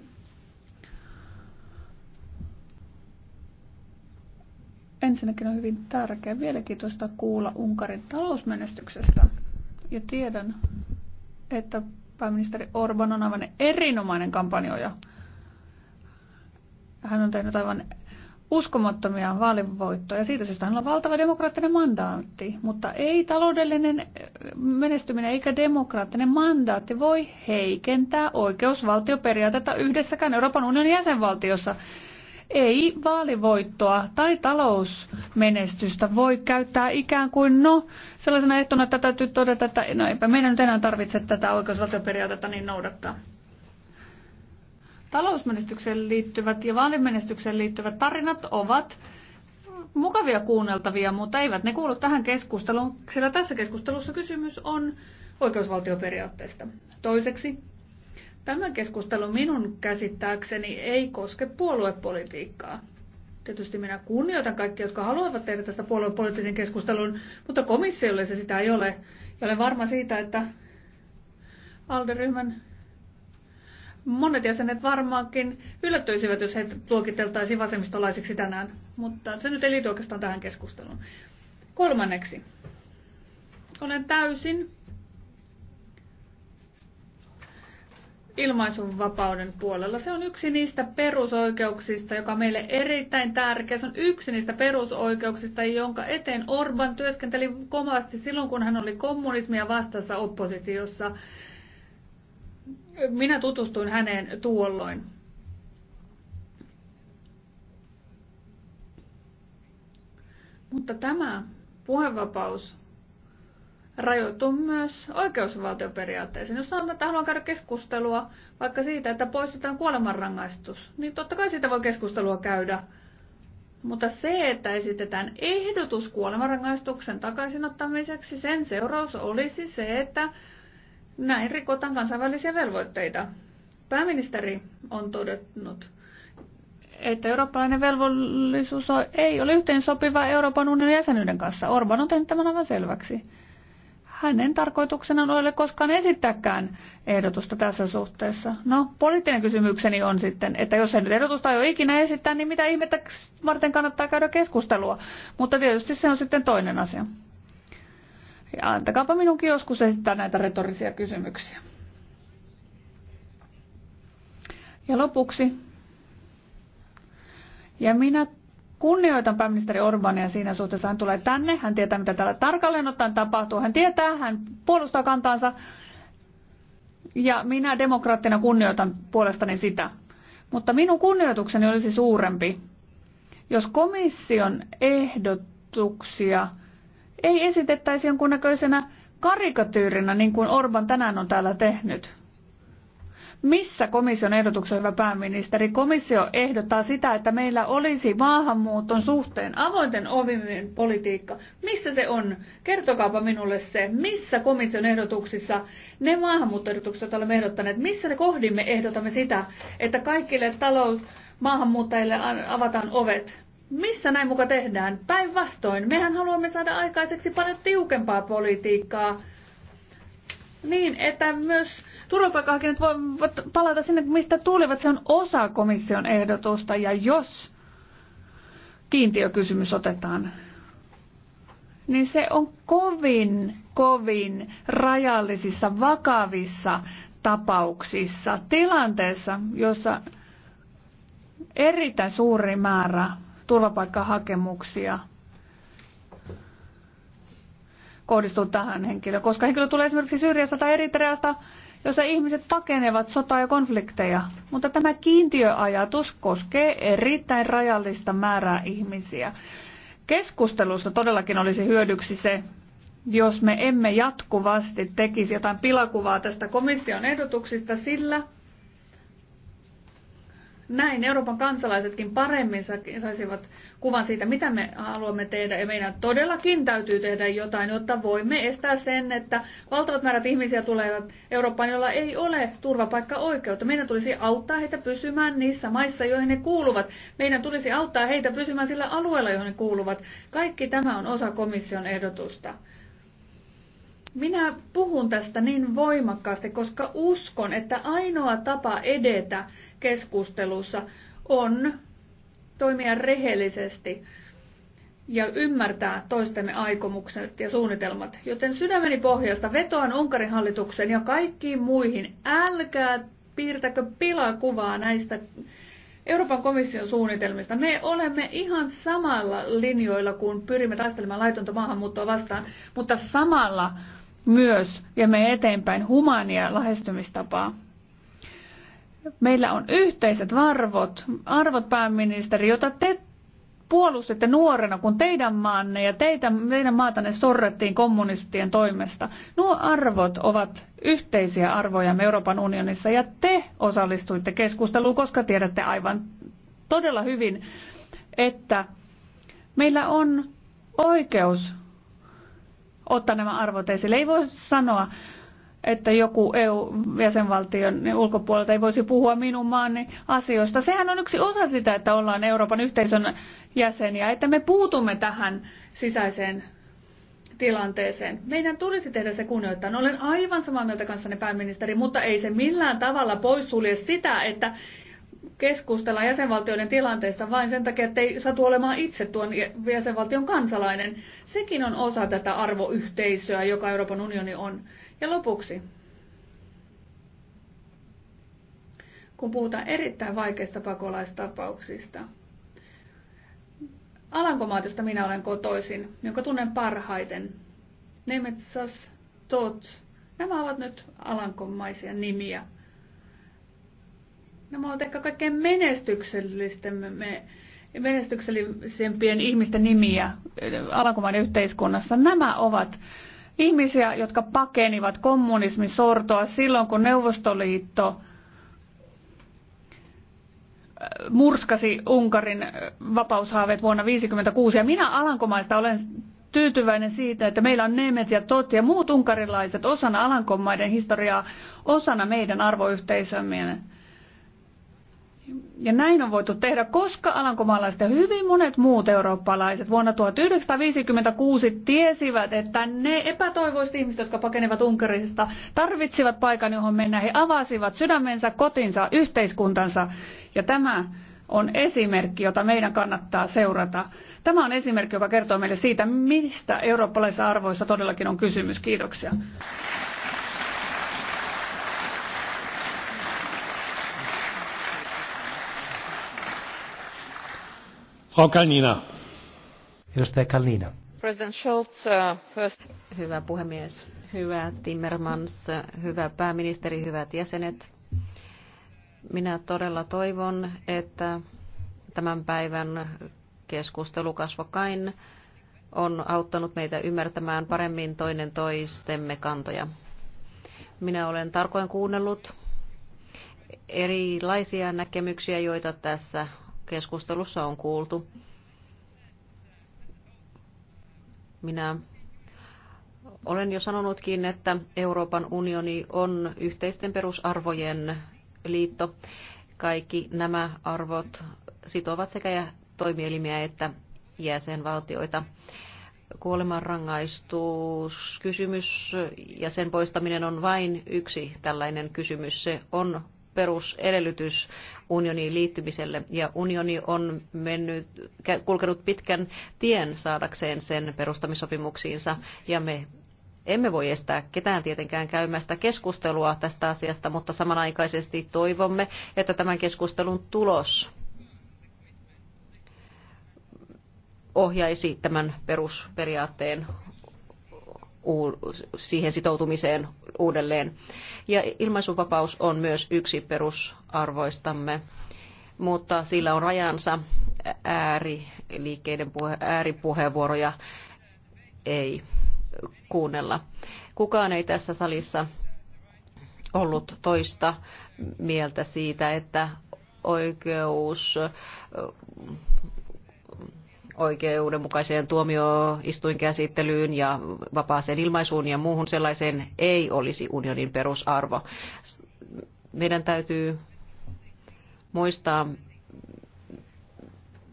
Ensinnäkin on hyvin tärkeää mielenkiintoista kuulla Unkarin talousmenestyksestä. Ja tiedän, että pääministeri Orban on aivan erinomainen kampanjoja. Hän on tehnyt aivan uskomattomia vaalivoittoja. Siitä syystä hänellä on valtava demokraattinen mandaatti, mutta ei taloudellinen eh, menestyminen eikä demokraattinen mandaatti voi heikentää oikeusvaltioperiaatetta yhdessäkään Euroopan unionin jäsenvaltiossa. Ei vaalivoittoa tai talousmenestystä voi käyttää ikään kuin no sellaisena ehtona, että täytyy todeta, että no eipä meidän nyt enää tarvitse tätä oikeusvaltioperiaatetta niin noudattaa. Talousmenestykseen liittyvät ja vaalimenestykseen liittyvät tarinat ovat mukavia kuunneltavia, mutta eivät ne kuulu tähän keskusteluun, sillä tässä keskustelussa kysymys on oikeusvaltioperiaatteesta. Toiseksi, tämä keskustelu minun käsittääkseni ei koske puoluepolitiikkaa. Tietysti minä kunnioitan kaikki, jotka haluavat tehdä tästä puoluepoliittisen keskustelun, mutta komissiolle se sitä ei ole. Ja olen varma siitä, että Alderyhmän Monet jäsenet varmaankin yllättyisivät, jos heitä luokiteltaisiin vasemmistolaisiksi tänään, mutta se nyt ei liity oikeastaan tähän keskusteluun. Kolmanneksi, olen täysin vapauden puolella. Se on yksi niistä perusoikeuksista, joka on meille erittäin tärkeä. Se on yksi niistä perusoikeuksista, jonka eteen Orban työskenteli kovasti silloin, kun hän oli kommunismia vastassa oppositiossa. Minä tutustuin häneen tuolloin. Mutta tämä puhevapaus rajoittuu myös oikeusvaltioperiaatteeseen. Jos sanotaan, että haluan käydä keskustelua vaikka siitä, että poistetaan kuolemanrangaistus, niin totta kai siitä voi keskustelua käydä. Mutta se, että esitetään ehdotus kuolemanrangaistuksen takaisinottamiseksi, sen seuraus olisi se, että näin rikotaan kansainvälisiä velvoitteita. Pääministeri on todennut, että eurooppalainen velvollisuus ei ole yhteen sopiva Euroopan unionin jäsenyyden kanssa. Orban on tehnyt tämän aivan selväksi. Hänen tarkoituksena ei ole koskaan esittääkään ehdotusta tässä suhteessa. No, poliittinen kysymykseni on sitten, että jos ei nyt ehdotusta ei ole ikinä esittää, niin mitä ihmettä varten kannattaa käydä keskustelua. Mutta tietysti se on sitten toinen asia. Ja antakaapa minunkin joskus esittää näitä retorisia kysymyksiä. Ja lopuksi. Ja minä kunnioitan pääministeri Orbania siinä suhteessa. Hän tulee tänne, hän tietää mitä täällä tarkalleen ottaen tapahtuu. Hän tietää, hän puolustaa kantaansa. Ja minä demokraattina kunnioitan puolestani sitä. Mutta minun kunnioitukseni olisi suurempi, jos komission ehdotuksia ei esitettäisi jonkunnäköisenä karikatyyrinä, niin kuin Orban tänään on täällä tehnyt. Missä komission ehdotuksessa hyvä pääministeri? Komissio ehdottaa sitä, että meillä olisi maahanmuuton suhteen avointen ovien politiikka. Missä se on? Kertokaapa minulle se. Missä komission ehdotuksissa, ne maahanmuuttoehdotukset, joita olemme ehdottaneet, missä kohdimme ehdotamme sitä, että kaikille talous maahanmuuttajille avataan ovet? Missä näin muka tehdään? Päinvastoin, mehän haluamme saada aikaiseksi paljon tiukempaa politiikkaa niin, että myös turvapaikanhakijat voivat palata sinne, mistä tulivat. Se on osa komission ehdotusta ja jos kiintiökysymys otetaan, niin se on kovin, kovin rajallisissa, vakavissa tapauksissa, tilanteessa, jossa erittäin suuri määrä turvapaikkahakemuksia kohdistuu tähän henkilöön, koska henkilö tulee esimerkiksi Syyriasta tai Eritreasta, jossa ihmiset pakenevat sotaa ja konflikteja. Mutta tämä kiintiöajatus koskee erittäin rajallista määrää ihmisiä. Keskustelussa todellakin olisi hyödyksi se, jos me emme jatkuvasti tekisi jotain pilakuvaa tästä komission ehdotuksista, sillä näin Euroopan kansalaisetkin paremmin saisivat kuvan siitä, mitä me haluamme tehdä. Ja meidän todellakin täytyy tehdä jotain, jotta voimme estää sen, että valtavat määrät ihmisiä tulevat Eurooppaan, joilla ei ole turvapaikka turvapaikka-oikeutta. Meidän tulisi auttaa heitä pysymään niissä maissa, joihin ne kuuluvat. Meidän tulisi auttaa heitä pysymään sillä alueella, johon ne kuuluvat. Kaikki tämä on osa komission ehdotusta. Minä puhun tästä niin voimakkaasti, koska uskon, että ainoa tapa edetä keskustelussa on toimia rehellisesti ja ymmärtää toistemme aikomukset ja suunnitelmat. Joten sydämeni pohjasta vetoan Unkarin hallituksen ja kaikkiin muihin. Älkää piirtäkö pilakuvaa näistä Euroopan komission suunnitelmista. Me olemme ihan samalla linjoilla, kun pyrimme taistelemaan laitonta maahanmuuttoa vastaan, mutta samalla myös ja me eteenpäin humania lähestymistapaa. Meillä on yhteiset arvot, arvot pääministeri, jota te puolustitte nuorena, kun teidän maanne ja teitä, teidän maatanne sorrettiin kommunistien toimesta. Nuo arvot ovat yhteisiä arvoja Euroopan unionissa ja te osallistuitte keskusteluun, koska tiedätte aivan todella hyvin, että meillä on oikeus ottaa nämä arvot esille. Ei voi sanoa, että joku EU-jäsenvaltion ulkopuolelta ei voisi puhua minun maani asioista. Sehän on yksi osa sitä, että ollaan Euroopan yhteisön jäseniä, että me puutumme tähän sisäiseen tilanteeseen. Meidän tulisi tehdä se kunnioittain. Olen aivan samaa mieltä kanssanne pääministeri, mutta ei se millään tavalla poissulje sitä, että keskustella jäsenvaltioiden tilanteesta vain sen takia, että ei satu olemaan itse tuon jäsenvaltion kansalainen. Sekin on osa tätä arvoyhteisöä, joka Euroopan unioni on. Ja lopuksi, kun puhutaan erittäin vaikeista pakolaistapauksista, Alankomaat, josta minä olen kotoisin, jonka tunnen parhaiten, Nemetsas, Tot, nämä ovat nyt alankomaisia nimiä. Nämä ovat ehkä kaikkein menestyksellisempien ihmisten nimiä Alankomaiden yhteiskunnassa. Nämä ovat ihmisiä, jotka pakenivat kommunismin sortoa silloin, kun Neuvostoliitto äh, murskasi Unkarin äh, vapaushaaveet vuonna 1956. minä Alankomaista olen tyytyväinen siitä, että meillä on Nemet ja Tot ja muut unkarilaiset osana Alankomaiden historiaa, osana meidän arvoyhteisömme. Ja näin on voitu tehdä, koska alankomaalaiset ja hyvin monet muut eurooppalaiset vuonna 1956 tiesivät, että ne epätoivoiset ihmiset, jotka pakenevat Unkarista, tarvitsivat paikan, johon mennä. He avasivat sydämensä, kotinsa, yhteiskuntansa. Ja tämä on esimerkki, jota meidän kannattaa seurata. Tämä on esimerkki, joka kertoo meille siitä, mistä eurooppalaisissa arvoissa todellakin on kysymys. Kiitoksia. arvoisa Kalnina. Uh, hyvä puhemies, hyvä Timmermans, hyvä pääministeri, hyvät jäsenet. Minä todella toivon, että tämän päivän keskustelu kasvokkain on auttanut meitä ymmärtämään paremmin toinen toistemme kantoja. Minä olen tarkoin kuunnellut erilaisia näkemyksiä, joita tässä keskustelussa on kuultu. Minä olen jo sanonutkin, että Euroopan unioni on yhteisten perusarvojen liitto. Kaikki nämä arvot sitovat sekä toimielimiä että jäsenvaltioita kuolemanrangaistuskysymys ja sen poistaminen on vain yksi tällainen kysymys. Se on perusedellytys unioniin liittymiselle. Ja unioni on mennyt, kulkenut pitkän tien saadakseen sen perustamissopimuksiinsa ja me emme voi estää ketään tietenkään käymästä keskustelua tästä asiasta, mutta samanaikaisesti toivomme, että tämän keskustelun tulos ohjaisi tämän perusperiaatteen siihen sitoutumiseen uudelleen. Ja ilmaisuvapaus on myös yksi perusarvoistamme, mutta sillä on rajansa ääriliikkeiden puhe, ääripuheenvuoroja ei kuunnella. Kukaan ei tässä salissa ollut toista mieltä siitä, että oikeus oikeudenmukaiseen tuomioistuinkäsittelyyn ja vapaaseen ilmaisuun ja muuhun sellaiseen ei olisi unionin perusarvo. Meidän täytyy muistaa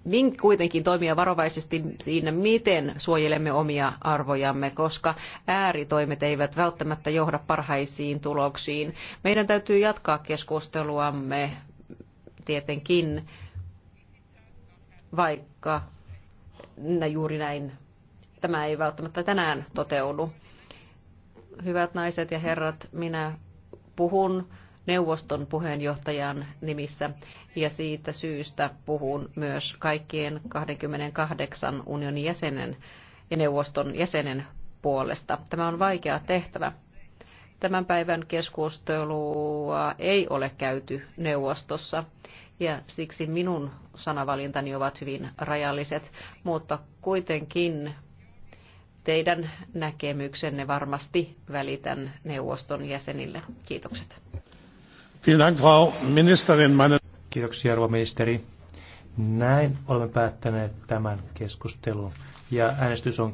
Mink kuitenkin toimia varovaisesti siinä, miten suojelemme omia arvojamme, koska ääritoimet eivät välttämättä johda parhaisiin tuloksiin. Meidän täytyy jatkaa keskusteluamme tietenkin, vaikka juuri näin. Tämä ei välttämättä tänään toteudu. Hyvät naiset ja herrat, minä puhun neuvoston puheenjohtajan nimissä ja siitä syystä puhun myös kaikkien 28 unionin jäsenen ja neuvoston jäsenen puolesta. Tämä on vaikea tehtävä. Tämän päivän keskustelua ei ole käyty neuvostossa ja siksi minun sanavalintani ovat hyvin rajalliset, mutta kuitenkin teidän näkemyksenne varmasti välitän neuvoston jäsenille. Kiitokset. Kiitoksia, arvo ministeri. Näin olemme päättäneet tämän keskustelun ja äänestys on